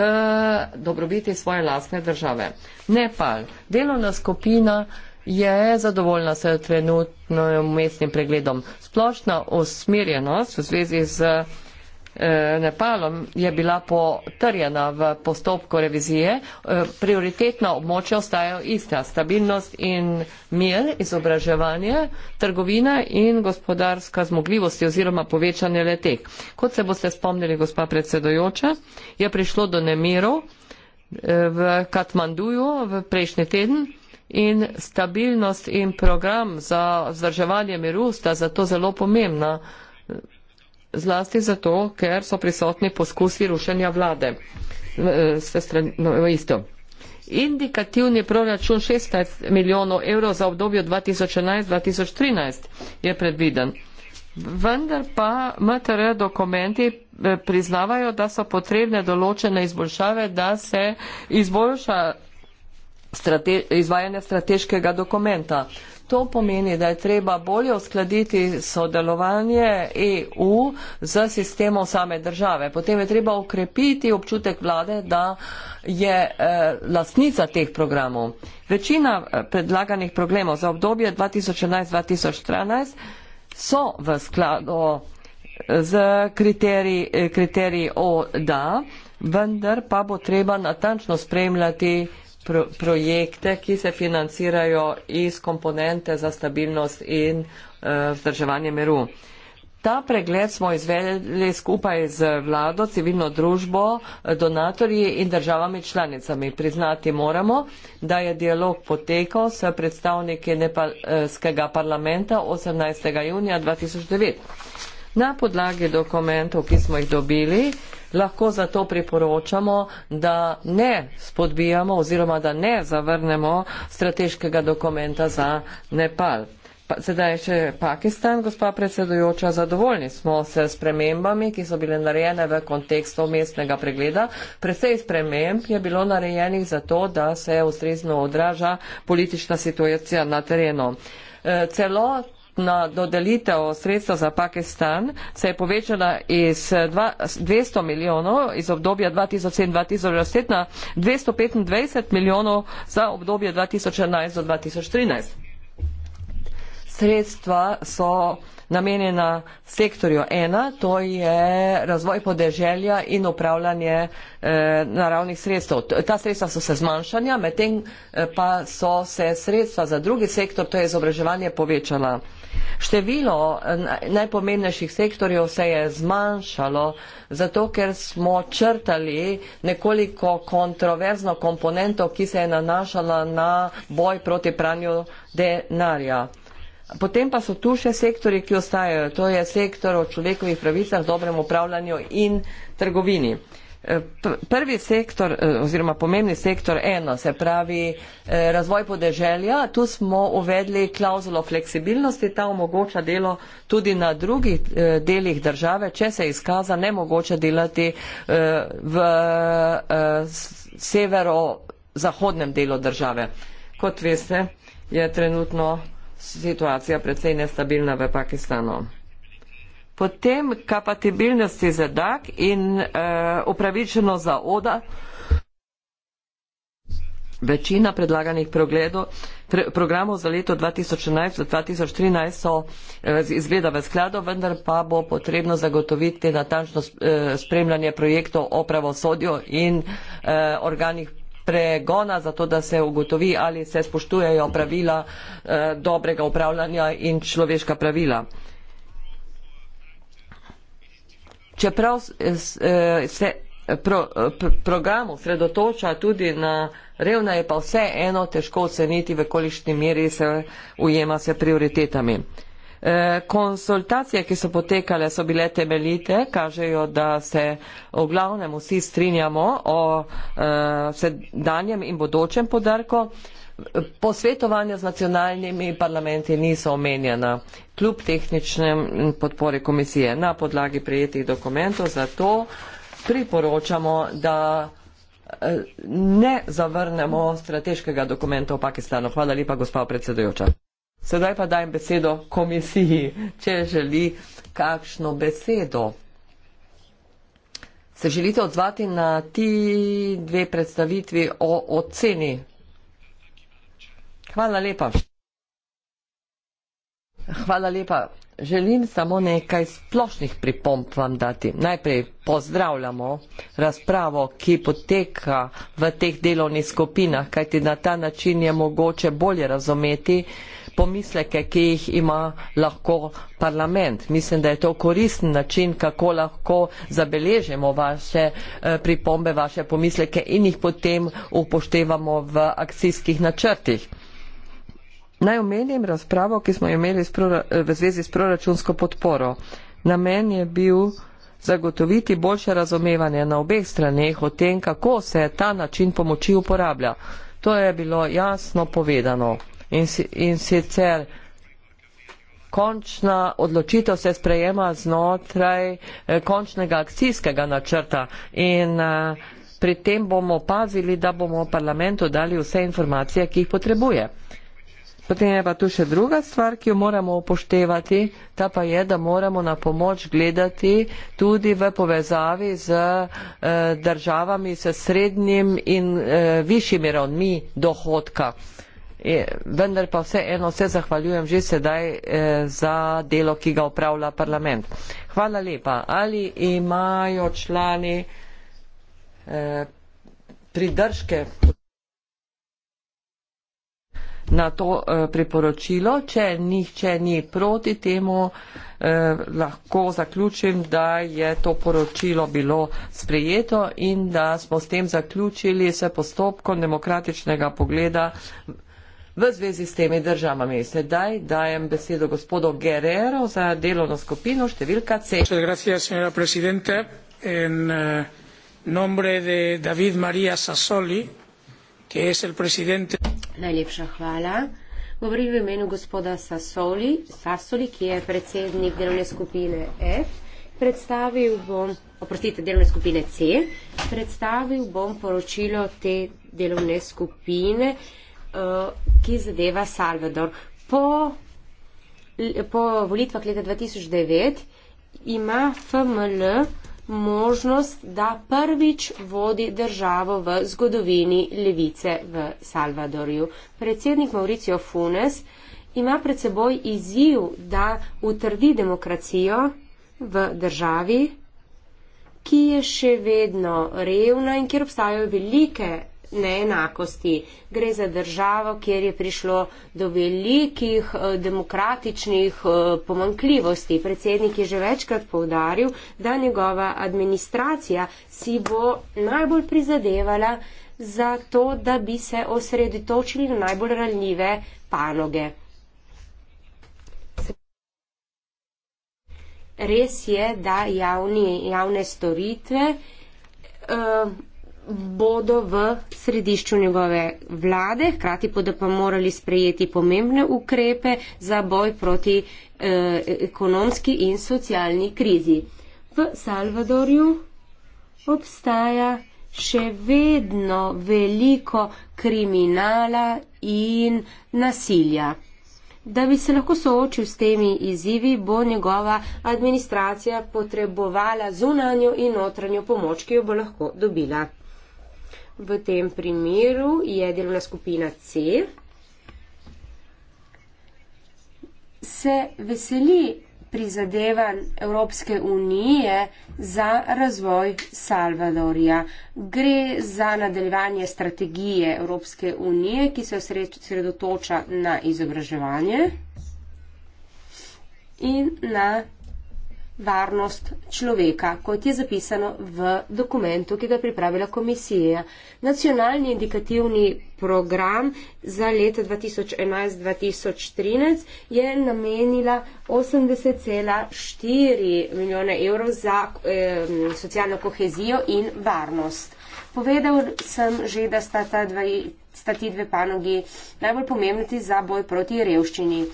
dobrobiti svoje lastne države. Nepal. Delovna skupina je zadovoljna s trenutnim umestnim pregledom. Splošna usmerjenost v zvezi z Eh, Nepalom je bila potrjena v postopku revizije, eh, prioritetna območja ostajajo ista - stabilnost in mir, izobraževanje, trgovina in gospodarska zmogljivost oziroma povečanje letek. Kot se boste spomnili, gospa predsedojoča, je prišlo do nemirov eh, v Katmanduju v prejšnji teden. In stabilnost in program za vzdrževanje miru sta zato zelo pomembna zlasti zato, ker so prisotni poskusi rušenja vlade. Eh, se stran, no, isto. Indikativni proračun 16 milijonov evrov za obdobje 2011-2013 je predviden. Vendar pa MTR dokumenti eh, priznavajo, da so potrebne določene izboljšave, da se izboljša strate, izvajanje strateškega dokumenta. To pomeni, da je treba bolje uskladiti sodelovanje EU z sistemom same države. Potem je treba ukrepiti občutek vlade, da je eh, lasnica teh programov. Večina eh, predlaganih problemov za obdobje 2011-2013 so v skladu z eh, kriteriji, eh, kriteriji ODA, vendar pa bo treba natančno spremljati pro, projekte, ki se financirajo iz komponente za stabilnost in uh, vzdrževanje miru. Ta pregled smo izvedli skupaj z vlado, civilno družbo, eh, donatorji in državami članicami. Priznati moramo, da je dialog potekal s predstavniki nepalskega eh, parlamenta 18. junija 2009. Na podlagi dokumentov, ki smo jih dobili, lahko zato priporočamo, da ne spodbijamo oziroma da ne zavrnemo strateškega dokumenta za Nepal. Pa, sedaj še Pakistan, gospa predsedujoča, zadovoljni smo se s premembami, ki so bile narejene v kontekstu mestnega pregleda. Predvsej sprememb je bilo narejenih zato, da se ustrezno odraža politična situacija na terenu. E, celo na dodelitev sredstva za Pakistan se je povečala iz 200 milijonov iz obdobja 2007-2010 na 225 milijonov za obdobje 2011-2013. Sredstva so namenjena sektorju ena, to je razvoj podeželja in upravljanje eh, naravnih sredstev. Ta sredstva so se zmanjšanja, medtem eh, pa so se sredstva za drugi sektor, to je izobraževanje, povečala. Število eh, najpomembnejših sektorjev se je zmanjšalo, zato ker smo črtali nekoliko kontroverzno komponento, ki se je nanašala na boj proti pranju denarja. Potem pa so tu še sektori, ki ostajajo. To je sektor o človekovih pravicah, dobrem upravljanju in trgovini prvi sektor eh, oziroma pomembni sektor eno se pravi eh, razvoj podeželja, tu smo uvedli klauzulo fleksibilnosti, ta omogoča delo tudi na drugih eh, delih države, če se izkaza ne mogoče delati v severo-zahodnem delu države. Kot veste, je trenutno situacija predvsej nestabilna v Pakistanu potem kapatibilnosti za DAG in uh, upravičeno za ODA. Večina predlaganih pregledov, pre, programov za leto 2011-2013 so eh, izgleda v skladu, vendar pa bo potrebno zagotoviti natančno eh, spremljanje projektov o pravosodju in eh, organih pregona, zato da se ugotovi, ali se spoštujejo pravila eh, dobrega upravljanja in človeška pravila. Eh, čeprav e, se e, pro, e, program osredotoča tudi na revna, je pa vse eno težko oceniti, v kolišni meri se ujema se prioritetami. Konsultacije, ki so potekale, so bile temeljite, kažejo, da se v glavnem vsi strinjamo o sedanjem in bodočem podarku posvetovanja z nacionalnimi parlamenti niso omenjena, kljub tehničnem podpore komisije na podlagi prijetih dokumentov, zato priporočamo, da eh, ne zavrnemo strateškega dokumenta v Pakistanu. Hvala lepa, gospa predsedujoča. Sedaj pa dajem besedo komisiji, če želi kakšno besedo. Se želite odzvati na ti dve predstavitvi o oceni Hvala lepa. Hvala lepa. Želim samo nekaj splošnih pripomp vam dati. Najprej pozdravljamo razpravo, ki poteka v teh delovnih skupinah, kajti na ta način je mogoče bolje razumeti pomisleke, ki jih ima lahko parlament. Mislim, da je to koristen način, kako lahko zabeležemo vaše eh, pripombe, vaše pomisleke in jih potem upoštevamo v akcijskih načrtih. Naj omenim razpravo, ki smo imeli v zvezi s proračunsko podporo. Namen je bil zagotoviti boljše razumevanje na obeh straneh o tem, kako se ta način pomoči uporablja. To je bilo jasno povedano in, si, in sicer končna odločitev se sprejema znotraj eh, končnega akcijskega načrta in eh, pri tem bomo pazili, da bomo parlamentu dali vse informacije, ki jih potrebuje. Potem je pa tu še druga stvar, ki jo moramo upoštevati, ta pa je, da moramo na pomoč gledati tudi v povezavi z eh, državami s srednjim in eh, višjimi ravnmi dohodka. E, vendar pa vse eno se zahvaljujem že sedaj eh, za delo, ki ga upravlja parlament. Hvala lepa. Ali imajo člani eh, pridržke? na to eh, priporočilo. Če nihče ni proti temu, eh, lahko zaključim, da je to poročilo bilo sprejeto in da smo s tem zaključili se postopkom demokratičnega pogleda v zvezi s temi državami. Sedaj dajem besedo gospodu Guerrero za delovno skupino številka C. Gracias, en eh, nombre de David María Sassoli, ki je sel president. Najlepša hvala. Govorim v imenu gospoda Sasoli, Sasoli, ki je predsednik delovne skupine F. Predstavil bom, oprostite, delovne skupine C. Predstavil bom poročilo te delovne skupine, eh, ki zadeva Salvador. Po, po volitvah leta 2009 ima FML možnost, da prvič vodi državo v zgodovini levice v Salvadorju. Predsednik Mauricio Funes ima pred seboj izziv, da utrdi demokracijo v državi, ki je še vedno revna in kjer obstajajo velike neenakosti. Gre za državo, kjer je prišlo do velikih eh, demokratičnih eh, pomankljivosti. Predsednik je že večkrat povdaril, da njegova administracija si bo najbolj prizadevala za to, da bi se osredotočili na najbolj ranljive panoge. Res je, da javni, javne storitve uh, bodo v središču njegove vlade, hkrati bodo pa morali sprejeti pomembne ukrepe za boj proti eh, ekonomski in socialni krizi. V Salvadorju obstaja še vedno veliko kriminala in nasilja. Da bi se lahko soočil s temi izzivi, bo njegova administracija potrebovala zunanjo in notranjo pomoč, ki jo bo lahko dobila. V tem primeru je delovna skupina C. Se veseli prizadevanj Evropske unije za razvoj Salvadorja. Gre za nadaljevanje strategije Evropske unije, ki se osredotoča na izobraževanje in na varnost človeka, kot je zapisano v dokumentu, ki ga je pripravila komisija. Nacionalni indikativni program za leto 2011-2013 je namenila 80,4 milijona evrov za eh, socialno kohezijo in varnost. Povedal sem že, da sta, dve, sta ti dve panogi najbolj pomembni za boj proti revščini.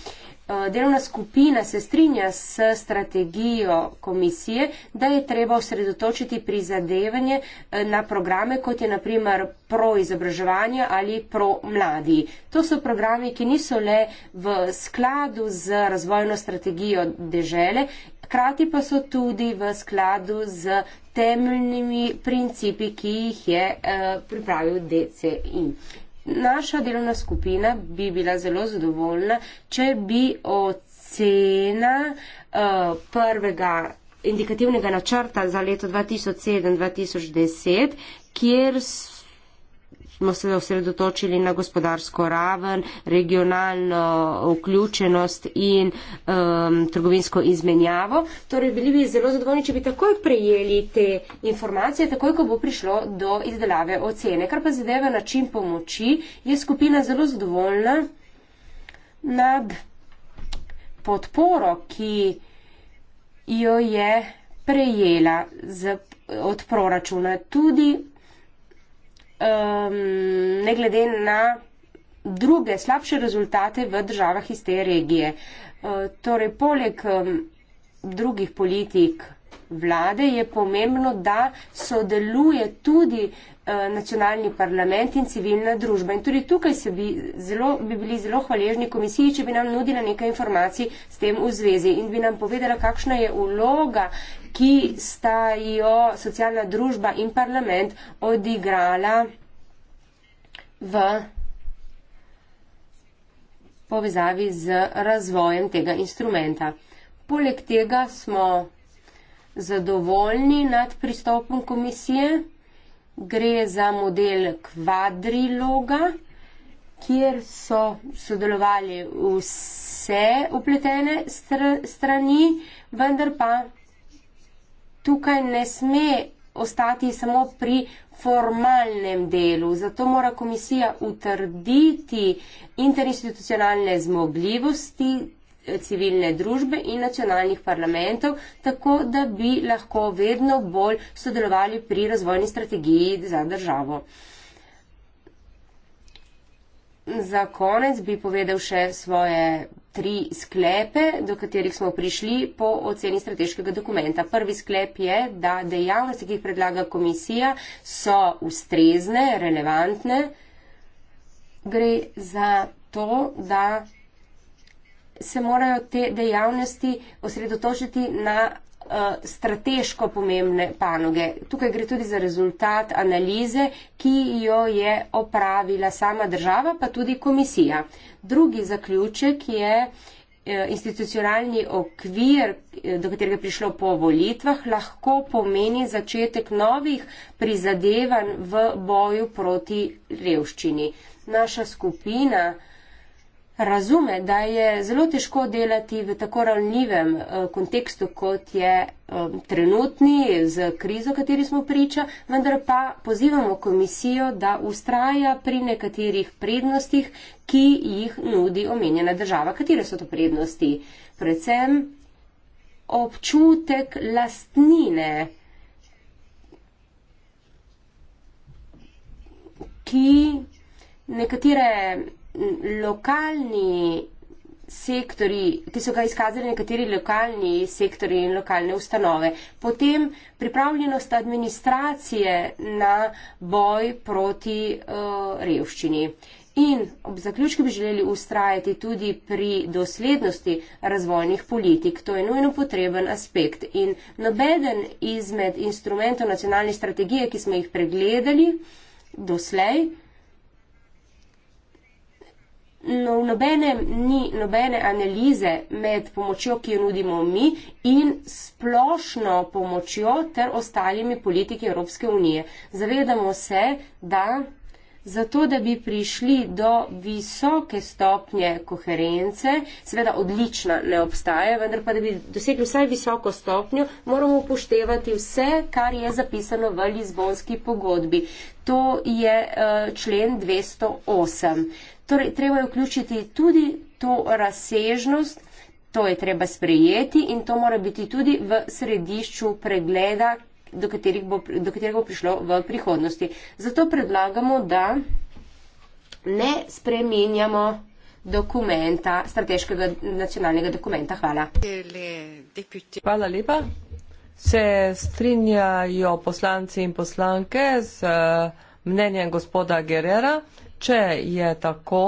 Eh, delovna skupina se strinja s strategijo komisije, da je treba osredotočiti prizadevanje eh, na programe, kot je naprimer proizobraževanje ali pro mladi. To so programe, ki niso le v skladu z razvojno strategijo dežele, krati pa so tudi v skladu z temeljnimi principi, ki jih je eh, pripravil DCI. Naša delovna skupina bi bila zelo zadovoljna, če bi ocena uh, prvega indikativnega načrta za leto 2007-2010, kjer so smo se osredotočili na gospodarsko raven, regionalno vključenost in um, trgovinsko izmenjavo. Torej, bili bi zelo zadovoljni, če bi takoj prejeli te informacije, takoj, ko bo prišlo do izdelave ocene. Kar pa zadeva način pomoči, je skupina zelo zadovoljna nad podporo, ki jo je prejela z, od proračuna. Tudi um, ne glede na druge slabše rezultate v državah iz te regije. Uh, torej, poleg um, drugih politik vlade je pomembno, da sodeluje tudi uh, nacionalni parlament in civilna družba. In tudi tukaj bi, zelo, bi bili zelo hvaležni komisiji, če bi nam nudila nekaj informacij s tem v zvezi in bi nam povedala, kakšna je uloga ki sta jo socialna družba in parlament odigrala v povezavi z razvojem tega instrumenta. Poleg tega smo zadovoljni nad pristopom komisije. Gre za model kvadriloga, kjer so sodelovali vse upletene str strani, vendar pa tukaj ne sme ostati samo pri formalnem delu. Zato mora komisija utrditi interinstitucionalne zmogljivosti eh, civilne družbe in nacionalnih parlamentov, tako da bi lahko vedno bolj sodelovali pri razvojni strategiji za državo za konec bi povedal še svoje tri sklepe, do katerih smo prišli po oceni strateškega dokumenta. Prvi sklep je, da dejavnosti, ki jih predlaga komisija, so ustrezne, relevantne. Gre za to, da se morajo te dejavnosti osredotočiti na Eh, strateško pomembne panoge. Tukaj gre tudi za rezultat analize, ki jo je opravila sama država, pa tudi komisija. Drugi zaključek je eh, institucionalni okvir, eh, do katerega je prišlo po volitvah, lahko pomeni začetek novih prizadevanj v boju proti revščini. Naša skupina razume, da je zelo težko delati v tako ravnljivem eh, kontekstu, kot je eh, trenutni z krizo, kateri smo priča, vendar pa pozivamo komisijo, da ustraja pri nekaterih prednostih, ki jih nudi omenjena država. Katere so to prednosti? Predvsem občutek lastnine. Ki nekatere lokalni sektori, ki so ga izkazali nekateri lokalni sektori in lokalne ustanove, potem pripravljenost administracije na boj proti uh, revščini. In ob zaključku bi želeli ustrajati tudi pri doslednosti razvojnih politik. To je nujno potreben aspekt. In nobeden izmed instrumentov nacionalne strategije, ki smo jih pregledali doslej, uh, No, nobene, ni nobene analize med pomočjo, ki jo nudimo mi in splošno pomočjo ter ostalimi politiki Evropske unije. Zavedamo se, da zato, da bi prišli do visoke stopnje koherence, seveda odlična ne obstaja, vendar pa da bi dosegli vsaj visoko stopnjo, moramo upoštevati vse, kar je zapisano v Lizbonski pogodbi. To je eh, člen 208. Torej, treba je vključiti tudi to razsežnost, to je treba sprejeti in to mora biti tudi v središču pregleda, do, bo, do katerega bo prišlo v prihodnosti. Zato predlagamo, da ne spreminjamo dokumenta, strateškega nacionalnega dokumenta. Hvala. Hvala lepa. Se strinjajo poslanci in poslanke z eh, mnenjem gospoda Gerera. Če je tako,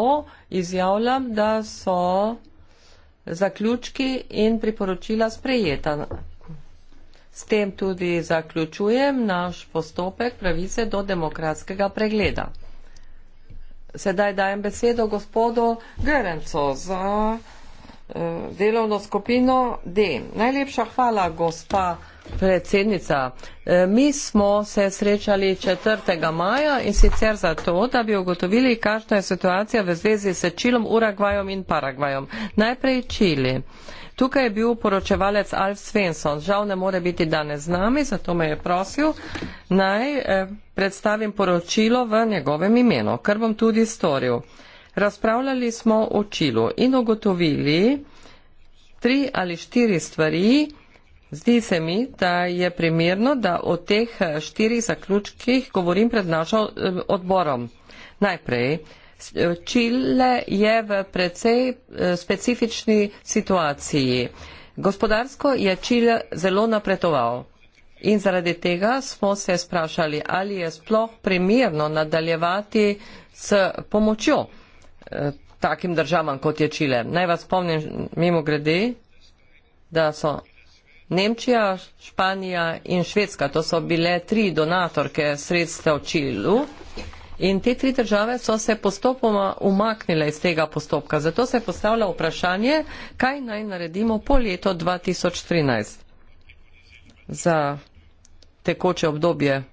izjavljam, da so zaključki in priporočila sprejeta. S tem tudi zaključujem naš postopek pravice do demokratskega pregleda. Sedaj dajem besedo gospodu Gerencu za uh, delovno skupino D. Najlepša hvala, gospa. Predsednica, e, mi smo se srečali 4. maja in sicer zato, da bi ugotovili, kakšna je situacija v zvezi s Čilom, Uragvajom in Paragvajom. Najprej Čili. Tukaj je bil poročevalec Alf Svensson. Žal ne more biti danes z nami, zato me je prosil, naj e, predstavim poročilo v njegovem imenu, kar bom tudi storil. Razpravljali smo o Čilu in ugotovili tri ali štiri stvari, Zdi se mi, da je primerno, da o teh eh, štirih zaključkih govorim pred našim eh, odborom. Najprej, eh, Čile je v precej specifični situaciji. Gospodarsko je Čile zelo napredoval in zaradi tega smo se sprašali, ali je sploh primerno nadaljevati s pomočjo takim državam, kot je Čile. Naj vas spomnim mimo grede, da so Nemčija, Španija in Švedska. To so bile tri donatorke sredstev Čilu. In te tri države so se postopoma umaknile iz tega postopka. Zato se postavlja vprašanje, kaj naj naredimo po leto 2013 za tekoče obdobje.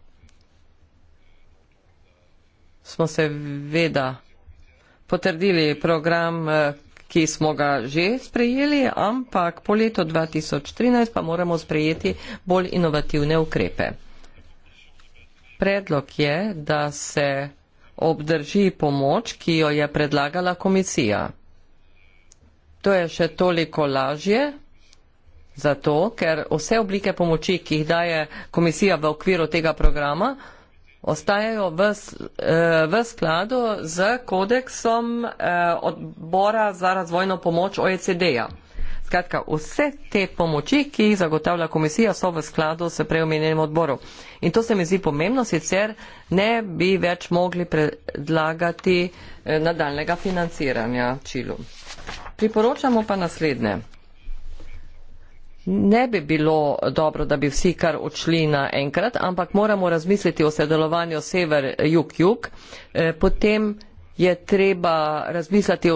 Smo seveda potrdili program eh, ki smo ga že sprejeli, ampak po letu 2013 pa moramo sprejeti bolj inovativne ukrepe. Predlog je, da se obdrži pomoč, ki jo je predlagala komisija. To je še toliko lažje, zato ker vse oblike pomoči, ki jih daje komisija v okviru tega programa, ostajajo v, eh, v skladu z kodeksom eh, odbora za razvojno pomoč OECD-ja. Skratka, vse te pomoči, ki jih zagotavlja komisija, so v skladu s preomenjenim odboru. In to se mi zdi pomembno, sicer ne bi več mogli predlagati eh, nadaljnega financiranja Čilu. Priporočamo pa naslednje ne bi bilo dobro, da bi vsi kar odšli naenkrat, ampak moramo razmisliti o sodelovanju sever-jug-jug. Eh, potem je treba razmisliti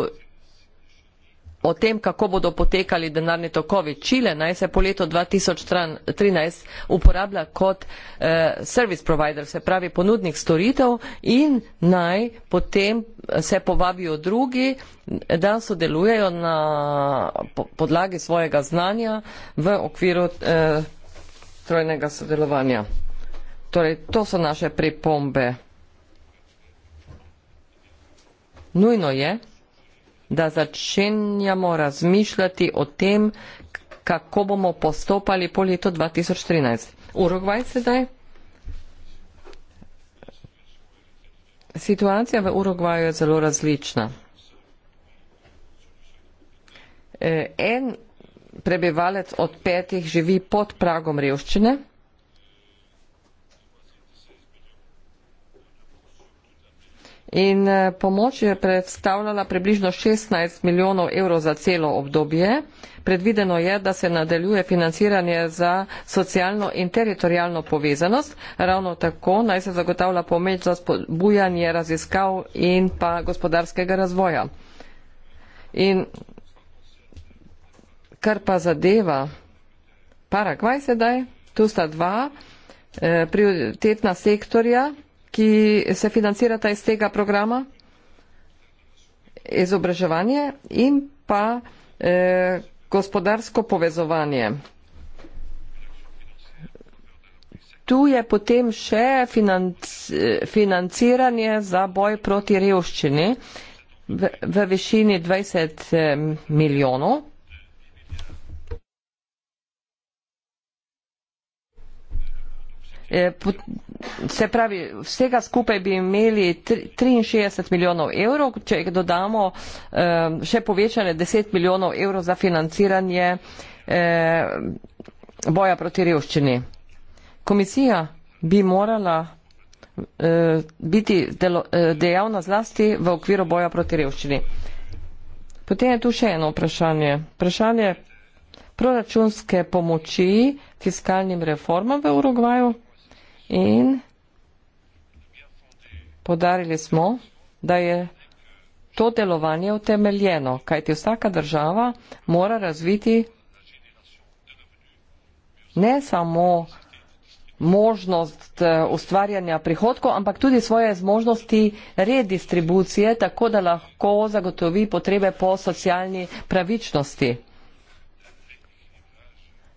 o tem, kako bodo potekali denarni tokovi. Čile naj se po letu 2013 uporablja kot eh, service provider, se pravi ponudnik storitev in naj potem se povabijo drugi, da sodelujejo na podlagi svojega znanja v okviru eh, trojnega sodelovanja. Torej, to so naše pripombe. Nujno je da začenjamo razmišljati o tem, kako bomo postopali po letu 2013. Urugvaj sedaj. Situacija v Urugvaju je zelo različna. Eh, en prebivalec od petih živi pod pragom revščine. in eh, pomoč je predstavljala približno 16 milijonov evrov za celo obdobje. Predvideno je, da se nadaljuje financiranje za socialno in teritorijalno povezanost. Ravno tako naj se zagotavlja pomoč za spodbujanje raziskav in pa gospodarskega razvoja. In kar pa zadeva Paragvaj sedaj, tu sta dva eh, prioritetna sektorja, ki se financirata iz tega programa izobraževanje in pa eh, gospodarsko povezovanje. Tu je potem še financiranje za boj proti revščini v, v višini 20 eh, milijonov. Eh, se pravi, vsega skupaj bi imeli 63 milijonov evrov, če jih dodamo eh, še povečane 10 milijonov evrov za financiranje eh, boja proti revščini. Komisija bi morala biti dejavna zlasti v okviru boja proti revščini. Potem je tu še eno vprašanje. Vprašanje proračunske pomoči fiskalnim reformam v Urugvaju in podarili smo, da je to delovanje utemeljeno, kajti vsaka država mora razviti ne samo možnost eh, ustvarjanja prihodkov, ampak tudi svoje zmožnosti redistribucije, tako da lahko zagotovi potrebe po socialni pravičnosti.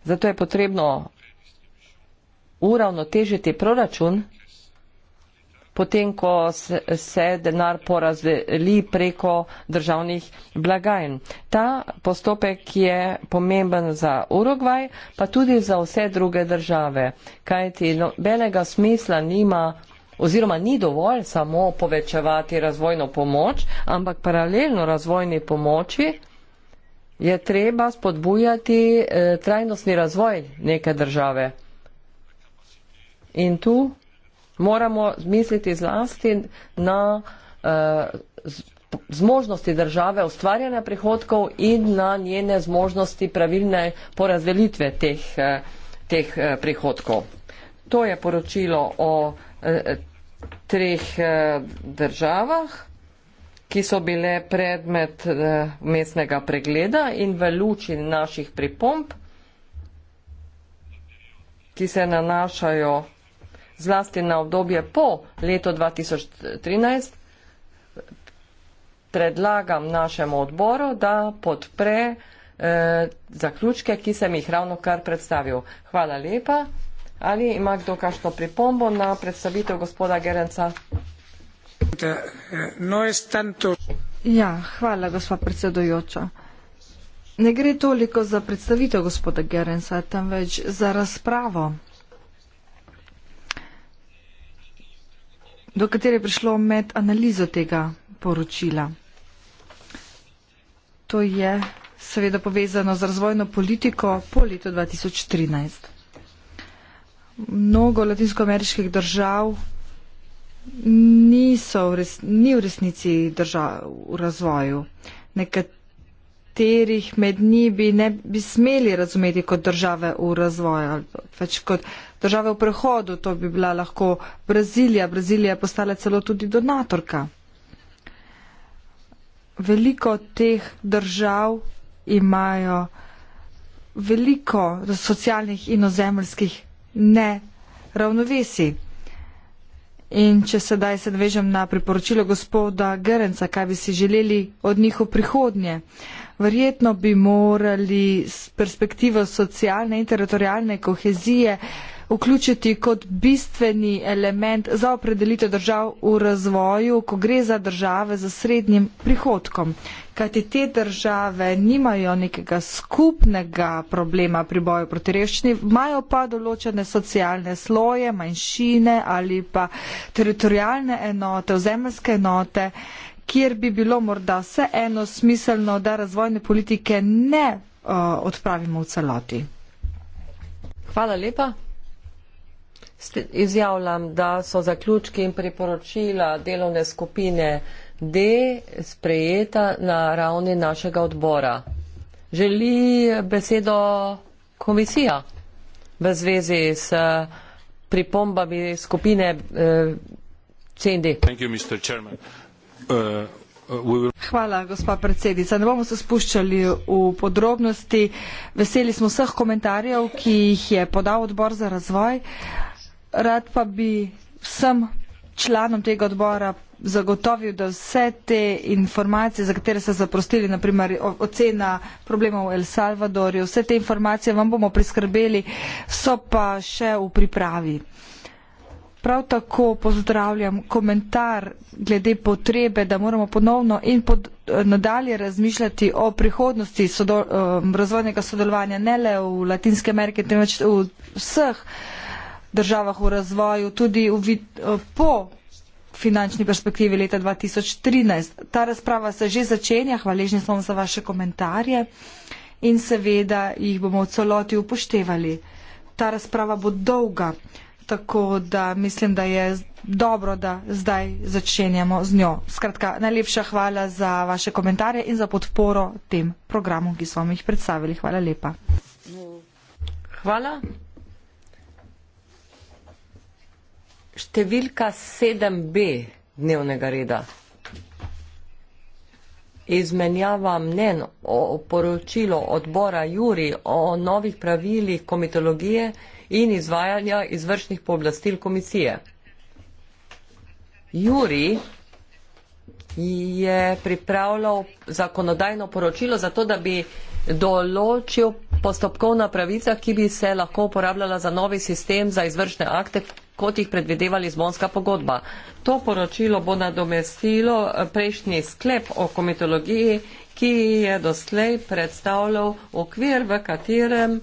Zato je potrebno uravnotežiti proračun, potem ko se denar porazdeli preko državnih blagajn. Ta postopek je pomemben za Urugvaj, pa tudi za vse druge države, kajti nobenega smisla nima oziroma ni dovolj samo povečevati razvojno pomoč, ampak paralelno razvojni pomoči je treba spodbujati eh, trajnostni razvoj neke države. In tu moramo misliti zlasti na uh, eh, zmožnosti države ustvarjanja prihodkov in na njene zmožnosti pravilne porazdelitve teh, eh, teh eh, prihodkov. To je poročilo o treh državah, ki so bile predmet mestnega pregleda in v luči naših pripomp, ki se nanašajo zlasti na obdobje po leto 2013, predlagam našemu odboru, da podpre eh, zaključke, ki sem jih ravno kar predstavil. Hvala lepa. Ali ima kdo kakšno pripombo na predstavitev gospoda Gerenca? No ja, hvala, gospod predsedujoča. Ne gre toliko za predstavitev gospoda Gerenca, temveč za razpravo. do katere je prišlo med analizo tega poročila. To je seveda povezano z razvojno politiko po letu 2013. Mnogo latinskoameriških držav niso v res, ni v resnici držav v razvoju. Nekateri katerih med njimi ne bi smeli razumeti kot države v razvoju, pač kot države v prehodu, to bi bila lahko Brazilija. Brazilija je postala celo tudi donatorka. Veliko teh držav imajo veliko socialnih in ozemljskih neravnovesij. In če sedaj se vežem na priporočilo gospoda Gerenca, kaj bi si želeli od njih v prihodnje. Verjetno bi morali z perspektivo socialne in teritorijalne kohezije vključiti kot bistveni element za opredelitev držav v razvoju, ko gre za države z srednjim prihodkom. Kajti te države nimajo nekega skupnega problema pri boju proti revščini, imajo pa določene socialne sloje, manjšine ali pa teritorijalne enote, ozemljske enote kjer bi bilo morda vseeno smiselno, da razvojne politike ne uh, odpravimo v celoti. Hvala lepa. Izjavljam, da so zaključki in priporočila delovne skupine D sprejeta na ravni našega odbora. Želi besedo komisija v zvezi s pripombami skupine eh, CND. Uh, uh, Hvala, gospa predsednica. Ne bomo se spuščali v podrobnosti. Veseli smo vseh komentarjev, ki jih je podal odbor za razvoj. Eh, rad pa bi vsem članom tega odbora zagotovil, da vse te informacije, za katere se zaprostili, naprimer ocena problemov v El Salvadorju, vse te informacije vam bomo priskrbeli, so pa še v pripravi. Prav tako pozdravljam komentar glede potrebe, da moramo ponovno in pod, nadalje razmišljati o prihodnosti sodo, um, razvojnega sodelovanja ne le v Latinske Amerike, temveč v vseh uh, državah v razvoju, tudi v, eh, po finančni perspektivi leta 2013. Ta razprava se že začenja, hvaležni smo za vaše komentarje in seveda jih bomo v celoti upoštevali. Ta razprava bo dolga, tako da mislim, da je dobro, da zdaj začenjamo z njo. Skratka, najlepša hvala za vaše komentarje in za podporo tem programom, ki smo jih predstavili. Hvala lepa. Hvala. številka 7b dnevnega reda. Izmenjava mnen o poročilu odbora Juri o novih pravilih komitologije in izvajanja izvršnih pooblastil komisije. Juri je pripravljal zakonodajno poročilo zato, da bi določil postopkovna pravica, ki bi se lahko uporabljala za novi sistem za izvršne akte kot jih predvideva Lizbonska pogodba. To poročilo bo nadomestilo eh, prejšnji sklep o komitologiji, ki je doslej predstavljal okvir, v katerem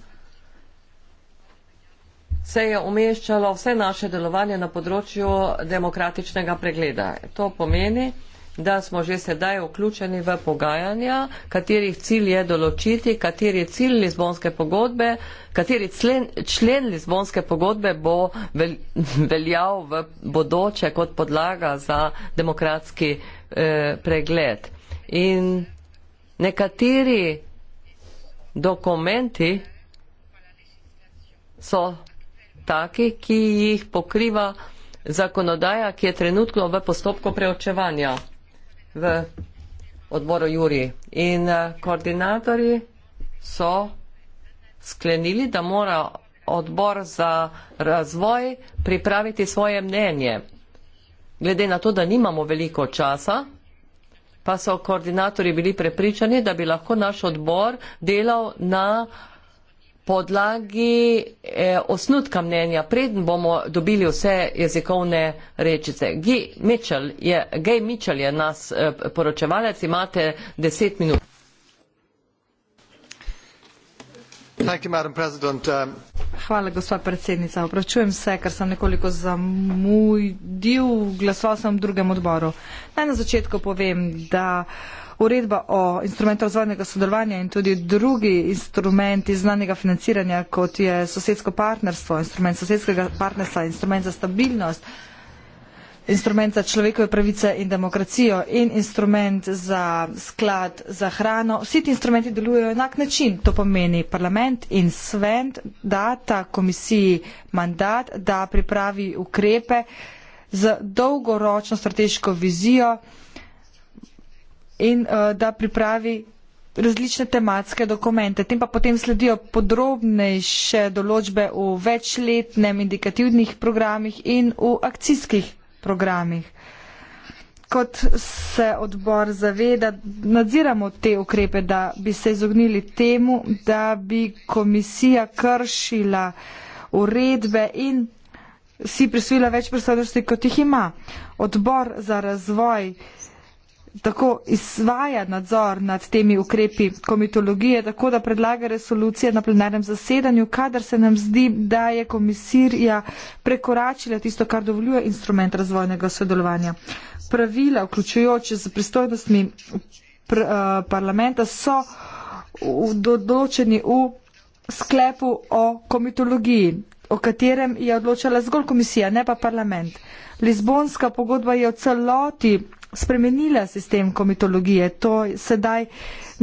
se je umeščalo vse naše delovanje na področju demokratičnega pregleda. To pomeni, da smo že sedaj vključeni v pogajanja, katerih cilj je določiti, kateri je cilj Lizbonske pogodbe, kateri člen, člen Lizbonske pogodbe bo vel, veljal v bodoče kot podlaga za demokratski eh, pregled. In nekateri dokumenti so taki, ki jih pokriva zakonodaja, ki je trenutno v postopku preočevanja v odboru Juri. In eh, koordinatorji so sklenili, da mora odbor za razvoj pripraviti svoje mnenje. Glede na to, da nimamo veliko časa, pa so koordinatorji bili prepričani, da bi lahko naš odbor delal na podlagi eh, osnutka mnenja, preden bomo dobili vse jezikovne rečice. Gay Mitchell je, Gay Mitchell je nas eh, poročevalec, imate deset minut. Thank you, madam president. Um... Hvala, gospod predsednica. Opračujem se, ker sem nekoliko zamudil, glasoval sem v drugem odboru. Naj na začetku povem, da uredba o instrumentu razvojnega sodelovanja in tudi drugi instrumenti znanega financiranja, kot je sosedsko partnerstvo, instrument sosedskega partnerstva, instrument za stabilnost, instrument za človekove pravice in demokracijo in instrument za sklad za hrano. Vsi ti instrumenti delujejo enak način. To pomeni parlament in svet data komisiji mandat, da pripravi ukrepe z dolgoročno strateško vizijo in uh, da pripravi različne tematske dokumente. Tem pa potem sledijo podrobnejše določbe v večletnem indikativnih programih in v akcijskih programih. Kot se odbor zaveda, nadziramo te ukrepe, da bi se izognili temu, da bi komisija kršila uredbe in si prisvojila več pristojnosti, kot jih ima. Odbor za razvoj tako izvaja nadzor nad temi ukrepi komitologije, tako da predlaga resolucije na plenarnem zasedanju, kadar se nam zdi, da je komisirja prekoračila tisto, kar dovoljuje instrument razvojnega sodelovanja. Pravila, vključujoče z pristojnostmi pr eh, parlamenta, so v določeni v sklepu o komitologiji, o katerem je odločala zgolj komisija, ne pa parlament. Lizbonska pogodba je v celoti spremenila sistem komitologije. To sedaj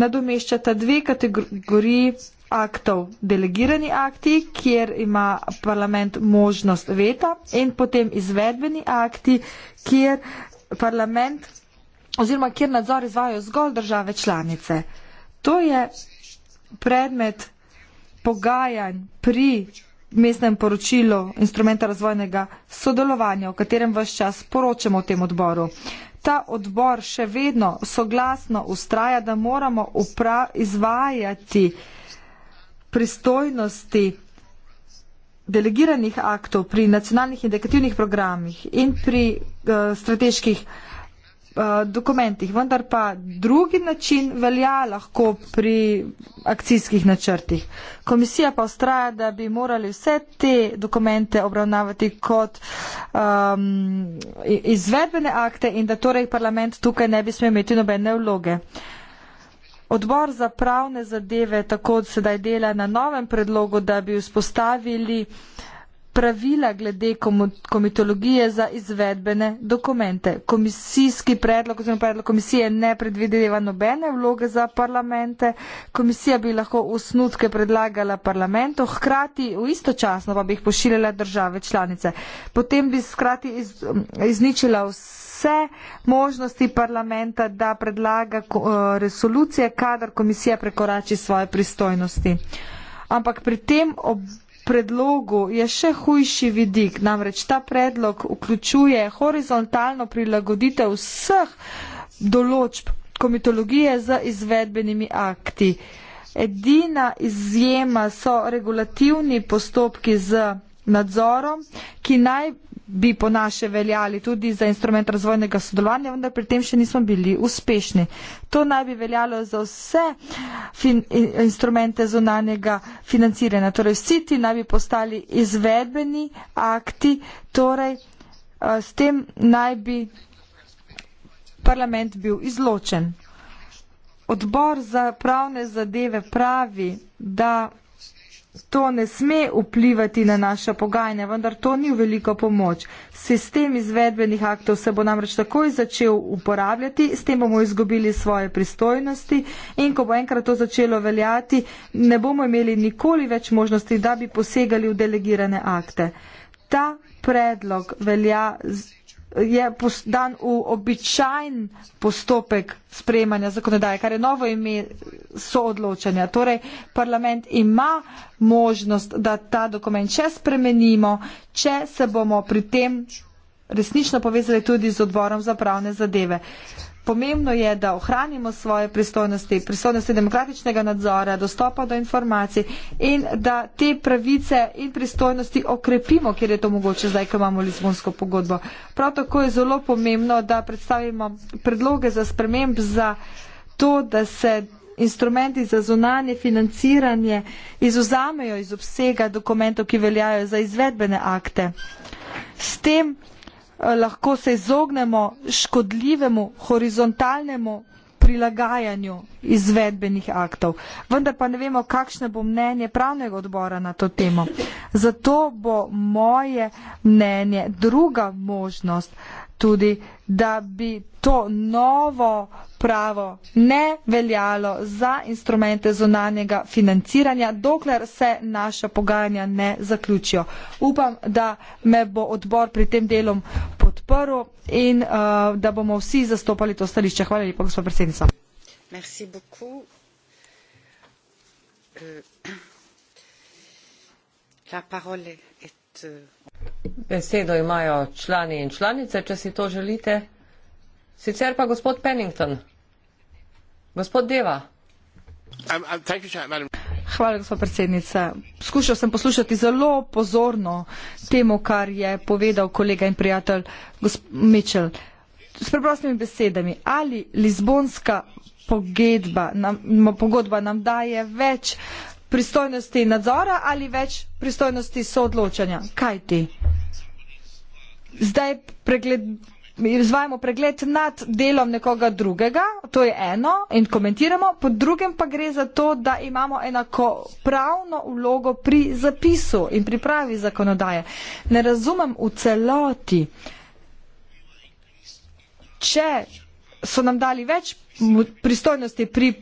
nadomeščata dve kategoriji aktov, delegirani akti, kjer ima parlament možnost veta in potem izvedbeni akti, kjer parlament oziroma kjer nadzor izvajo zgolj države članice. To je predmet pogajanj pri mestnem poročilu instrumenta razvojnega sodelovanja, o katerem vse čas poročamo v tem odboru ta odbor še vedno soglasno ustraja, da moramo izvajati pristojnosti delegiranih aktov pri nacionalnih indikativnih programih in pri uh, strateških uh, Eh, dokumentih, vendar pa drugi način velja lahko pri akcijskih načrtih. Komisija pa ustraja, da bi morali vse te dokumente obravnavati kot um, izvedbene akte in da torej parlament tukaj ne bi smel imeti nobene vloge. Odbor za pravne zadeve tako sedaj dela na novem predlogu, da bi vzpostavili uh, pravila glede komitologije za izvedbene dokumente. Komisijski predlog oziroma predlog komisije ne predvideva nobene vloge za parlamente. Komisija bi lahko osnutke predlagala parlamentu, hkrati v istočasno pa bi jih pošiljala države članice. Potem bi skrati iz, izničila vse možnosti parlamenta, da predlaga eh, resolucije, kadar komisija prekorači svoje pristojnosti. Ampak pri tem ob predlogu je še hujši vidik, namreč ta predlog vključuje horizontalno prilagoditev vseh določb komitologije z izvedbenimi akti. Edina izjema so regulativni postopki z nadzorom, ki naj bi po naše veljali tudi za instrument razvojnega sodelovanja, vendar pri tem še nismo bili uspešni. To naj bi veljalo za vse fin instrumente zunanjega financiranja. Torej vsi ti naj bi postali izvedbeni akti, torej eh, s tem naj bi parlament bil izločen. Odbor za pravne zadeve pravi, da to ne sme vplivati na naša pogajanja, vendar to ni velika pomoč. Sistem izvedbenih aktov se bo namreč takoj začel uporabljati, s tem bomo izgubili svoje pristojnosti in ko bo enkrat to začelo veljati, ne bomo imeli nikoli več možnosti, da bi posegali v delegirane akte. Ta predlog velja. Z je dan v običajen postopek sprejemanja zakonodaje, kar je novo ime soodločanja. Torej, parlament ima možnost, da ta dokument še spremenimo, če se bomo pri tem resnično povezali tudi z odborom za pravne zadeve. Pomembno je, da ohranimo svoje pristojnosti, pristojnosti demokratičnega nadzora, dostopa do informacij in da te pravice in pristojnosti okrepimo, kjer je to mogoče zdaj, ko imamo Lizbonsko pogodbo. Prav tako je zelo pomembno, da predstavimo predloge za sprememb za to, da se instrumenti za zunanje financiranje izuzamejo iz obsega dokumentov, ki veljajo za izvedbene akte. S tem Eh, lahko se izognemo škodljivemu horizontalnemu prilagajanju izvedbenih aktov. Vendar pa ne vemo, kakšne bo mnenje pravnega odbora na to temo. Zato bo moje mnenje druga možnost, uh, tudi, da bi to novo pravo ne veljalo za instrumente zunanjega financiranja, dokler se naša pogajanja ne zaključijo. Upam, da me bo odbor pri tem delom podprl in uh, da bomo vsi zastopali to stališče. Hvala lepa, gospod predsednica. Euh, la parole est euh, Besedo imajo člani in članice, če si to želite. Sicer pa gospod Pennington. Gospod Deva. Um, um, Hvala, gospod predsednica. Skušal sem poslušati zelo pozorno temu, kar je povedal kolega in prijatelj gospod Mitchell. S preprostimi besedami, ali Lizbonska pogodba nam, pogodba nam daje več uh, pristojnosti nadzora ali več pristojnosti soodločanja. Kaj ti? Zdaj pregled, izvajamo pregled nad delom nekoga drugega, to je eno, in komentiramo, po drugem pa gre za to, da imamo enako pravno vlogo pri zapisu in pripravi zakonodaje. Ne razumem v celoti, če so nam dali več pristojnosti pri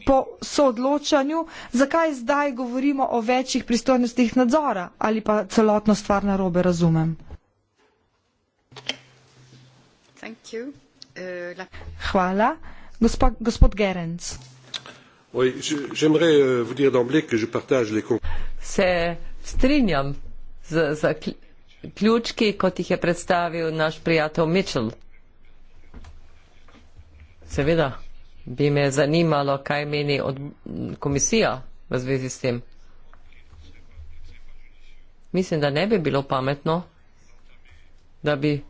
soodločanju, zakaj zdaj govorimo o večjih pristojnostih nadzora ali pa celotno stvar na robe razumem? Eh, Hvala. Gospa, gospod Gerenc. Euh, Se strinjam z, z ključki, kot jih je predstavil naš prijatelj Mitchell. Seveda bi me zanimalo, kaj meni od komisija v zvezi s tem. Mislim, da ne bi bilo pametno, da bi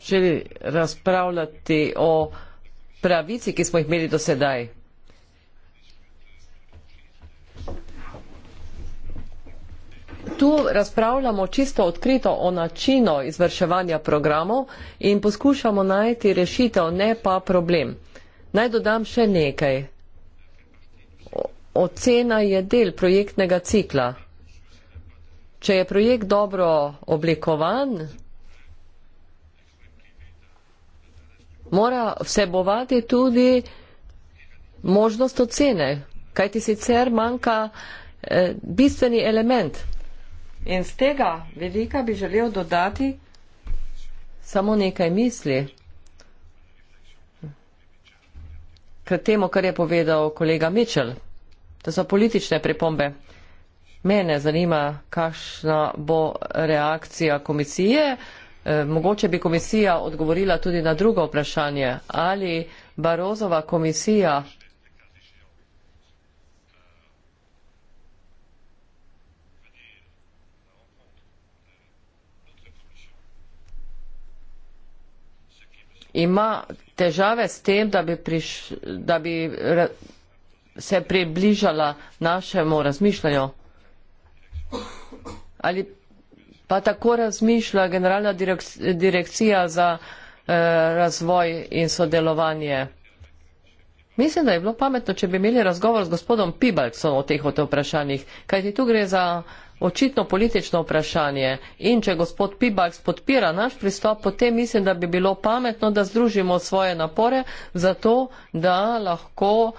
šeli razpravljati o pravici, ki smo jih imeli do sedaj. Tu razpravljamo čisto odkrito o načinu izvrševanja programov in poskušamo najti rešitev, ne pa problem. Naj dodam še nekaj. Ocena je del projektnega cikla. Če je projekt dobro oblikovan, mora vsebovati tudi možnost ocene, kajti sicer manjka eh, bistveni element. In z tega velika bi želel dodati samo nekaj misli k temu, kar je povedal kolega Mitchell. To so politične pripombe. Mene zanima, kakšna bo reakcija komisije. E, mogoče bi komisija odgovorila tudi na drugo vprašanje, ali Barozova komisija ima težave s tem, da bi, priš, da bi se približala našemu razmišljanju. Ali pa tako razmišlja generalna direkcija za eh, razvoj in sodelovanje. Mislim, da je bilo pametno, če bi imeli razgovor z gospodom Pibalcom o teh vprašanjih, kajti tu gre za očitno politično vprašanje in če gospod Pibaks podpira naš pristop, potem mislim, da bi bilo pametno, da združimo svoje napore za to, da lahko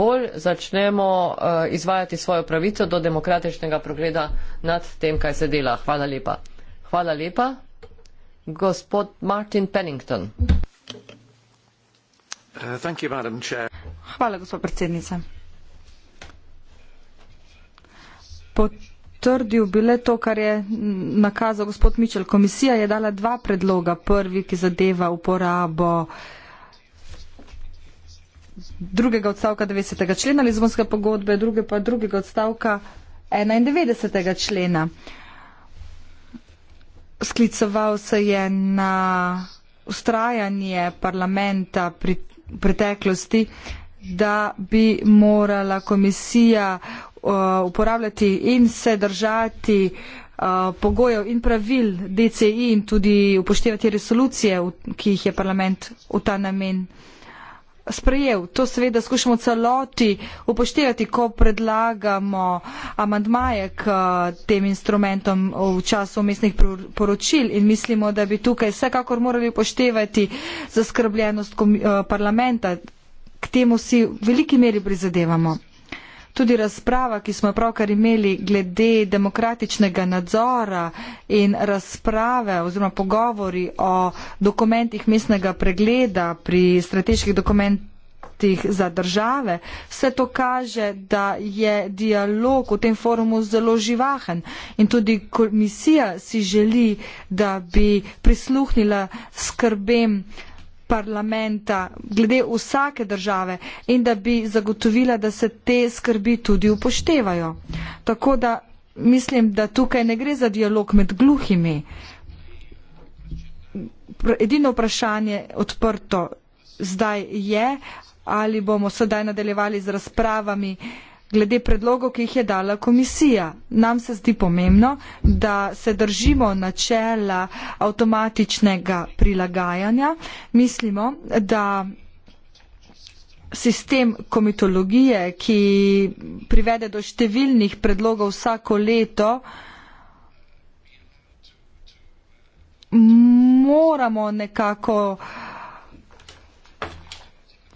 bolj začnemo eh, izvajati svojo pravico do demokratičnega progleda nad tem, kaj se dela. Hvala lepa. Hvala lepa. Gospod Martin Pennington. Eh, Hvala, gospod predsednica. Pod potrdil, bile to, kar je nakazal gospod Mičel. Komisija je dala dva predloga. Prvi, ki zadeva uporabo drugega odstavka 90. člena Lizbonske pogodbe, druge pa drugega odstavka 91. člena. Skliceval se je na ustrajanje parlamenta pri preteklosti, da bi morala komisija Eh, uporabljati in se držati eh, pogojev in pravil DCI in tudi upoštevati resolucije, ki jih je parlament v ta namen sprejel. To seveda skušamo celoti upoštevati, ko predlagamo amandmaje k eh, tem instrumentom v času mestnih poročil in mislimo, da bi tukaj vsekakor morali upoštevati zaskrbljenost parlamenta. K temu si v veliki meri prizadevamo. Tudi razprava, ki smo pravkar imeli glede demokratičnega nadzora in razprave oziroma pogovori o dokumentih mestnega pregleda pri strateških dokumentih za države, vse to kaže, da je dialog v tem forumu zelo živahen in tudi komisija si želi, da bi prisluhnila skrbem uh, parlamenta glede vsake države in da bi zagotovila, da se te skrbi tudi upoštevajo. Tako da mislim, da tukaj ne gre za dialog med gluhimi. Edino vprašanje odprto zdaj je, ali bomo sedaj nadaljevali z razpravami glede predlogov, ki jih je dala komisija. Nam se zdi pomembno, da se držimo načela avtomatičnega prilagajanja. Mislimo, da sistem komitologije, ki privede do številnih predlogov vsako leto, moramo nekako uh,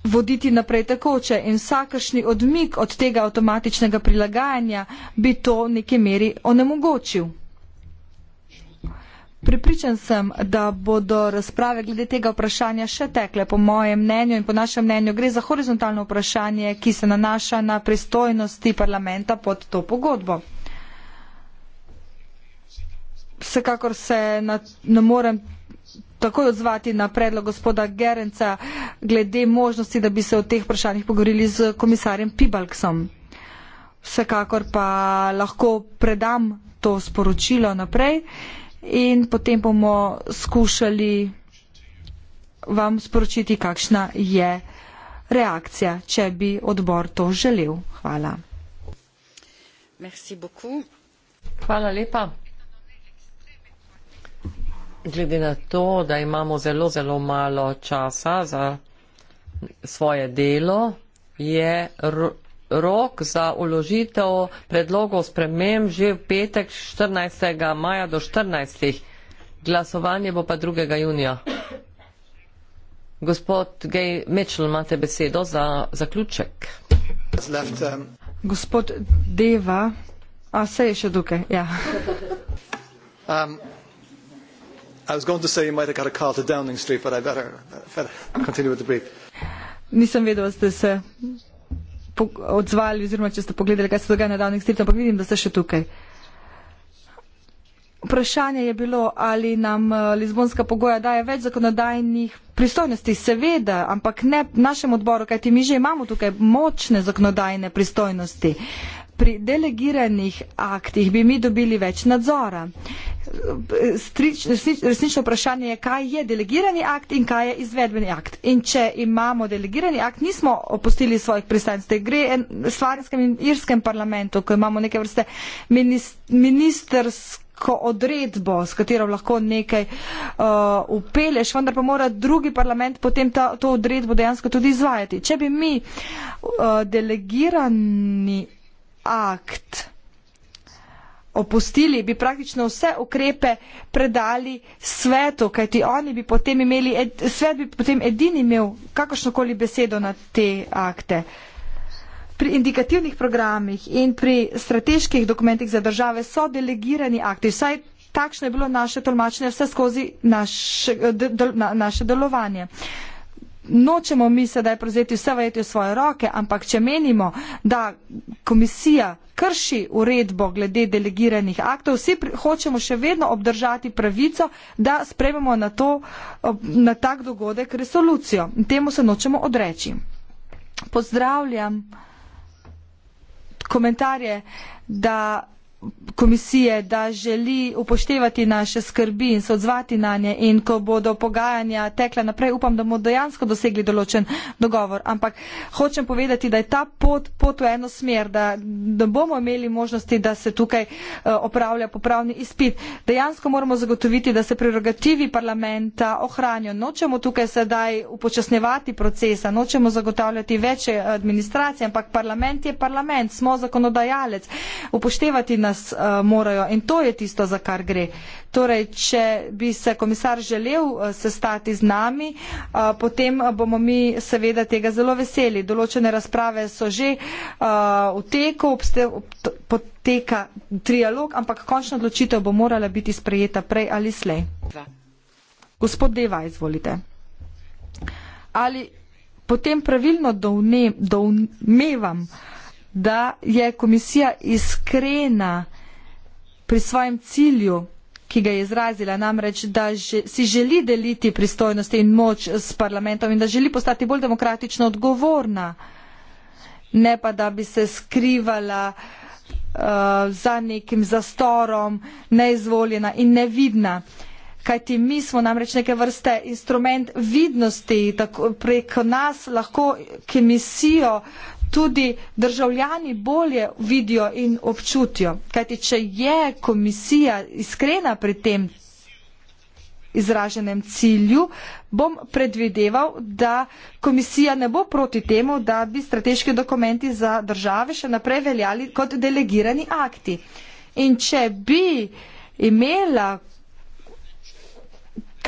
voditi naprej takoče in vsakršni odmik od tega avtomatičnega prilagajanja bi to v neki meri onemogočil. Pripričan sem, da bodo razprave glede tega vprašanja še tekle. Po mojem mnenju in po našem mnenju gre za horizontalno vprašanje, ki se nanaša na pristojnosti parlamenta pod to pogodbo. Vsekakor se na, ne morem takoj odzvati na predlog gospoda Gerenca glede možnosti, da bi se o teh vprašanjih pogovorili z komisarjem Pibalksom. Vsekakor pa lahko predam to sporočilo naprej in potem bomo skušali vam sporočiti, kakšna je reakcija, če bi odbor to želel. Hvala. Merci beaucoup. Hvala lepa glede na to, da imamo zelo, zelo malo časa za svoje delo, je rok za uložitev predlogov sprememb že v petek 14. maja do 14. Glasovanje bo pa 2. junija. Gospod Gay Mitchell, imate besedo za zaključek. Left, um... Gospod Deva, a se je še tukaj? Ja. um... I was going to say you might have got a call to Downing Street, but I better, better continue with the brief. Nisem vedel, da ste se odzvali oziroma, če ste pogledali, kaj se dogaja na Downing Street, ampak vidim, da ste še tukaj. Vprašanje je bilo, ali nam eh, Lizbonska pogoja daje več zakonodajnih pristojnosti. Seveda, ampak ne našem odboru, kajti mi že imamo tukaj močne zakonodajne pristojnosti. Uh, pri delegiranih aktih bi mi dobili več nadzora. Resnično vprašanje je, kaj je delegirani akt in kaj je izvedbeni akt. In če imamo delegirani akt, nismo opustili svojih predstavnikov. Gre v Svarskem in Irskem parlamentu, ko imamo neke vrste ministerske odredbo, s katero lahko nekaj uh, upeleš, vendar pa mora drugi parlament potem ta, to odredbo dejansko tudi izvajati. Če bi mi uh, delegirani akt opustili, bi praktično vse ukrepe predali svetu, kajti oni bi potem imeli, svet bi potem edini imel kakršnokoli besedo na te akte. Pri indikativnih programih in pri strateških dokumentih za države so delegirani akti, vsaj takšno je bilo naše tolmačenje vse skozi naš, de, de, na, naše delovanje nočemo mi sedaj prevzeti vse vajeti v svoje roke, ampak če menimo, da komisija krši uredbo glede delegiranih aktov, vsi hočemo še vedno obdržati pravico, da sprememo na, to, na tak dogodek resolucijo. In temu se nočemo odreči. Pozdravljam komentarje, da komisije, da želi upoštevati naše skrbi in se odzvati na nje in ko bodo pogajanja tekla naprej, upam, da bomo dejansko dosegli določen dogovor. Ampak hočem povedati, da je ta pot, pot v eno smer, da ne bomo imeli možnosti, da se tukaj eh, opravlja popravni izpit. Dejansko moramo zagotoviti, da se prerogativi parlamenta ohranijo. Nočemo tukaj sedaj upočasnevati procesa, nočemo zagotavljati večje eh, administracije, ampak parlament je parlament, smo zakonodajalec. Upoštevati na nas uh, morajo. In to je tisto, za kar gre. Torej, če bi se komisar želel uh, sestati z nami, uh, potem bomo mi seveda tega zelo veseli. Določene razprave so že uh, v teku, poteka trialog, ampak končna odločitev bo morala biti sprejeta prej ali slej. Gospod Deva, izvolite. Ali potem pravilno domnevam, dovne, da je komisija iskrena pri svojem cilju, ki ga je izrazila namreč, da si želi deliti pristojnosti in moč s parlamentom in da želi postati bolj demokratično odgovorna, ne pa da bi se skrivala uh, za nekim zastorom, neizvoljena in nevidna. Kajti mi smo namreč neke vrste instrument vidnosti, tako prek nas lahko komisijo tudi državljani bolje vidijo in občutijo. Kajti, če je komisija iskrena pri tem izraženem cilju, bom predvideval, da komisija ne bo proti temu, da bi strateški dokumenti za države še naprej veljali kot delegirani akti. In če bi imela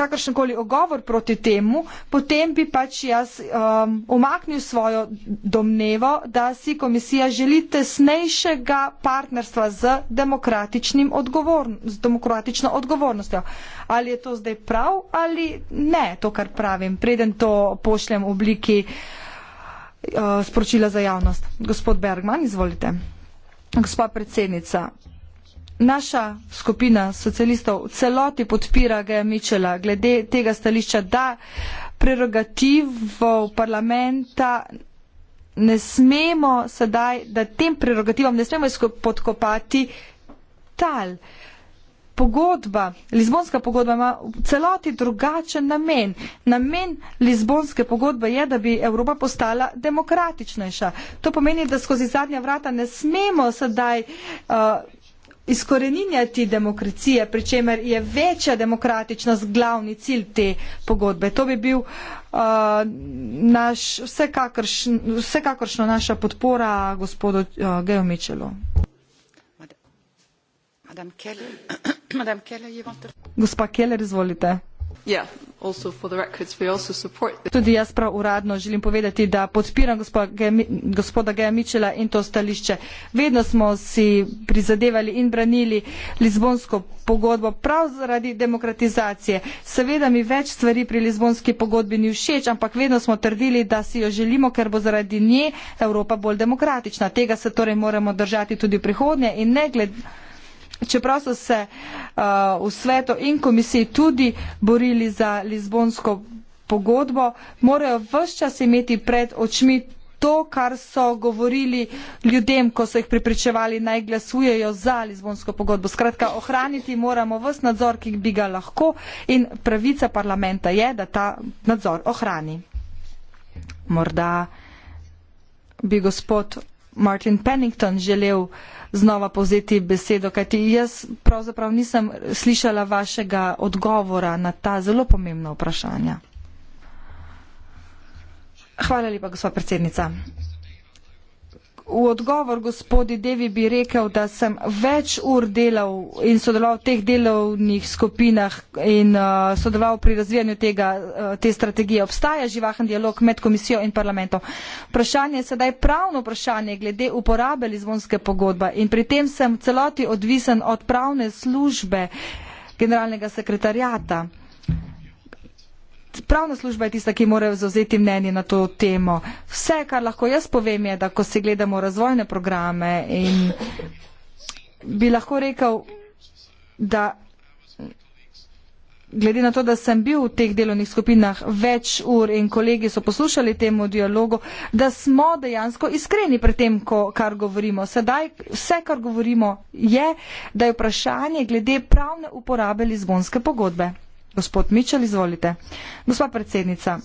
kakršen koli ogovor proti temu, potem bi pač jaz um, umaknil svojo domnevo, da si komisija želi tesnejšega partnerstva z, odgovorn z demokratično odgovornostjo. Ali je to zdaj prav ali ne, to, kar pravim, preden to pošljem v obliki uh, sporočila za javnost. Gospod Bergman, izvolite. Gospa predsednica, naša skupina socialistov v celoti podpira Gaja Mičela glede tega stališča, da prerogativov parlamenta ne smemo sedaj, da tem prerogativom ne smemo podkopati tal. Pogodba, Lizbonska pogodba ima v celoti drugačen namen. Namen Lizbonske pogodbe je, da bi Evropa postala demokratičnejša. To pomeni, da skozi zadnja vrata ne smemo sedaj uh, izkoreninjati demokracije, pri čemer je večja demokratičnost glavni cilj te pogodbe. To bi bil uh, naš, vsekakršn, vsekakršno naša podpora gospodu uh, Geo Mičelu. Gospa Keller, izvolite. Tudi jaz prav uradno želim povedati, da podpiram gospoda Geja Mičela in to stališče. Vedno smo si prizadevali in branili Lizbonsko pogodbo prav zaradi demokratizacije. Seveda mi več stvari pri Lizbonski pogodbi ni všeč, ampak vedno smo trdili, da si jo želimo, ker bo zaradi nje Evropa bolj demokratična. Tega se torej moramo držati tudi v prihodnje in ne glede čeprav so se uh, v svetu in komisiji tudi borili za Lizbonsko pogodbo, morajo vse čas imeti pred očmi to, kar so govorili ljudem, ko so jih pripričevali, naj glasujejo za Lizbonsko pogodbo. Skratka, ohraniti moramo vse nadzor, ki bi ga lahko in pravica parlamenta je, da ta nadzor ohrani. Morda bi gospod Martin Pennington želel uh, znova povzeti besedo, kajti jaz pravzaprav nisem slišala vašega odgovora na ta zelo pomembna vprašanja. Hvala lepa, gospod predsednica v odgovor gospodi Devi bi rekel, da sem več ur delal in sodeloval v teh delovnih skupinah in uh, sodeloval pri razvijanju tega, uh, te strategije. Obstaja živahen dialog med komisijo in parlamentom. Vprašanje je sedaj pravno vprašanje glede uporabe Lizbonske pogodbe in pri tem sem celoti odvisen od pravne službe generalnega sekretarjata pravna služba je tista, ki mora zauzeti mnenje na to temo. Vse, kar lahko jaz povem, je, da ko si gledamo razvojne programe in bi lahko rekel, da glede na to, da sem bil v teh delovnih skupinah več ur in kolegi so poslušali temu dialogu, da smo dejansko iskreni pri tem, ko, kar govorimo. Sedaj vse, kar govorimo, je, da je vprašanje glede pravne uporabe Lizbonske pogodbe gospod mitchell izvolite gospa predsednica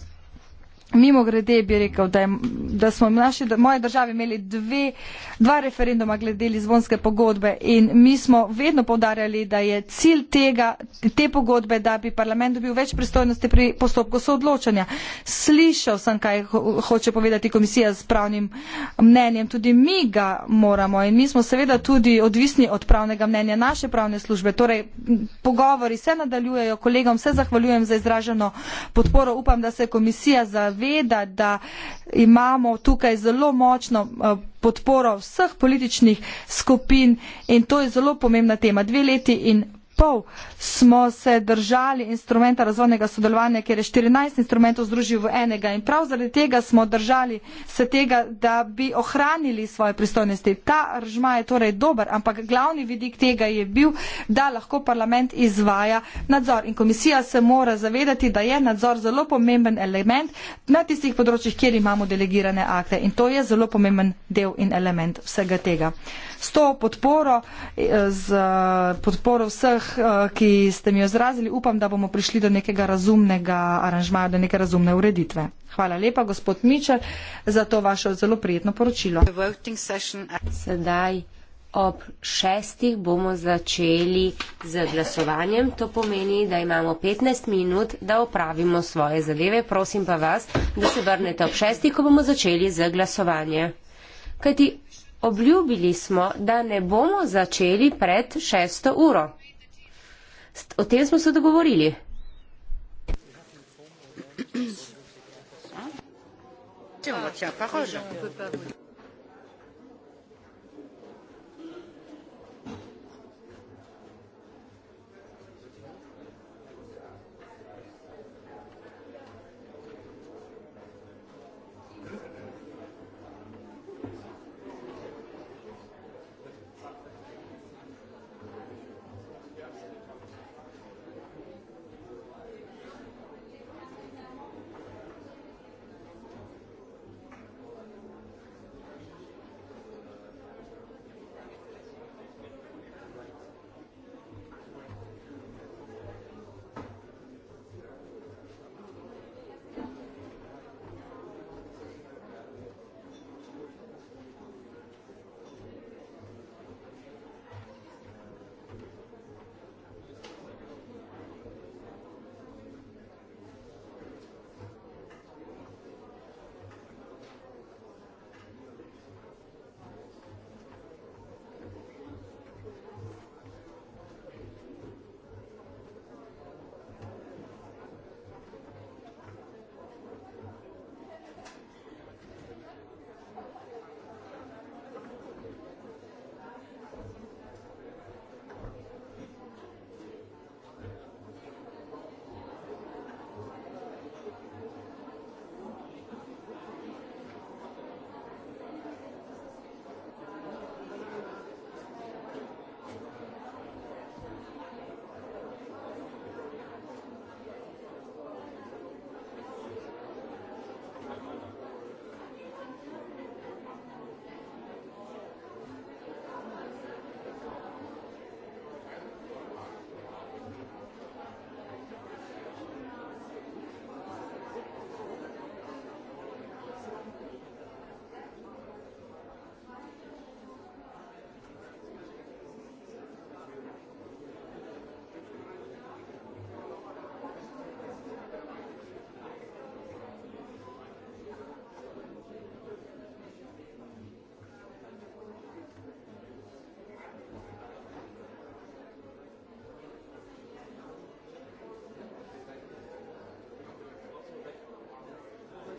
Mimo grede bi rekel, da, je, da smo v naši, da, moje državi imeli dve, dva referenduma glede Lizbonske pogodbe in mi smo vedno povdarjali, da je cilj tega, te pogodbe, da bi parlament dobil več pristojnosti pri postopku soodločanja. Slišal sem, kaj ho, hoče povedati komisija s pravnim mnenjem, tudi mi ga moramo in mi smo seveda tudi odvisni od pravnega mnenja naše pravne službe. Torej, pogovori se nadaljujejo, kolegom se zahvaljujem za izraženo podporo. Upam, da se komisija za zaveda, da imamo tukaj zelo močno eh, podporo vseh političnih skupin in to je zelo pomembna tema. Dve leti in pol smo se držali instrumenta razvojnega sodelovanja, ker je 14 instrumentov združil v enega in prav zaradi tega smo držali se tega, da bi ohranili svoje pristojnosti. Ta ržma je torej dober, ampak glavni vidik tega je bil, da lahko parlament izvaja nadzor in komisija se mora zavedati, da je nadzor zelo pomemben element na tistih področjih, kjer imamo delegirane akte in to je zelo pomemben del in element vsega tega s to podporo, eh, z podporo vseh, eh, ki ste mi jo izrazili, upam, da bomo prišli do nekega razumnega aranžmaja, do neke razumne ureditve. Hvala lepa, gospod Mičer, za to vaše zelo prijetno poročilo. Sedaj ob šestih bomo začeli z glasovanjem. To pomeni, da imamo 15 minut, da opravimo svoje zadeve. Prosim pa vas, da se vrnete ob šestih, ko bomo začeli z glasovanjem. Kajti Obljubili smo, da ne bomo začeli pred šesto uro. O tem smo se dogovorili. Tiens, on va tiens, parole. Ouais, on peut pas vous...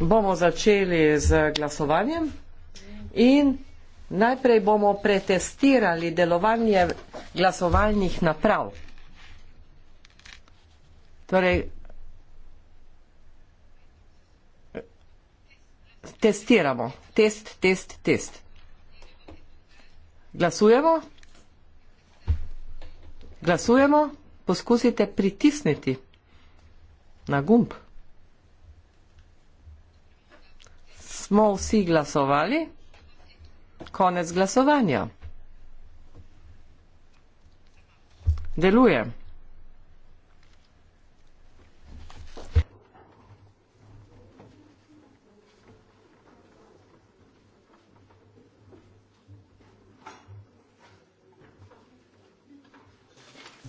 bomo začeli z glasovanjem in najprej bomo pretestirali delovanje glasovalnih naprav. Torej, testiramo. Test, test, test. Glasujemo. Glasujemo. Poskusite pritisniti na gumb. smo vsi glasovali. Konec glasovanja. Deluje.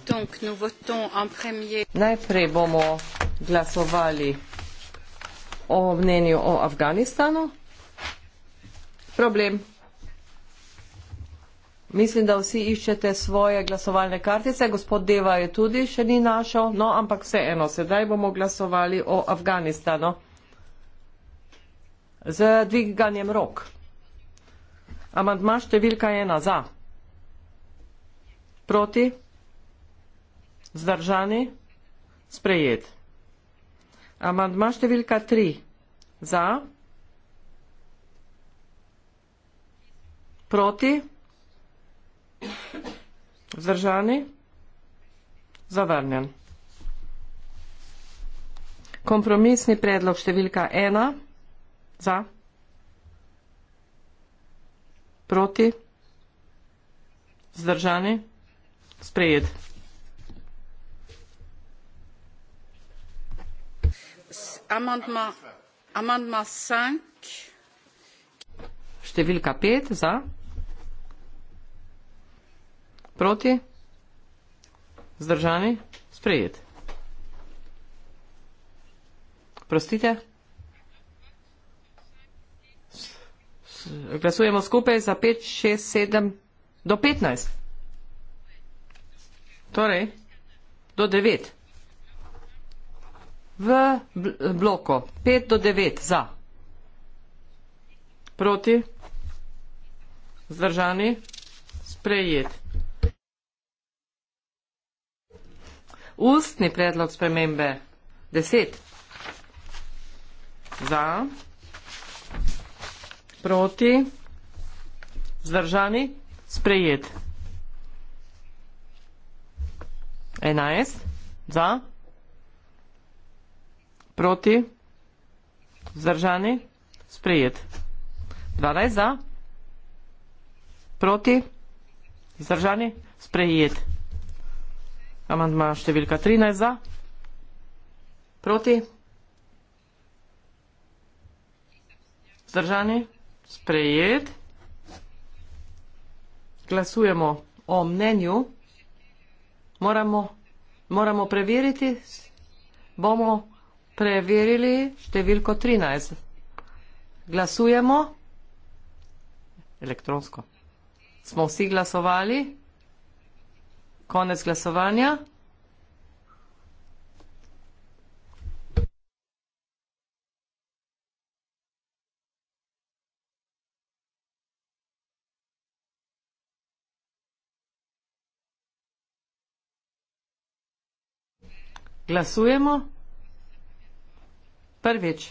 Donc, nous votons en premier. Najprej bomo glasovali o mnenju o Afganistanu. Problem. Mislim, da vsi iščete svoje glasovalne kartice. Gospod Deva je tudi še ni našel. No, ampak vseeno, sedaj bomo glasovali o Afganistanu. Z dviganjem rok. Amandma številka ena za. Proti. Zdržani. Sprejet. Amandma številka 3. Za. Proti. Zdržani. Zavrnjen. Kompromisni predlog številka 1. Za. Proti. Zdržani. Sprejet. amandma cinq številka pet za proti vzdržani sprejet oprostite glasujemo skupaj za pet šest sedem do petnajst torej do devet v bloku 5 do 9 za. Proti. Zdržani. Sprejet. Ustni predlog spremembe 10. Za. Proti. Zdržani. Sprejet. 11. Za. Proti? Zdržani? Sprejet. 12 za? Proti? Zdržani? Sprejet. Amandma številka 13 za? Proti? Zdržani? Sprejet. Glasujemo o mnenju. Moramo, moramo preveriti. Bomo preverili številko 13. Glasujemo elektronsko. Smo vsi glasovali? Konec glasovanja. Glasujemo. Prvič.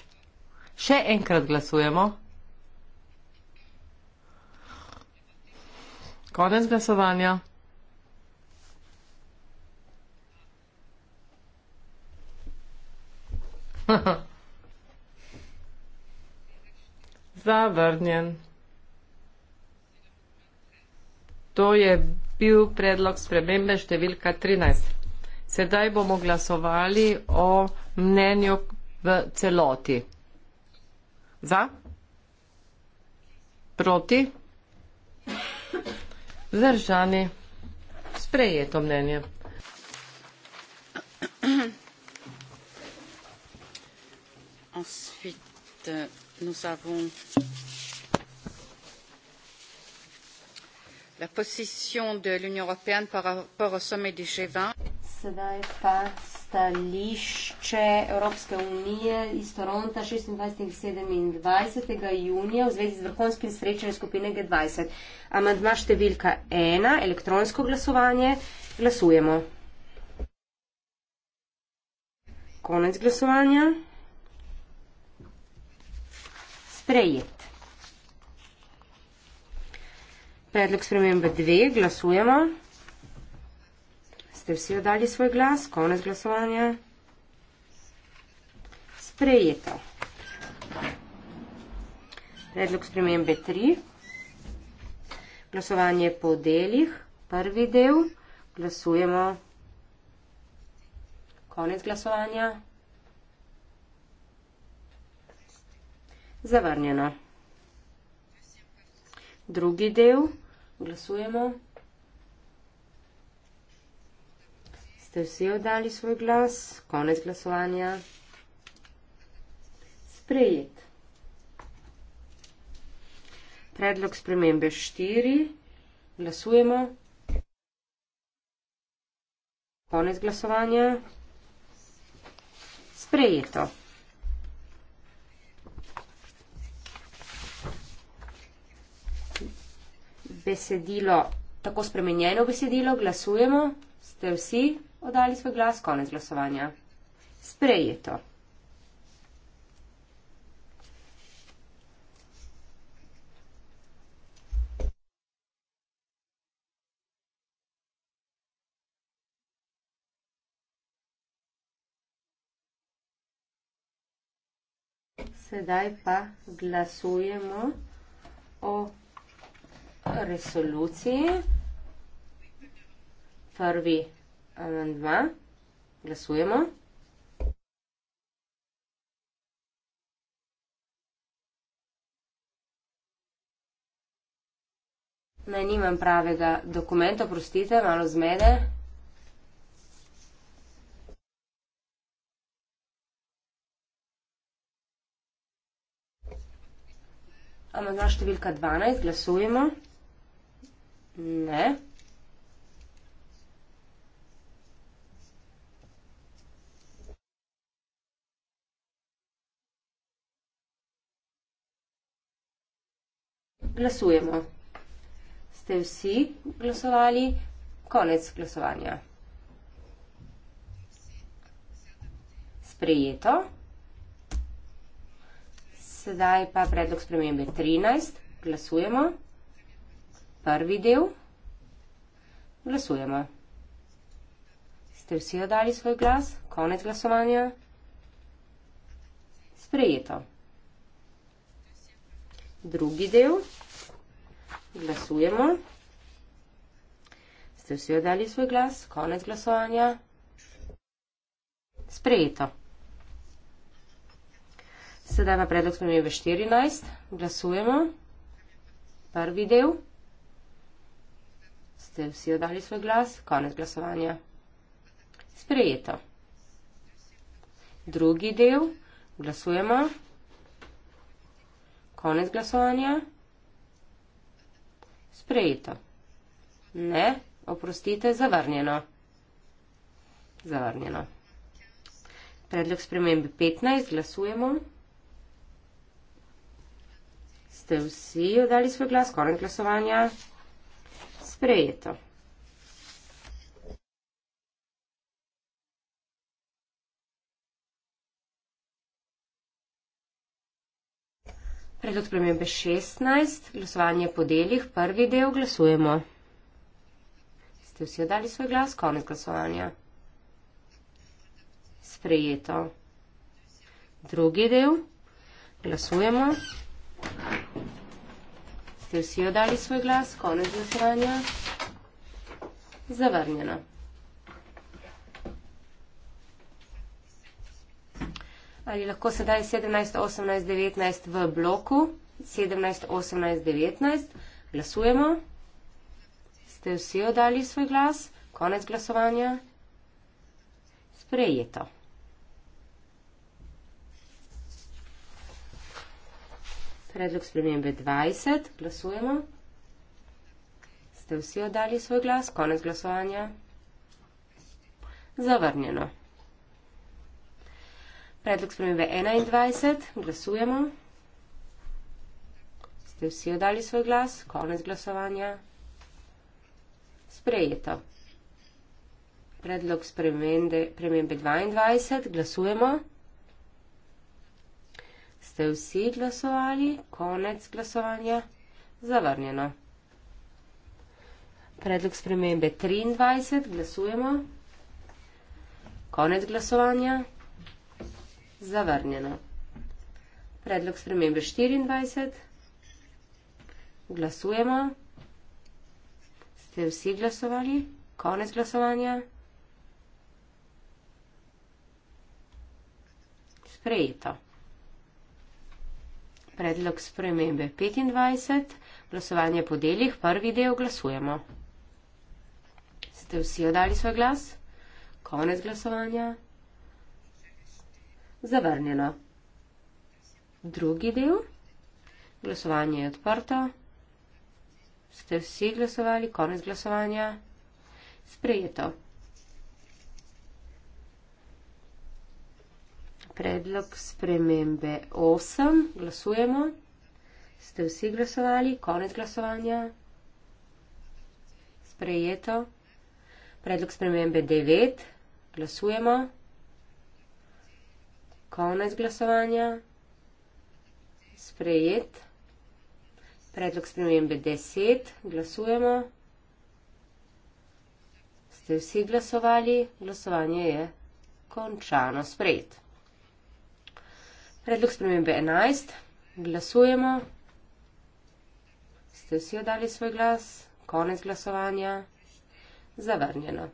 Še enkrat glasujemo. Konec glasovanja. Zavrnjen. To je bil predlog spremembe številka 13. Sedaj bomo glasovali o mnenju v celoti. Za? Proti? Zdržani. Sprejeto mnenje. Ensuite, nous avons la position de l'Union européenne par rapport au sommet du G20. Cela est pas stališče Evropske unije iz Toronta 26. in 27. junija v zvezi z vrhunskim srečanjem skupine G20. Amandma številka 1, elektronsko glasovanje. Glasujemo. Konec glasovanja. Sprejet. Predlog spremembe 2. Glasujemo ste vsi odali svoj glas, konec glasovanja. Sprejeto. Predlog spremembe 3. Glasovanje po delih. Prvi del. Glasujemo. Konec glasovanja. Zavrnjeno. Drugi del. Glasujemo. ste vsi oddali svoj glas, konec glasovanja. Sprejet. Predlog spremembe 4. Glasujemo. Konec glasovanja. Sprejeto. Besedilo, tako spremenjeno besedilo, glasujemo. Ste vsi? oddali svoj glas konec glasovanja. Sprejeto. Sedaj pa glasujemo o resoluciji. Prvi amandma. Glasujemo. Naj nimam pravega dokumenta, prostite, malo zmede. Amandma številka 12, glasujemo. Ne. glasujemo. Ste vsi glasovali? Konec glasovanja. Sprejeto. Sedaj pa predlog spremembe 13. Glasujemo. Prvi del. Glasujemo. Ste vsi oddali svoj glas? Konec glasovanja. Sprejeto. Drugi del glasujemo. Ste vsi oddali svoj glas? Konec glasovanja. Sprejeto. Sedaj na predlog spremembe 14. Glasujemo. Prvi del. Ste vsi oddali svoj glas? Konec glasovanja. Sprejeto. Drugi del. Glasujemo. Konec glasovanja. Sprejeto. Ne, oprostite, zavrnjeno. Zavrnjeno. Predlog spremembe 15, glasujemo. Ste vsi oddali svoj glas, konec glasovanja? Sprejeto. Predlog spremembe 16, glasovanje po delih, prvi del glasujemo. Ste vsi oddali svoj glas, konec glasovanja? Sprejeto. Drugi del, glasujemo. Ste vsi oddali svoj glas, konec glasovanja? Zavrnjeno. Ali lahko sedaj 17, 18, 19 v bloku? 17, 18, 19. Glasujemo. Ste vsi oddali svoj glas? Konec glasovanja. Sprejeto. Predlog spremembe 20. Glasujemo. Ste vsi oddali svoj glas? Konec glasovanja. Zavrnjeno. Predlog spremembe 21. Glasujemo. Ste vsi oddali svoj glas? Konec glasovanja. Sprejeto. Predlog spremembe 22. Glasujemo. Ste vsi glasovali? Konec glasovanja. Zavrnjeno. Predlog spremembe 23. Glasujemo. Konec glasovanja. Zavrnjeno. Predlog spremembe 24. Glasujemo. Ste vsi glasovali? Konec glasovanja. Sprejeto. Predlog spremembe 25. Glasovanje po delih. Prvi del glasujemo. Ste vsi oddali svoj glas? Konec glasovanja zavrnjeno. Drugi del. Glasovanje je odprto. Ste vsi glasovali? Konec glasovanja. Sprejeto. Predlog spremembe 8. Glasujemo. Ste vsi glasovali? Konec glasovanja. Sprejeto. Predlog spremembe 9. Glasujemo konec glasovanja. Sprejet. Predlog spremembe 10. Glasujemo. Ste vsi glasovali? Glasovanje je končano. Sprejet. Predlog spremembe 11. Glasujemo. Ste vsi oddali svoj glas? Konec glasovanja. Zavrnjeno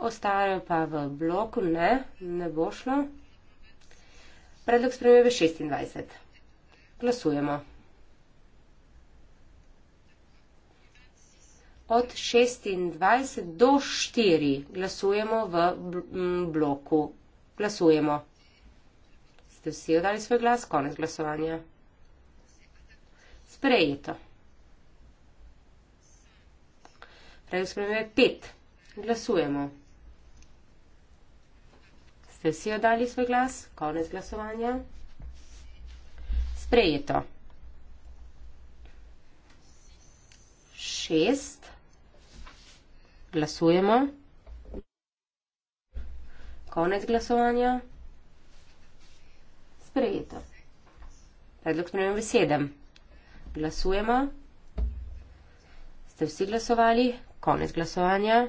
ostajajo pa v bloku, ne, ne bo šlo. Predlog spremembe 26. Glasujemo. Od 26 do 4 glasujemo v bloku. Glasujemo. Ste vsi oddali svoj glas? Konec glasovanja. Sprejeto. Predlog spremembe 5. Glasujemo ste vsi oddali svoj glas, konec glasovanja. Sprejeto. Šest. Glasujemo. Konec glasovanja. Sprejeto. Predlog spremem v sedem. Glasujemo. Ste vsi glasovali? Konec glasovanja.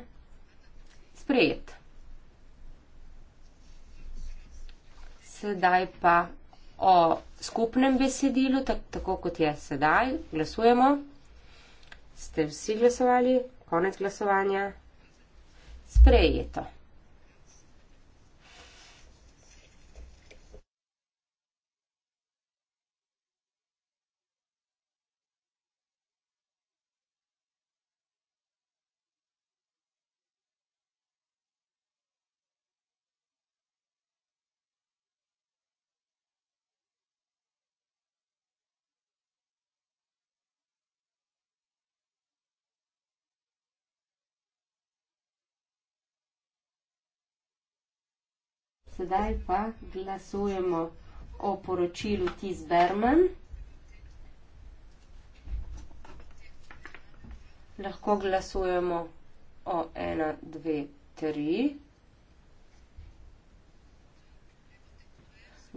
Sprejeto. sedaj pa o skupnem besedilu, tak, tako kot je sedaj. Glasujemo. Ste vsi glasovali? Konec glasovanja. Sprejeto. Sedaj pa glasujemo o poročilu Tiz Berman. Lahko glasujemo o 1, 2, 3.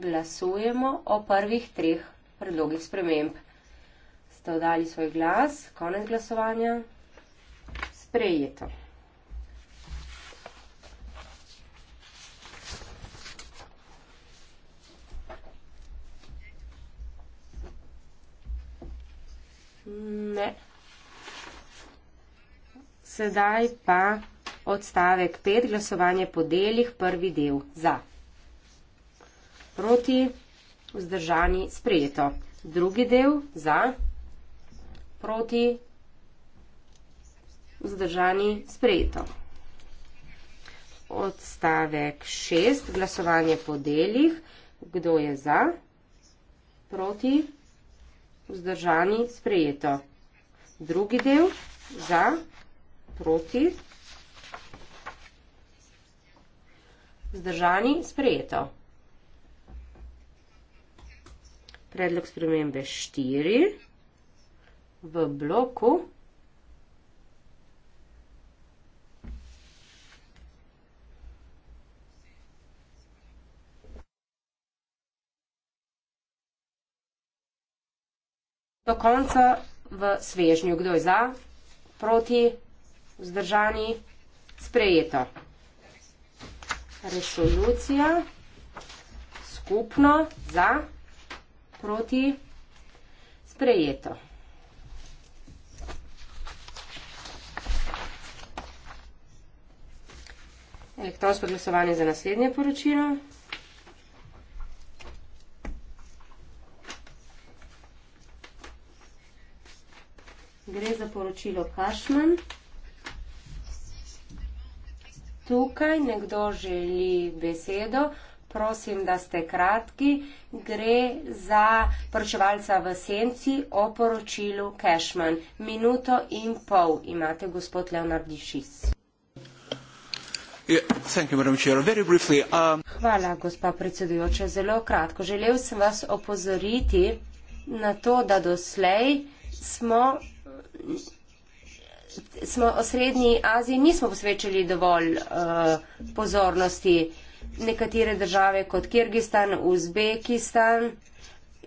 Glasujemo o prvih treh predlogih sprememb. Ste oddali svoj glas, konec glasovanja, sprejeto. Ne. Sedaj pa odstavek 5, glasovanje po delih, prvi del za. Proti, vzdržani, sprejeto. Drugi del za, proti, vzdržani, sprejeto. Odstavek 6, glasovanje po delih, kdo je za, proti, vzdržani, sprejeto vzdržani, sprejeto. Drugi del, za, proti, vzdržani, sprejeto. Predlog spremembe 4 v bloku 4. do konca v svežnju. Kdo je za, proti, vzdržani, sprejeto. Resolucija skupno za, proti, sprejeto. Elektronsko glasovanje za naslednje poročilo. gre za poročilo Kašman. Tukaj nekdo želi besedo, prosim, da ste kratki. Gre za poročevalca v senci o poročilu Kašman. Minuto in pol imate gospod Leonard Dišis. Um, Hvala, gospa predsedujoča. Zelo kratko. Želel sem vas opozoriti na to, da doslej smo smo o srednji Aziji nismo posvečali dovolj uh, pozornosti. Nekatere države kot Kyrgyzstan, Uzbekistan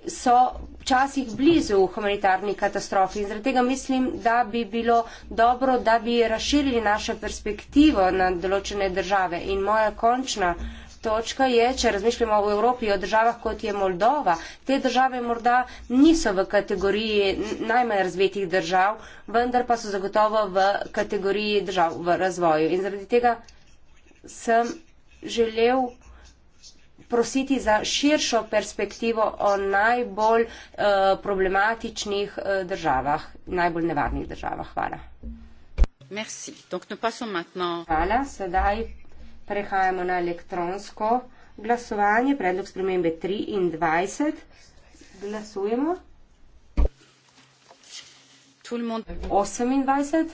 so včasih blizu humanitarni katastrofi in zaradi tega mislim, da bi bilo dobro, da bi razširili našo perspektivo na določene države. In moja končna uh, točka je, če razmišljamo o Evropi, o državah kot je Moldova, te države morda niso v kategoriji najmanj razvitih držav, vendar pa so zagotovo v kategoriji držav v razvoju. In zaradi tega sem želel prositi za širšo perspektivo o najbolj uh, problematičnih uh, državah, najbolj nevarnih državah. Hvala. Merci. Donc, nous passons maintenant. Voilà, c'est d'ailleurs. Prehajamo na elektronsko glasovanje, predlog spremembe 23. Glasujemo. 28.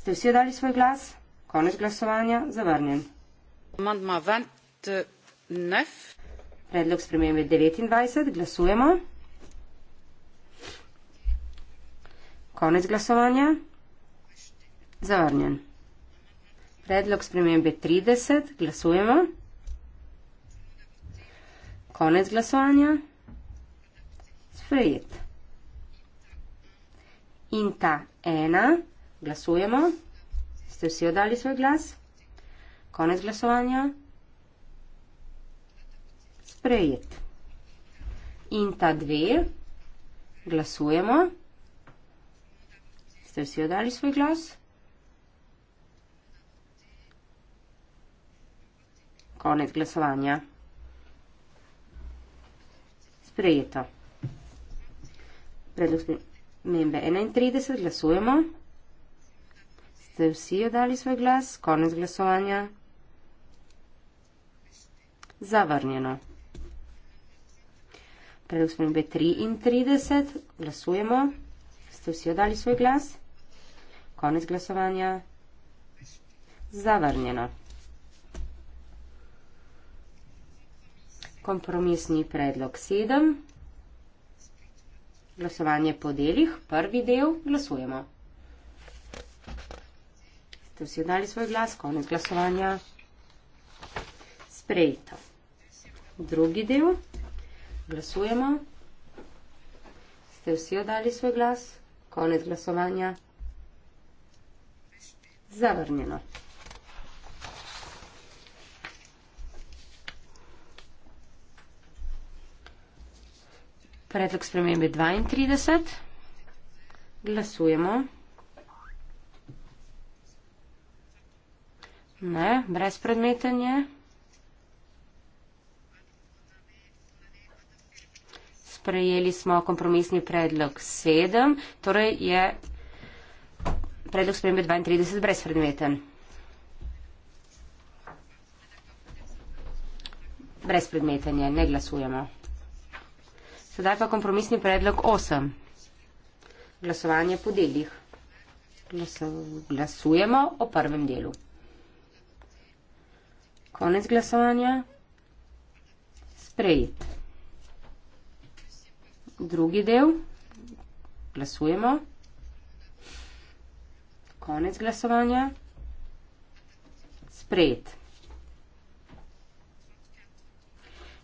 Ste vsi dali svoj glas? Konec glasovanja, zavrnjen. Predlog spremembe 29. Glasujemo. Konec glasovanja, zavrnjen predlog spremembe 30. Glasujemo. Konec glasovanja. Sprejet. In ta ena. Glasujemo. Ste vsi oddali svoj glas? Konec glasovanja. Sprejet. In ta dve. Glasujemo. Ste vsi oddali svoj glas? Glasujemo. Konec glasovanja. Sprejeto. Predlog spremembe 31. Glasujemo. Ste vsi odali svoj glas? Konec glasovanja. Zavrnjeno. Predlog spremembe 33. Glasujemo. Ste vsi odali svoj glas? Konec glasovanja. Zavrnjeno. kompromisni predlog 7. Glasovanje po delih, prvi del, glasujemo. Ste vsi dali svoj glas, konec glasovanja. Sprejeto. Drugi del, glasujemo. Ste vsi dali svoj glas, konec glasovanja. Zavrnjeno. Predlog spremembe 32. Glasujemo. Ne, brez predmetenje. Sprejeli smo kompromisni predlog 7, torej je predlog spremembe 32 brez predmeten. Brez predmetenje, ne glasujemo. Sedaj pa kompromisni predlog 8. Glasovanje po delih. Glasujemo o prvem delu. Konec glasovanja. Sprejet. Drugi del. Glasujemo. Konec glasovanja. Sprejet.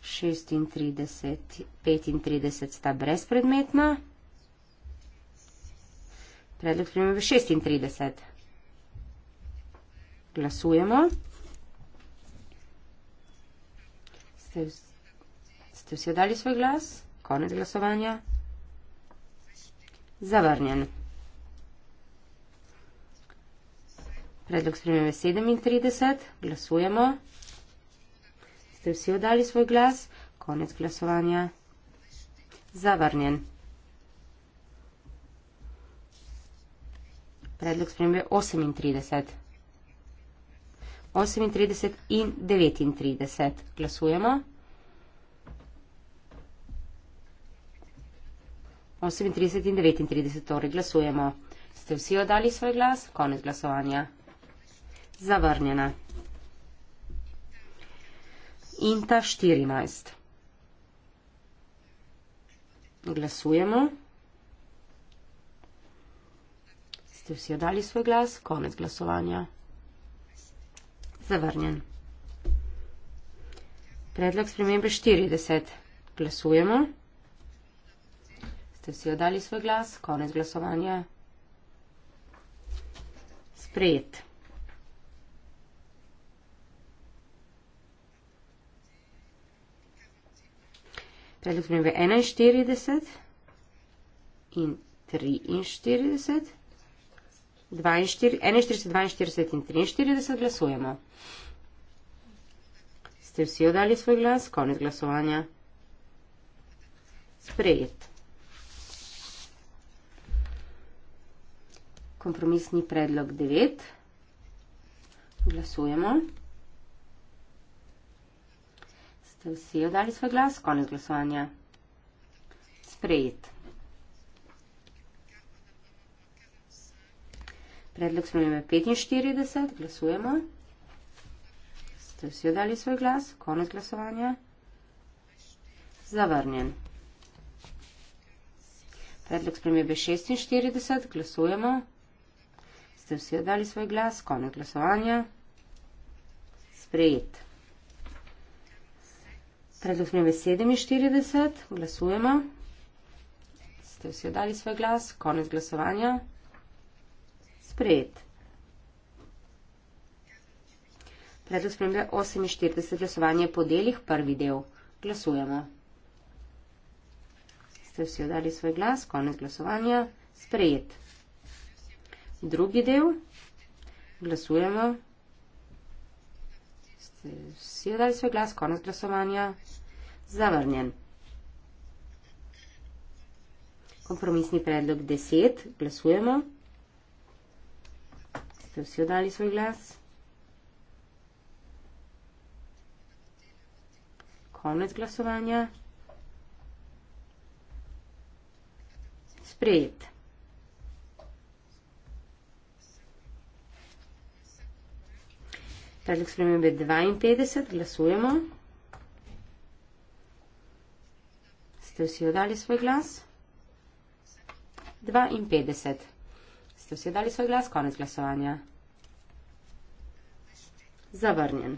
36, 35 sta brezpredmetna. Predlog sprememb je 36. Glasujemo. Ste, ste vsi dali svoj glas? Konec glasovanja. Zavrnjen. Predlog sprememb je 37. Glasujemo ste vsi oddali svoj glas? Konec glasovanja. Zavrnjen. Predlog spremembe 38. 38 in 39. Glasujemo. 38 in 39. Torej glasujemo. Ste vsi oddali svoj glas? Konec glasovanja. Zavrnjena in ta 14. Glasujemo. Ste vsi dali svoj glas? Konec glasovanja. Zavrnjen. Predlog spremembe 40. Glasujemo. Ste vsi dali svoj glas? Konec glasovanja. Sprejet. Tele smo imeli 41 in 43. 41, 42 in 43 glasujemo. Ste vsi odali svoj glas? Konec glasovanja. Sprejet. Kompromisni predlog 9. Glasujemo ste vsi odali svoj glas, konec glasovanja. Sprejet. Predlog spremembe 45, glasujemo. Ste vsi odali svoj glas, konec glasovanja. Zavrnjen. Predlog spremembe 46, glasujemo. Ste vsi odali svoj glas, konec glasovanja. Sprejet. Predlohnjev je 47, glasujemo. Ste vsi odali svoj glas, konec glasovanja. Sprejet. Predlog spremembe 48, glasovanje po delih, prvi del. Glasujemo. Ste vsi odali svoj glas, konec glasovanja. Sprejet. Drugi del. Glasujemo. Vsi dali svoj glas, konec glasovanja. Zavrnjen. Kompromisni predlog 10. Glasujemo. Ste vsi dali svoj glas? Konec glasovanja. Sprejet. Predlog spremembe 52, glasujemo. Ste vsi oddali svoj glas? 52. Ste vsi oddali svoj glas? Konec glasovanja. Zavrnjen.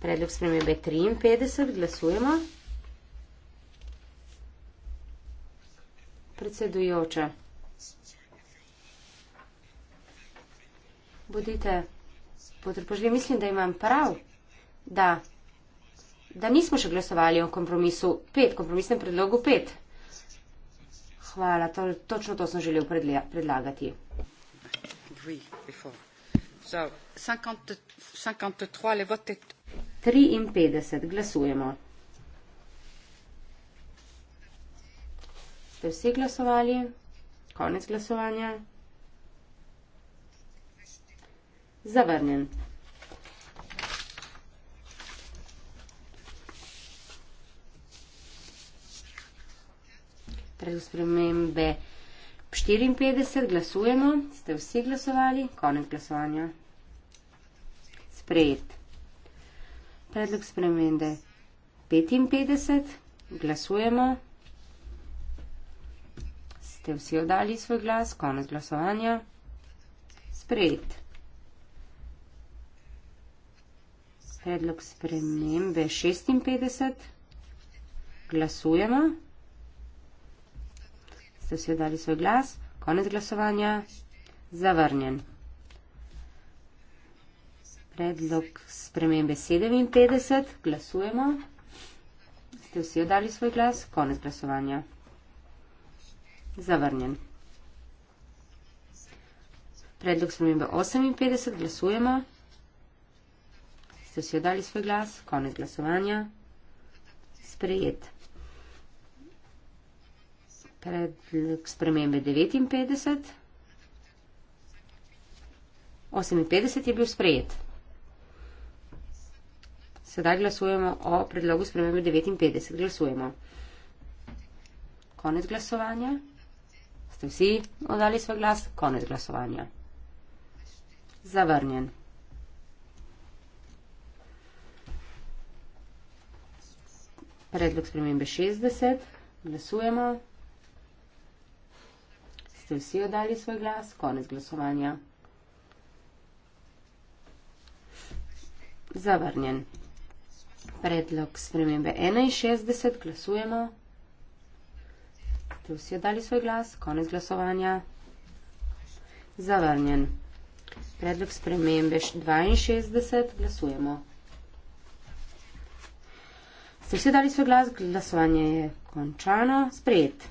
Predlog spremembe 53, glasujemo. predsedujoča. Bodite potrpožljivi, mislim, da imam prav, da, da nismo še glasovali o kompromisu 5, kompromisnem predlogu 5. Hvala, to, točno to sem želel predlja, predlagati. So, 50, 53, 53 glasujemo. ste vsi glasovali. Konec glasovanja. Zavrnjen. Predu spremembe 54 glasujemo. Ste vsi glasovali. Konec glasovanja. Sprejet. Predlog spremembe 55 glasujemo. Ste vsi oddali svoj glas? Konec glasovanja. Sprejet. Predlog spremembe 56. Glasujemo. Ste vsi oddali svoj glas? Konec glasovanja. Zavrnjen. Predlog spremembe 57. Glasujemo. Ste vsi oddali svoj glas? Konec glasovanja. Zavrnjen. Predlog spremembe 58. Glasujemo. Ste vsi odali svoj glas? Konec glasovanja. Sprejet. Predlog spremembe 59. 58 je bil sprejet. Sedaj glasujemo o predlogu spremembe 59. Glasujemo. Konec glasovanja. Ste vsi oddali svoj glas? Konec glasovanja. Zavrnjen. Predlog spremembe 60. Glasujemo. Ste vsi oddali svoj glas? Konec glasovanja. Zavrnjen. Predlog spremembe 61. Glasujemo. Ste vsi dali svoj glas? Konec glasovanja. Zavrnjen. Predlog spremembe 62. Glasujemo. Ste vsi dali svoj glas? Glasovanje je končano. Sprejet.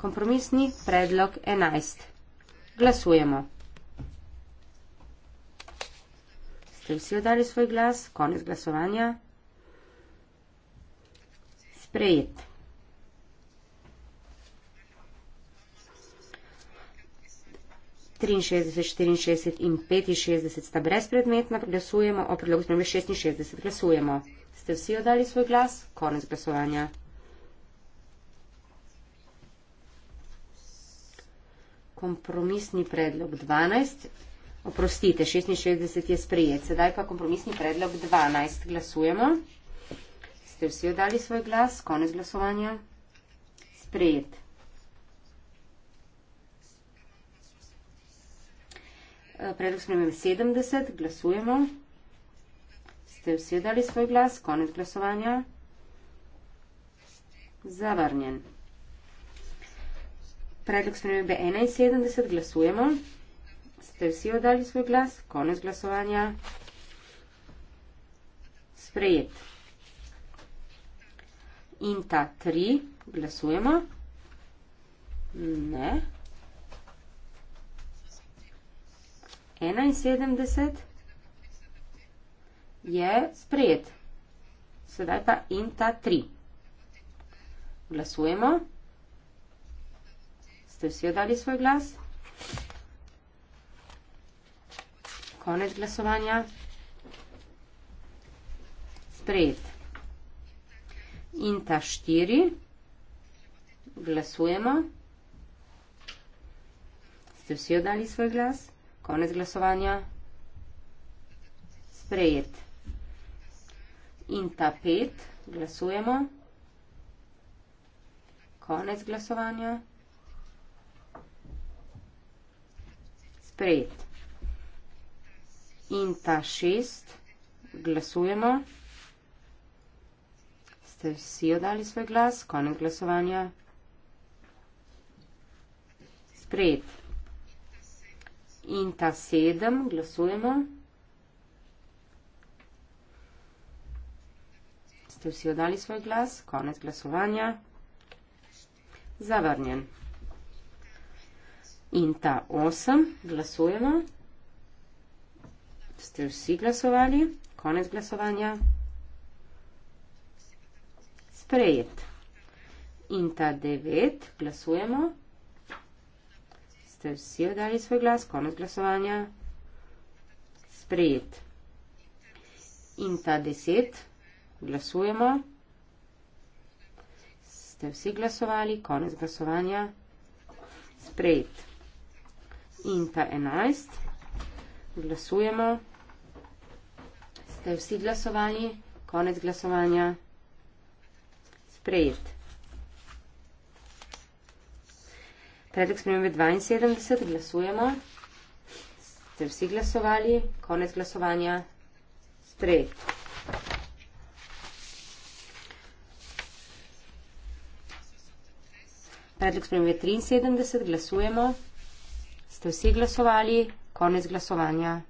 Kompromisni predlog 11. Glasujemo. Ste vsi dali svoj glas? Konec glasovanja. Sprejet. 63, 64 in 65 sta brezpredmetna, glasujemo o predlogu spremembe 66. Glasujemo. Ste vsi oddali svoj glas? Konec glasovanja. Kompromisni predlog 12. Oprostite, 66 je sprijet. Sedaj pa kompromisni predlog 12. Glasujemo. Ste vsi oddali svoj glas? Konec glasovanja. Sprijet. Eh, predlog spremem 70, glasujemo. Ste vsi dali svoj glas, konec glasovanja. Zavrnjen. Predlog spremembe 71, glasujemo. Ste vsi oddali svoj glas, konec glasovanja. Sprejet. In ta tri, glasujemo. Ne. 71 je sprejet. Sedaj pa INTA 3. Glasujemo. Ste vsi odali svoj glas? Konec glasovanja. Sprejet. INTA 4. Glasujemo. Ste vsi odali svoj glas? Konec glasovanja. Sprejet. In ta pet. Glasujemo. Konec glasovanja. Sprejet. In ta šest. Glasujemo. Ste vsi odali svoj glas. Konec glasovanja. Sprejet in ta sedem glasujemo. Ste vsi odali svoj glas? Konec glasovanja. Zavrnjen. In ta osem glasujemo. Ste vsi glasovali? Konec glasovanja. Sprejet. In ta devet glasujemo ste vsi oddali svoj glas, konec glasovanja, sprejet. In ta deset, glasujemo. Ste vsi glasovali, konec glasovanja, sprejet. In ta enajst, glasujemo. Ste vsi glasovali, konec glasovanja, sprejet. Predlog spremembe 72, glasujemo. Ste vsi glasovali? Konec glasovanja. Sprejet. Predlog spremembe 73, glasujemo. Ste vsi glasovali? Konec glasovanja.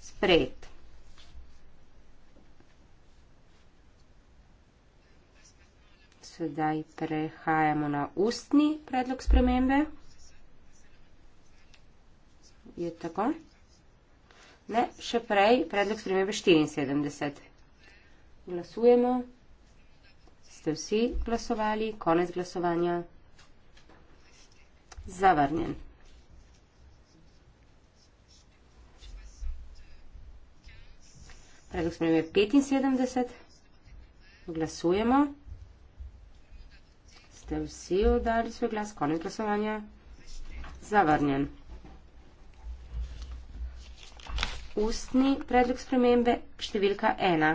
Sprejet. Sedaj prehajamo na ustni predlog spremembe. Je tako? Ne, še prej predlog spremembe 74. Glasujemo. Ste vsi glasovali? Konec glasovanja. Zavrnjen. Predlog spremembe 75. Glasujemo ste vsi udali svoj glas, konec glasovanja, zavrnjen. Ustni predlog spremembe, številka ena,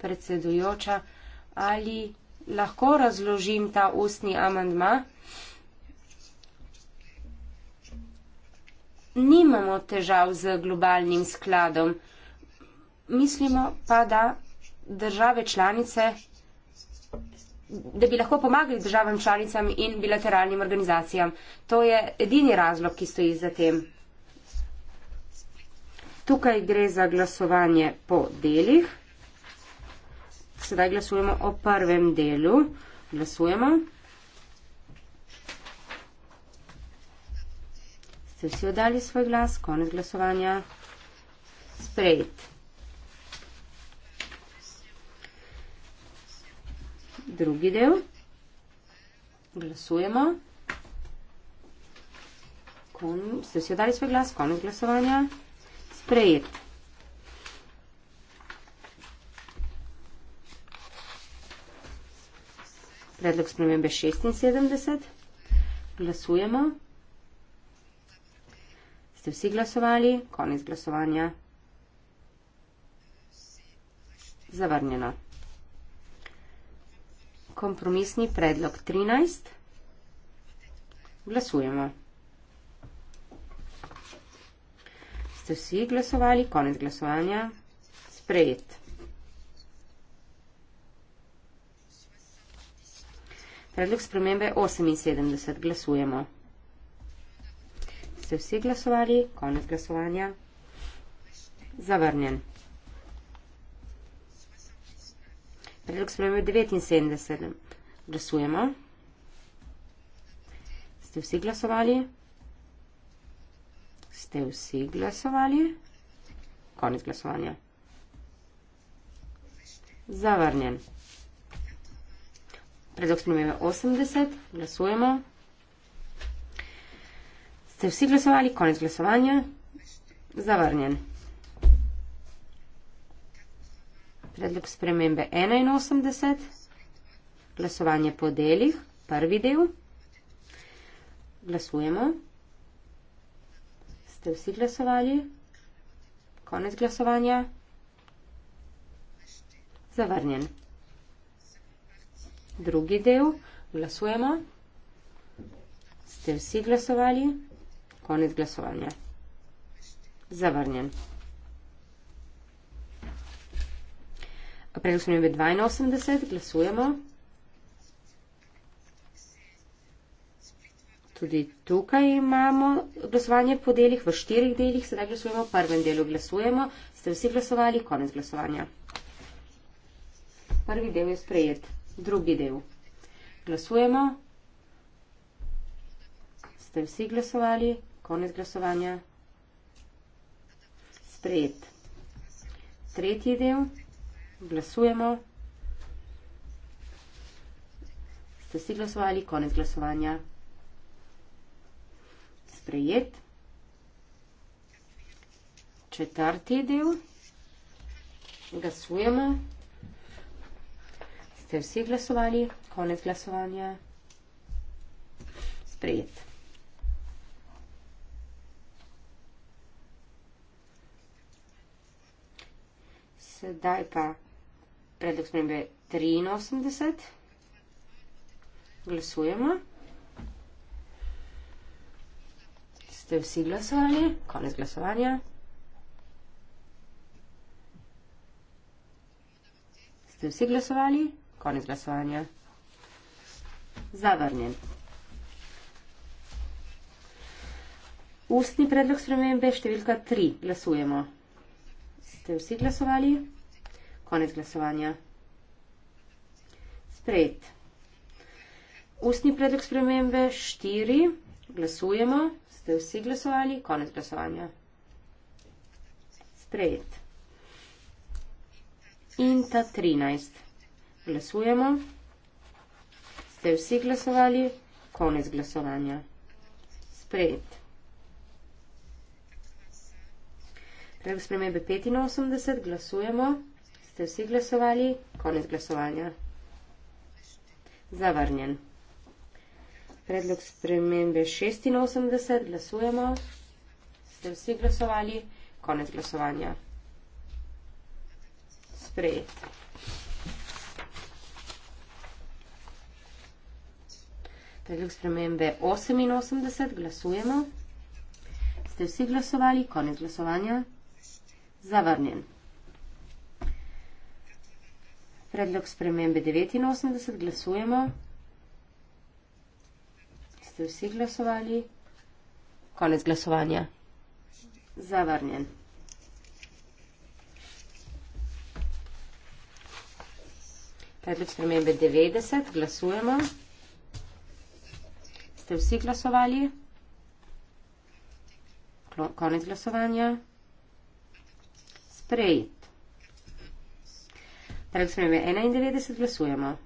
predsedujoča, ali lahko razložim ta ustni amandma? Nimamo težav z globalnim skladom. Mislimo pa, da države članice da bi lahko pomagali državam članicam in bilateralnim organizacijam. To je edini razlog, ki stoji za tem. Tukaj gre za glasovanje po delih. Sedaj glasujemo o prvem delu. Glasujemo. Ste vsi oddali svoj glas? Konec glasovanja. Sprejet. drugi del. Glasujemo. Kon, ste si dali svoj glas? Konec glasovanja. Sprejet. Predlog spremembe 76. Glasujemo. Ste vsi glasovali? Konec glasovanja. Zavrnjeno kompromisni predlog 13. Glasujemo. Ste vsi glasovali? Konec glasovanja. Sprejet. Predlog spremembe 78. Glasujemo. Ste vsi glasovali? Konec glasovanja. Zavrnjen. Predlog sprejme 79. Glasujemo. Ste vsi glasovali? Ste vsi glasovali? Konec glasovanja. Zavrnjen. Predlog sprejme 80. Glasujemo. Ste vsi glasovali? Konec glasovanja. Zavrnjen. predlog spremembe 81, glasovanje po delih, prvi del. Glasujemo. Ste vsi glasovali? Konec glasovanja. Zavrnjen. Drugi del. Glasujemo. Ste vsi glasovali? Konec glasovanja. Zavrnjen. Predlog spremembe 82, glasujemo. Tudi tukaj imamo glasovanje po delih, v štirih delih, sedaj glasujemo, v prvem delu glasujemo. Ste vsi glasovali, konec glasovanja. Prvi del je sprejet, drugi del. Glasujemo. Ste vsi glasovali, konec glasovanja. Sprejet. Tretji del glasujemo. Ste si glasovali? Konec glasovanja. Sprejet. Četrti del. Glasujemo. Ste vsi glasovali? Konec glasovanja. Sprejet. Sedaj pa predlog spremembe 83. Glasujemo. Ste vsi glasovali? Konec glasovanja. Ste vsi glasovali? Konec glasovanja. Zavrnjen. Ustni predlog spremembe številka 3. Glasujemo. Ste vsi glasovali? Konec glasovanja. Sprejet. Ustni predlog spremembe 4. Glasujemo. Ste vsi glasovali? Konec glasovanja. Sprejet. In ta 13. Glasujemo. Ste vsi glasovali? Konec glasovanja. Sprejet. Predlog spremembe 85. Glasujemo. Ste vsi glasovali? Konec glasovanja. Zavrnjen. Predlog spremembe 86. Glasujemo. Ste vsi glasovali? Konec glasovanja. Sprejet. Predlog spremembe 88. Glasujemo. Ste vsi glasovali? Konec glasovanja. Zavrnjen. Predlog spremembe 89 glasujemo. Ste vsi glasovali? Konec glasovanja. Zavrnjen. Predlog spremembe 90 glasujemo. Ste vsi glasovali? Konec glasovanja. Sprejet. Razumem, 91 glasujemo.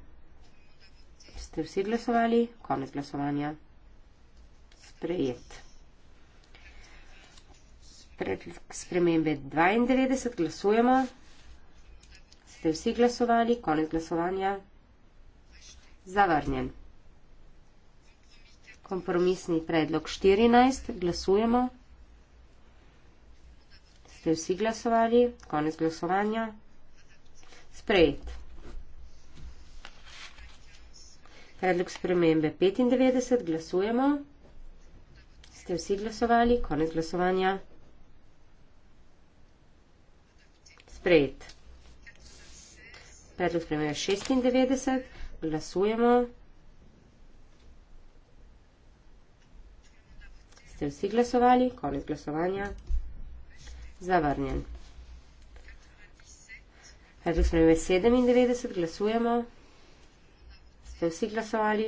Ste vsi glasovali? Konec glasovanja. Sprejet. Predlog spremembe 92 glasujemo. Ste vsi glasovali? Konec glasovanja. Zavrnjen. Kompromisni predlog 14 glasujemo. Ste vsi glasovali? Konec glasovanja. Sprejet. Predlog spremembe 95. Glasujemo. Ste vsi glasovali? Konec glasovanja. Sprejet. Predlog spremembe 96. Glasujemo. Ste vsi glasovali? Konec glasovanja. Zavrnjen. Zdaj smo imeli 97, glasujemo. Ste vsi glasovali?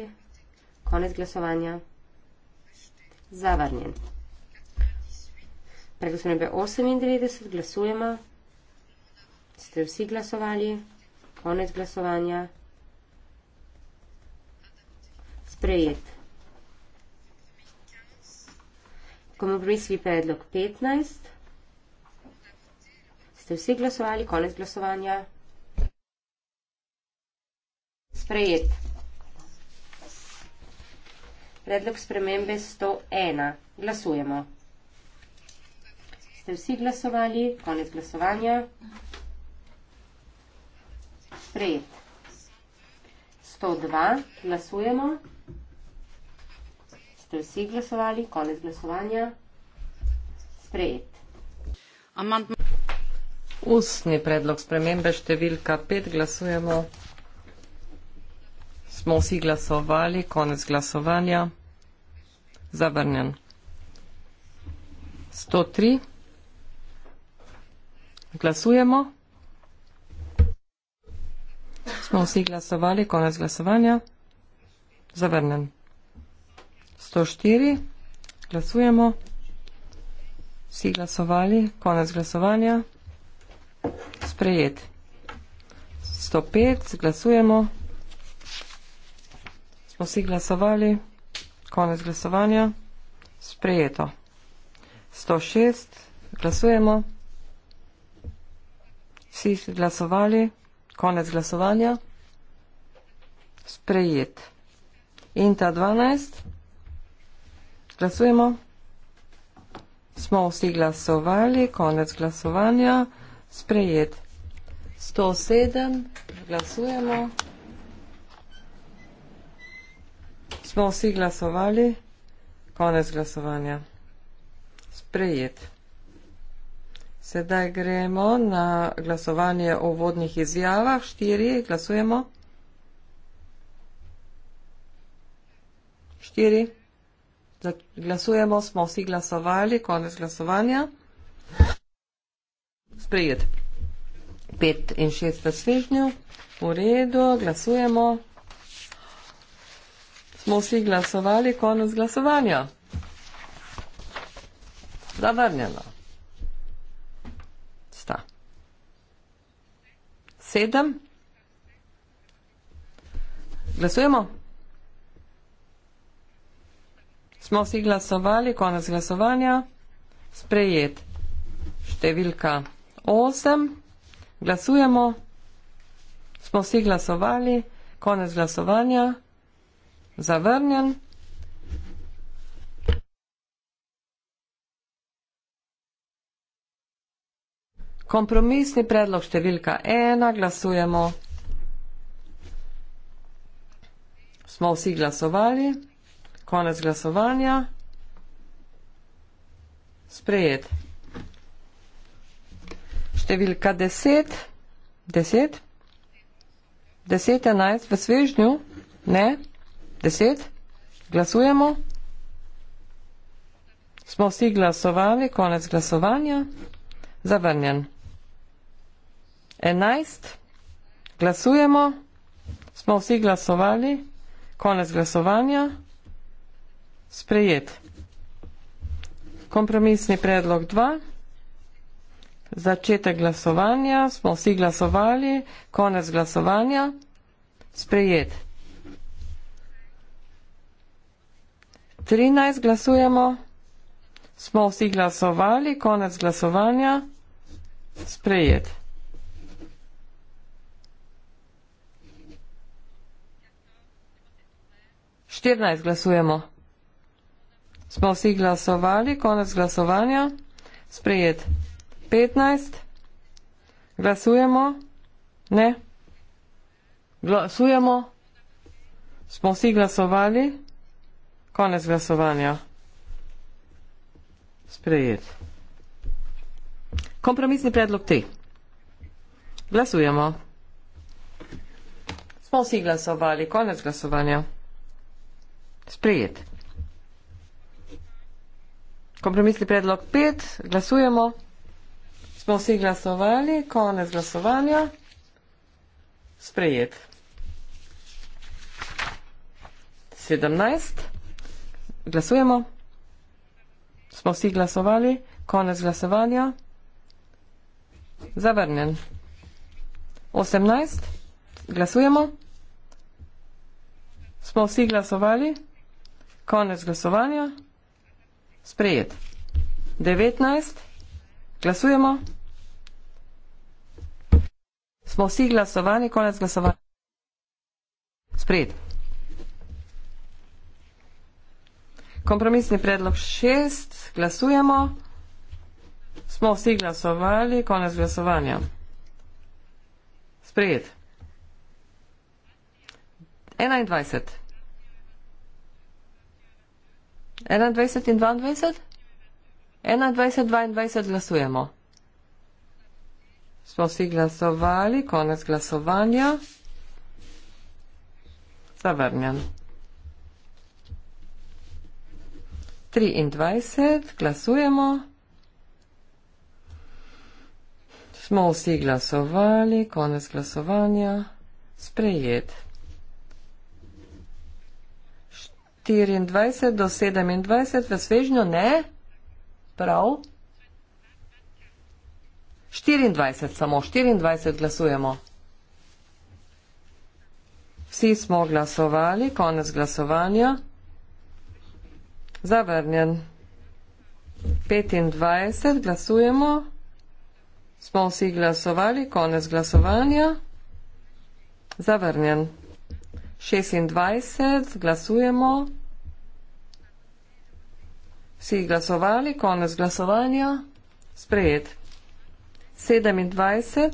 Konec glasovanja. Zavarnjen. Preko smo imeli 98, glasujemo. Ste vsi glasovali? Konec glasovanja. Sprejet. Kompromisni predlog 15. Ste vsi glasovali? Konec glasovanja? Sprejet. Predlog spremembe 101. Glasujemo. Ste vsi glasovali? Konec glasovanja? Sprejet. 102. Glasujemo. Ste vsi glasovali? Konec glasovanja? Sprejet. Amantma. Ustni predlog spremembe številka 5 glasujemo. Smo vsi glasovali, konec glasovanja. Zavrnjen. 103. Glasujemo. Smo vsi glasovali, konec glasovanja. Zavrnjen. 104. Glasujemo. Vsi glasovali, konec glasovanja. Sprejet. 105, glasujemo. Smo vsi glasovali. Konec glasovanja. Sprejeto. 106, glasujemo. Vsi glasovali. Konec glasovanja. Sprejet. In ta 12. Glasujemo. Smo vsi glasovali. Konec glasovanja sprejet. 107, glasujemo. Smo vsi glasovali, konec glasovanja. Sprejet. Sedaj gremo na glasovanje o vodnih izjavah. 4, glasujemo. 4, glasujemo, smo vsi glasovali, konec glasovanja sprejet. 5 in 6 na svežnju, v redu, glasujemo. Smo vsi glasovali, konec glasovanja. Zavrnjeno. Sta. 7. Glasujemo. Smo vsi glasovali, konec glasovanja. Sprejet. Številka osem, glasujemo, smo vsi glasovali, konec glasovanja, zavrnjen. Kompromisni predlog številka ena, glasujemo. Smo vsi glasovali, konec glasovanja, sprejet številka 10, 10, 10, 11 v svežnju, ne, 10, glasujemo. Smo vsi glasovali, konec glasovanja, zavrnjen. 11, glasujemo, smo vsi glasovali, konec glasovanja, sprejet. Kompromisni predlog 2 začetek glasovanja, smo vsi glasovali, konec glasovanja, sprejet. 13 glasujemo, smo vsi glasovali, konec glasovanja, sprejet. 14 glasujemo. Smo vsi glasovali, konec glasovanja, sprejet. 15. Glasujemo? Ne? Glasujemo? Smo vsi glasovali? Konec glasovanja. Sprejet. Kompromisni predlog 3. Glasujemo. Smo vsi glasovali. Konec glasovanja. Sprejet. Kompromisni predlog 5. Glasujemo. Smo vsi glasovali, konec glasovanja. Sprejet. 17. Glasujemo. Smo vsi glasovali, konec glasovanja. Zavrnjen. 18. Glasujemo. Smo vsi glasovali, konec glasovanja. Sprejet. 19. Glasujemo. Smo vsi glasovani, konec glasovanja. Spred. Kompromisni predlog šest. Glasujemo. Smo vsi glasovali, konec glasovanja. Spred. 21. 21 in 22? 21, 22 glasujemo. Smo vsi glasovali, konec glasovanja. Zavrnjen. 23, glasujemo. Smo vsi glasovali, konec glasovanja. Sprejet. 24 do 27 v svežnju ne. Prav. 24, samo 24 glasujemo. Vsi smo glasovali, konec glasovanja. Zavrnjen. 25 glasujemo. Smo vsi glasovali, konec glasovanja. Zavrnjen. 26 glasujemo. Vsi glasovali, konec glasovanja, sprejet. 27,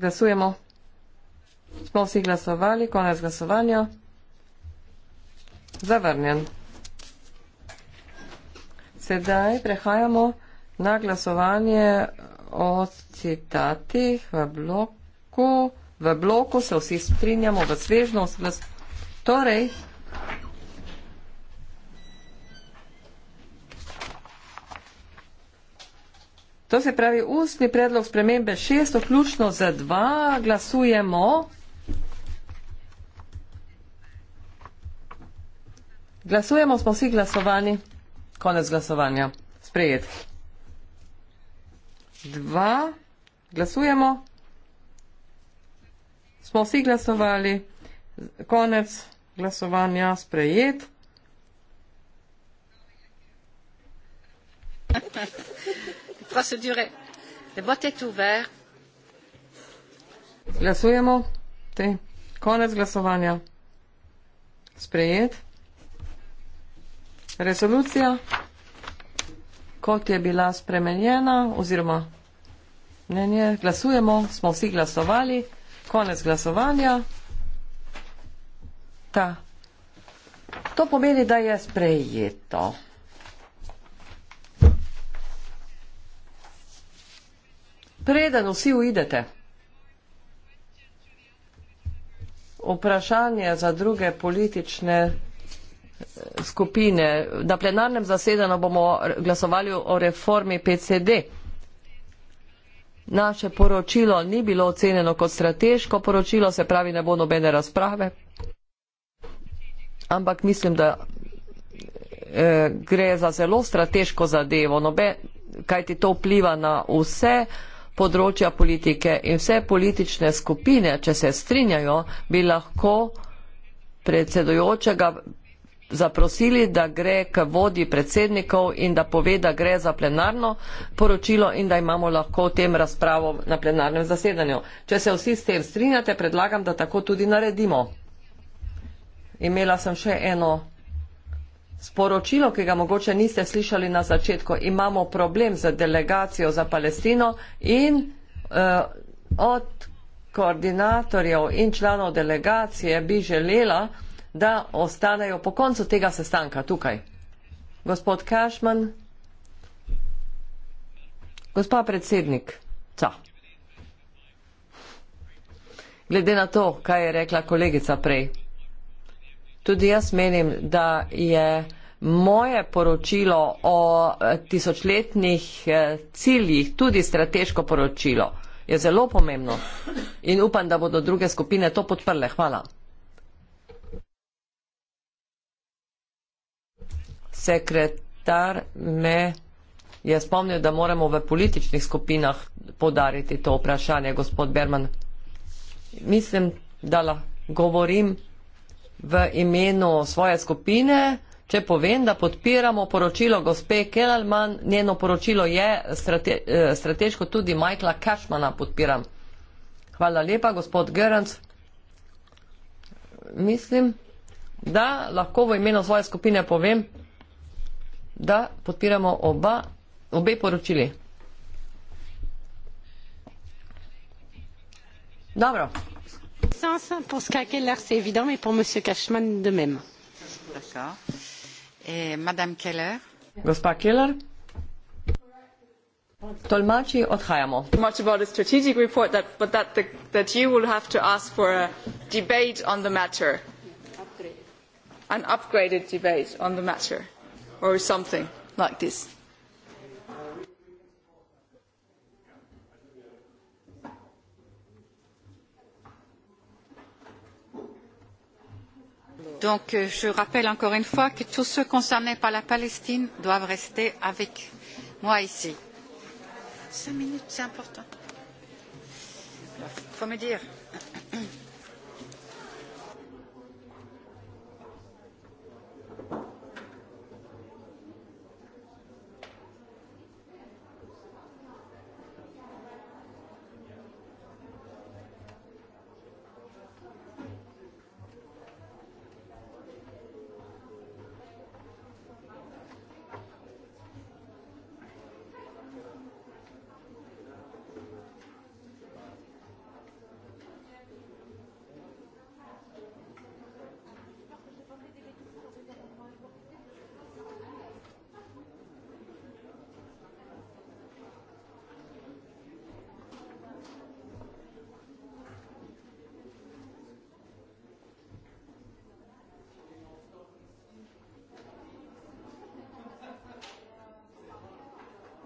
glasujemo. Smo vsi glasovali, konec glasovanja, zavrnjen. Sedaj prehajamo na glasovanje o citatih v bloku. V bloku se vsi strinjamo v svežnost. Torej, To se pravi, ustni predlog spremembe šest, vključno za dva, glasujemo. Glasujemo, smo vsi glasovani. Konec glasovanja. Sprejet. Dva, glasujemo. Smo vsi glasovali. Konec glasovanja. Sprejet. Sprejet. procedure. The vote is over. Glasujemo. Te. Konec glasovanja. Sprejet. Resolucija, kot je bila spremenjena, oziroma mnenje, glasujemo, smo vsi glasovali. Konec glasovanja. Ta. To pomeni, da je sprejeto. preden vsi uidete. Vprašanje za druge politične eh, skupine. Na plenarnem zasedanju bomo glasovali o reformi PCD. Naše poročilo ni bilo ocenjeno kot strateško poročilo, se pravi, ne bo nobene razprave. Ampak mislim, da eh, gre za zelo strateško zadevo, nobe, kajti to vpliva na vse področja politike in vse politične skupine, če se strinjajo, bi lahko predsedojočega zaprosili, da gre k vodi predsednikov in da pove, da gre za plenarno poročilo in da imamo lahko o tem razpravo na plenarnem zasedanju. Če se vsi s tem strinjate, predlagam, da tako tudi naredimo. Imela sem še eno sporočilo, ki ga mogoče niste slišali na začetku, imamo problem z delegacijo za Palestino in uh, od koordinatorjev in članov delegacije bi želela, da ostanejo po koncu tega sestanka tukaj. Gospod Kašman, gospa predsednik, ca. Glede na to, kaj je rekla kolegica prej, Tudi jaz menim, da je moje poročilo o eh, tisočletnih eh, ciljih tudi strateško poročilo. Je zelo pomembno in upam, da bodo druge skupine to podprle. Hvala. Sekretar me je spomnil, da moramo v političnih skupinah podariti to vprašanje, gospod Berman. Mislim, da govorim v imenu svoje skupine, če povem, da podpiramo poročilo gospe Kelalman, njeno poročilo je strate, eh, strateško tudi Majkla Kašmana podpiram. Hvala lepa, gospod Gerenc. Mislim, da lahko v imenu svoje skupine povem, da podpiramo oba, obe poročili. Dobro reconnaissance pour ska keller c'est évident mais pour m. cashman de même. Madame keller. Gospa keller. Tolmači odhajamo. Much about a strategic report that, but that, the, that you will have to ask for a debate on the matter. An upgraded debate on the matter or something like this. donc euh, je rappelle encore une fois que tous ceux concernés par la Palestine doivent rester avec moi ici. Cinq minutes, c'est important. Faut me dire. Merci.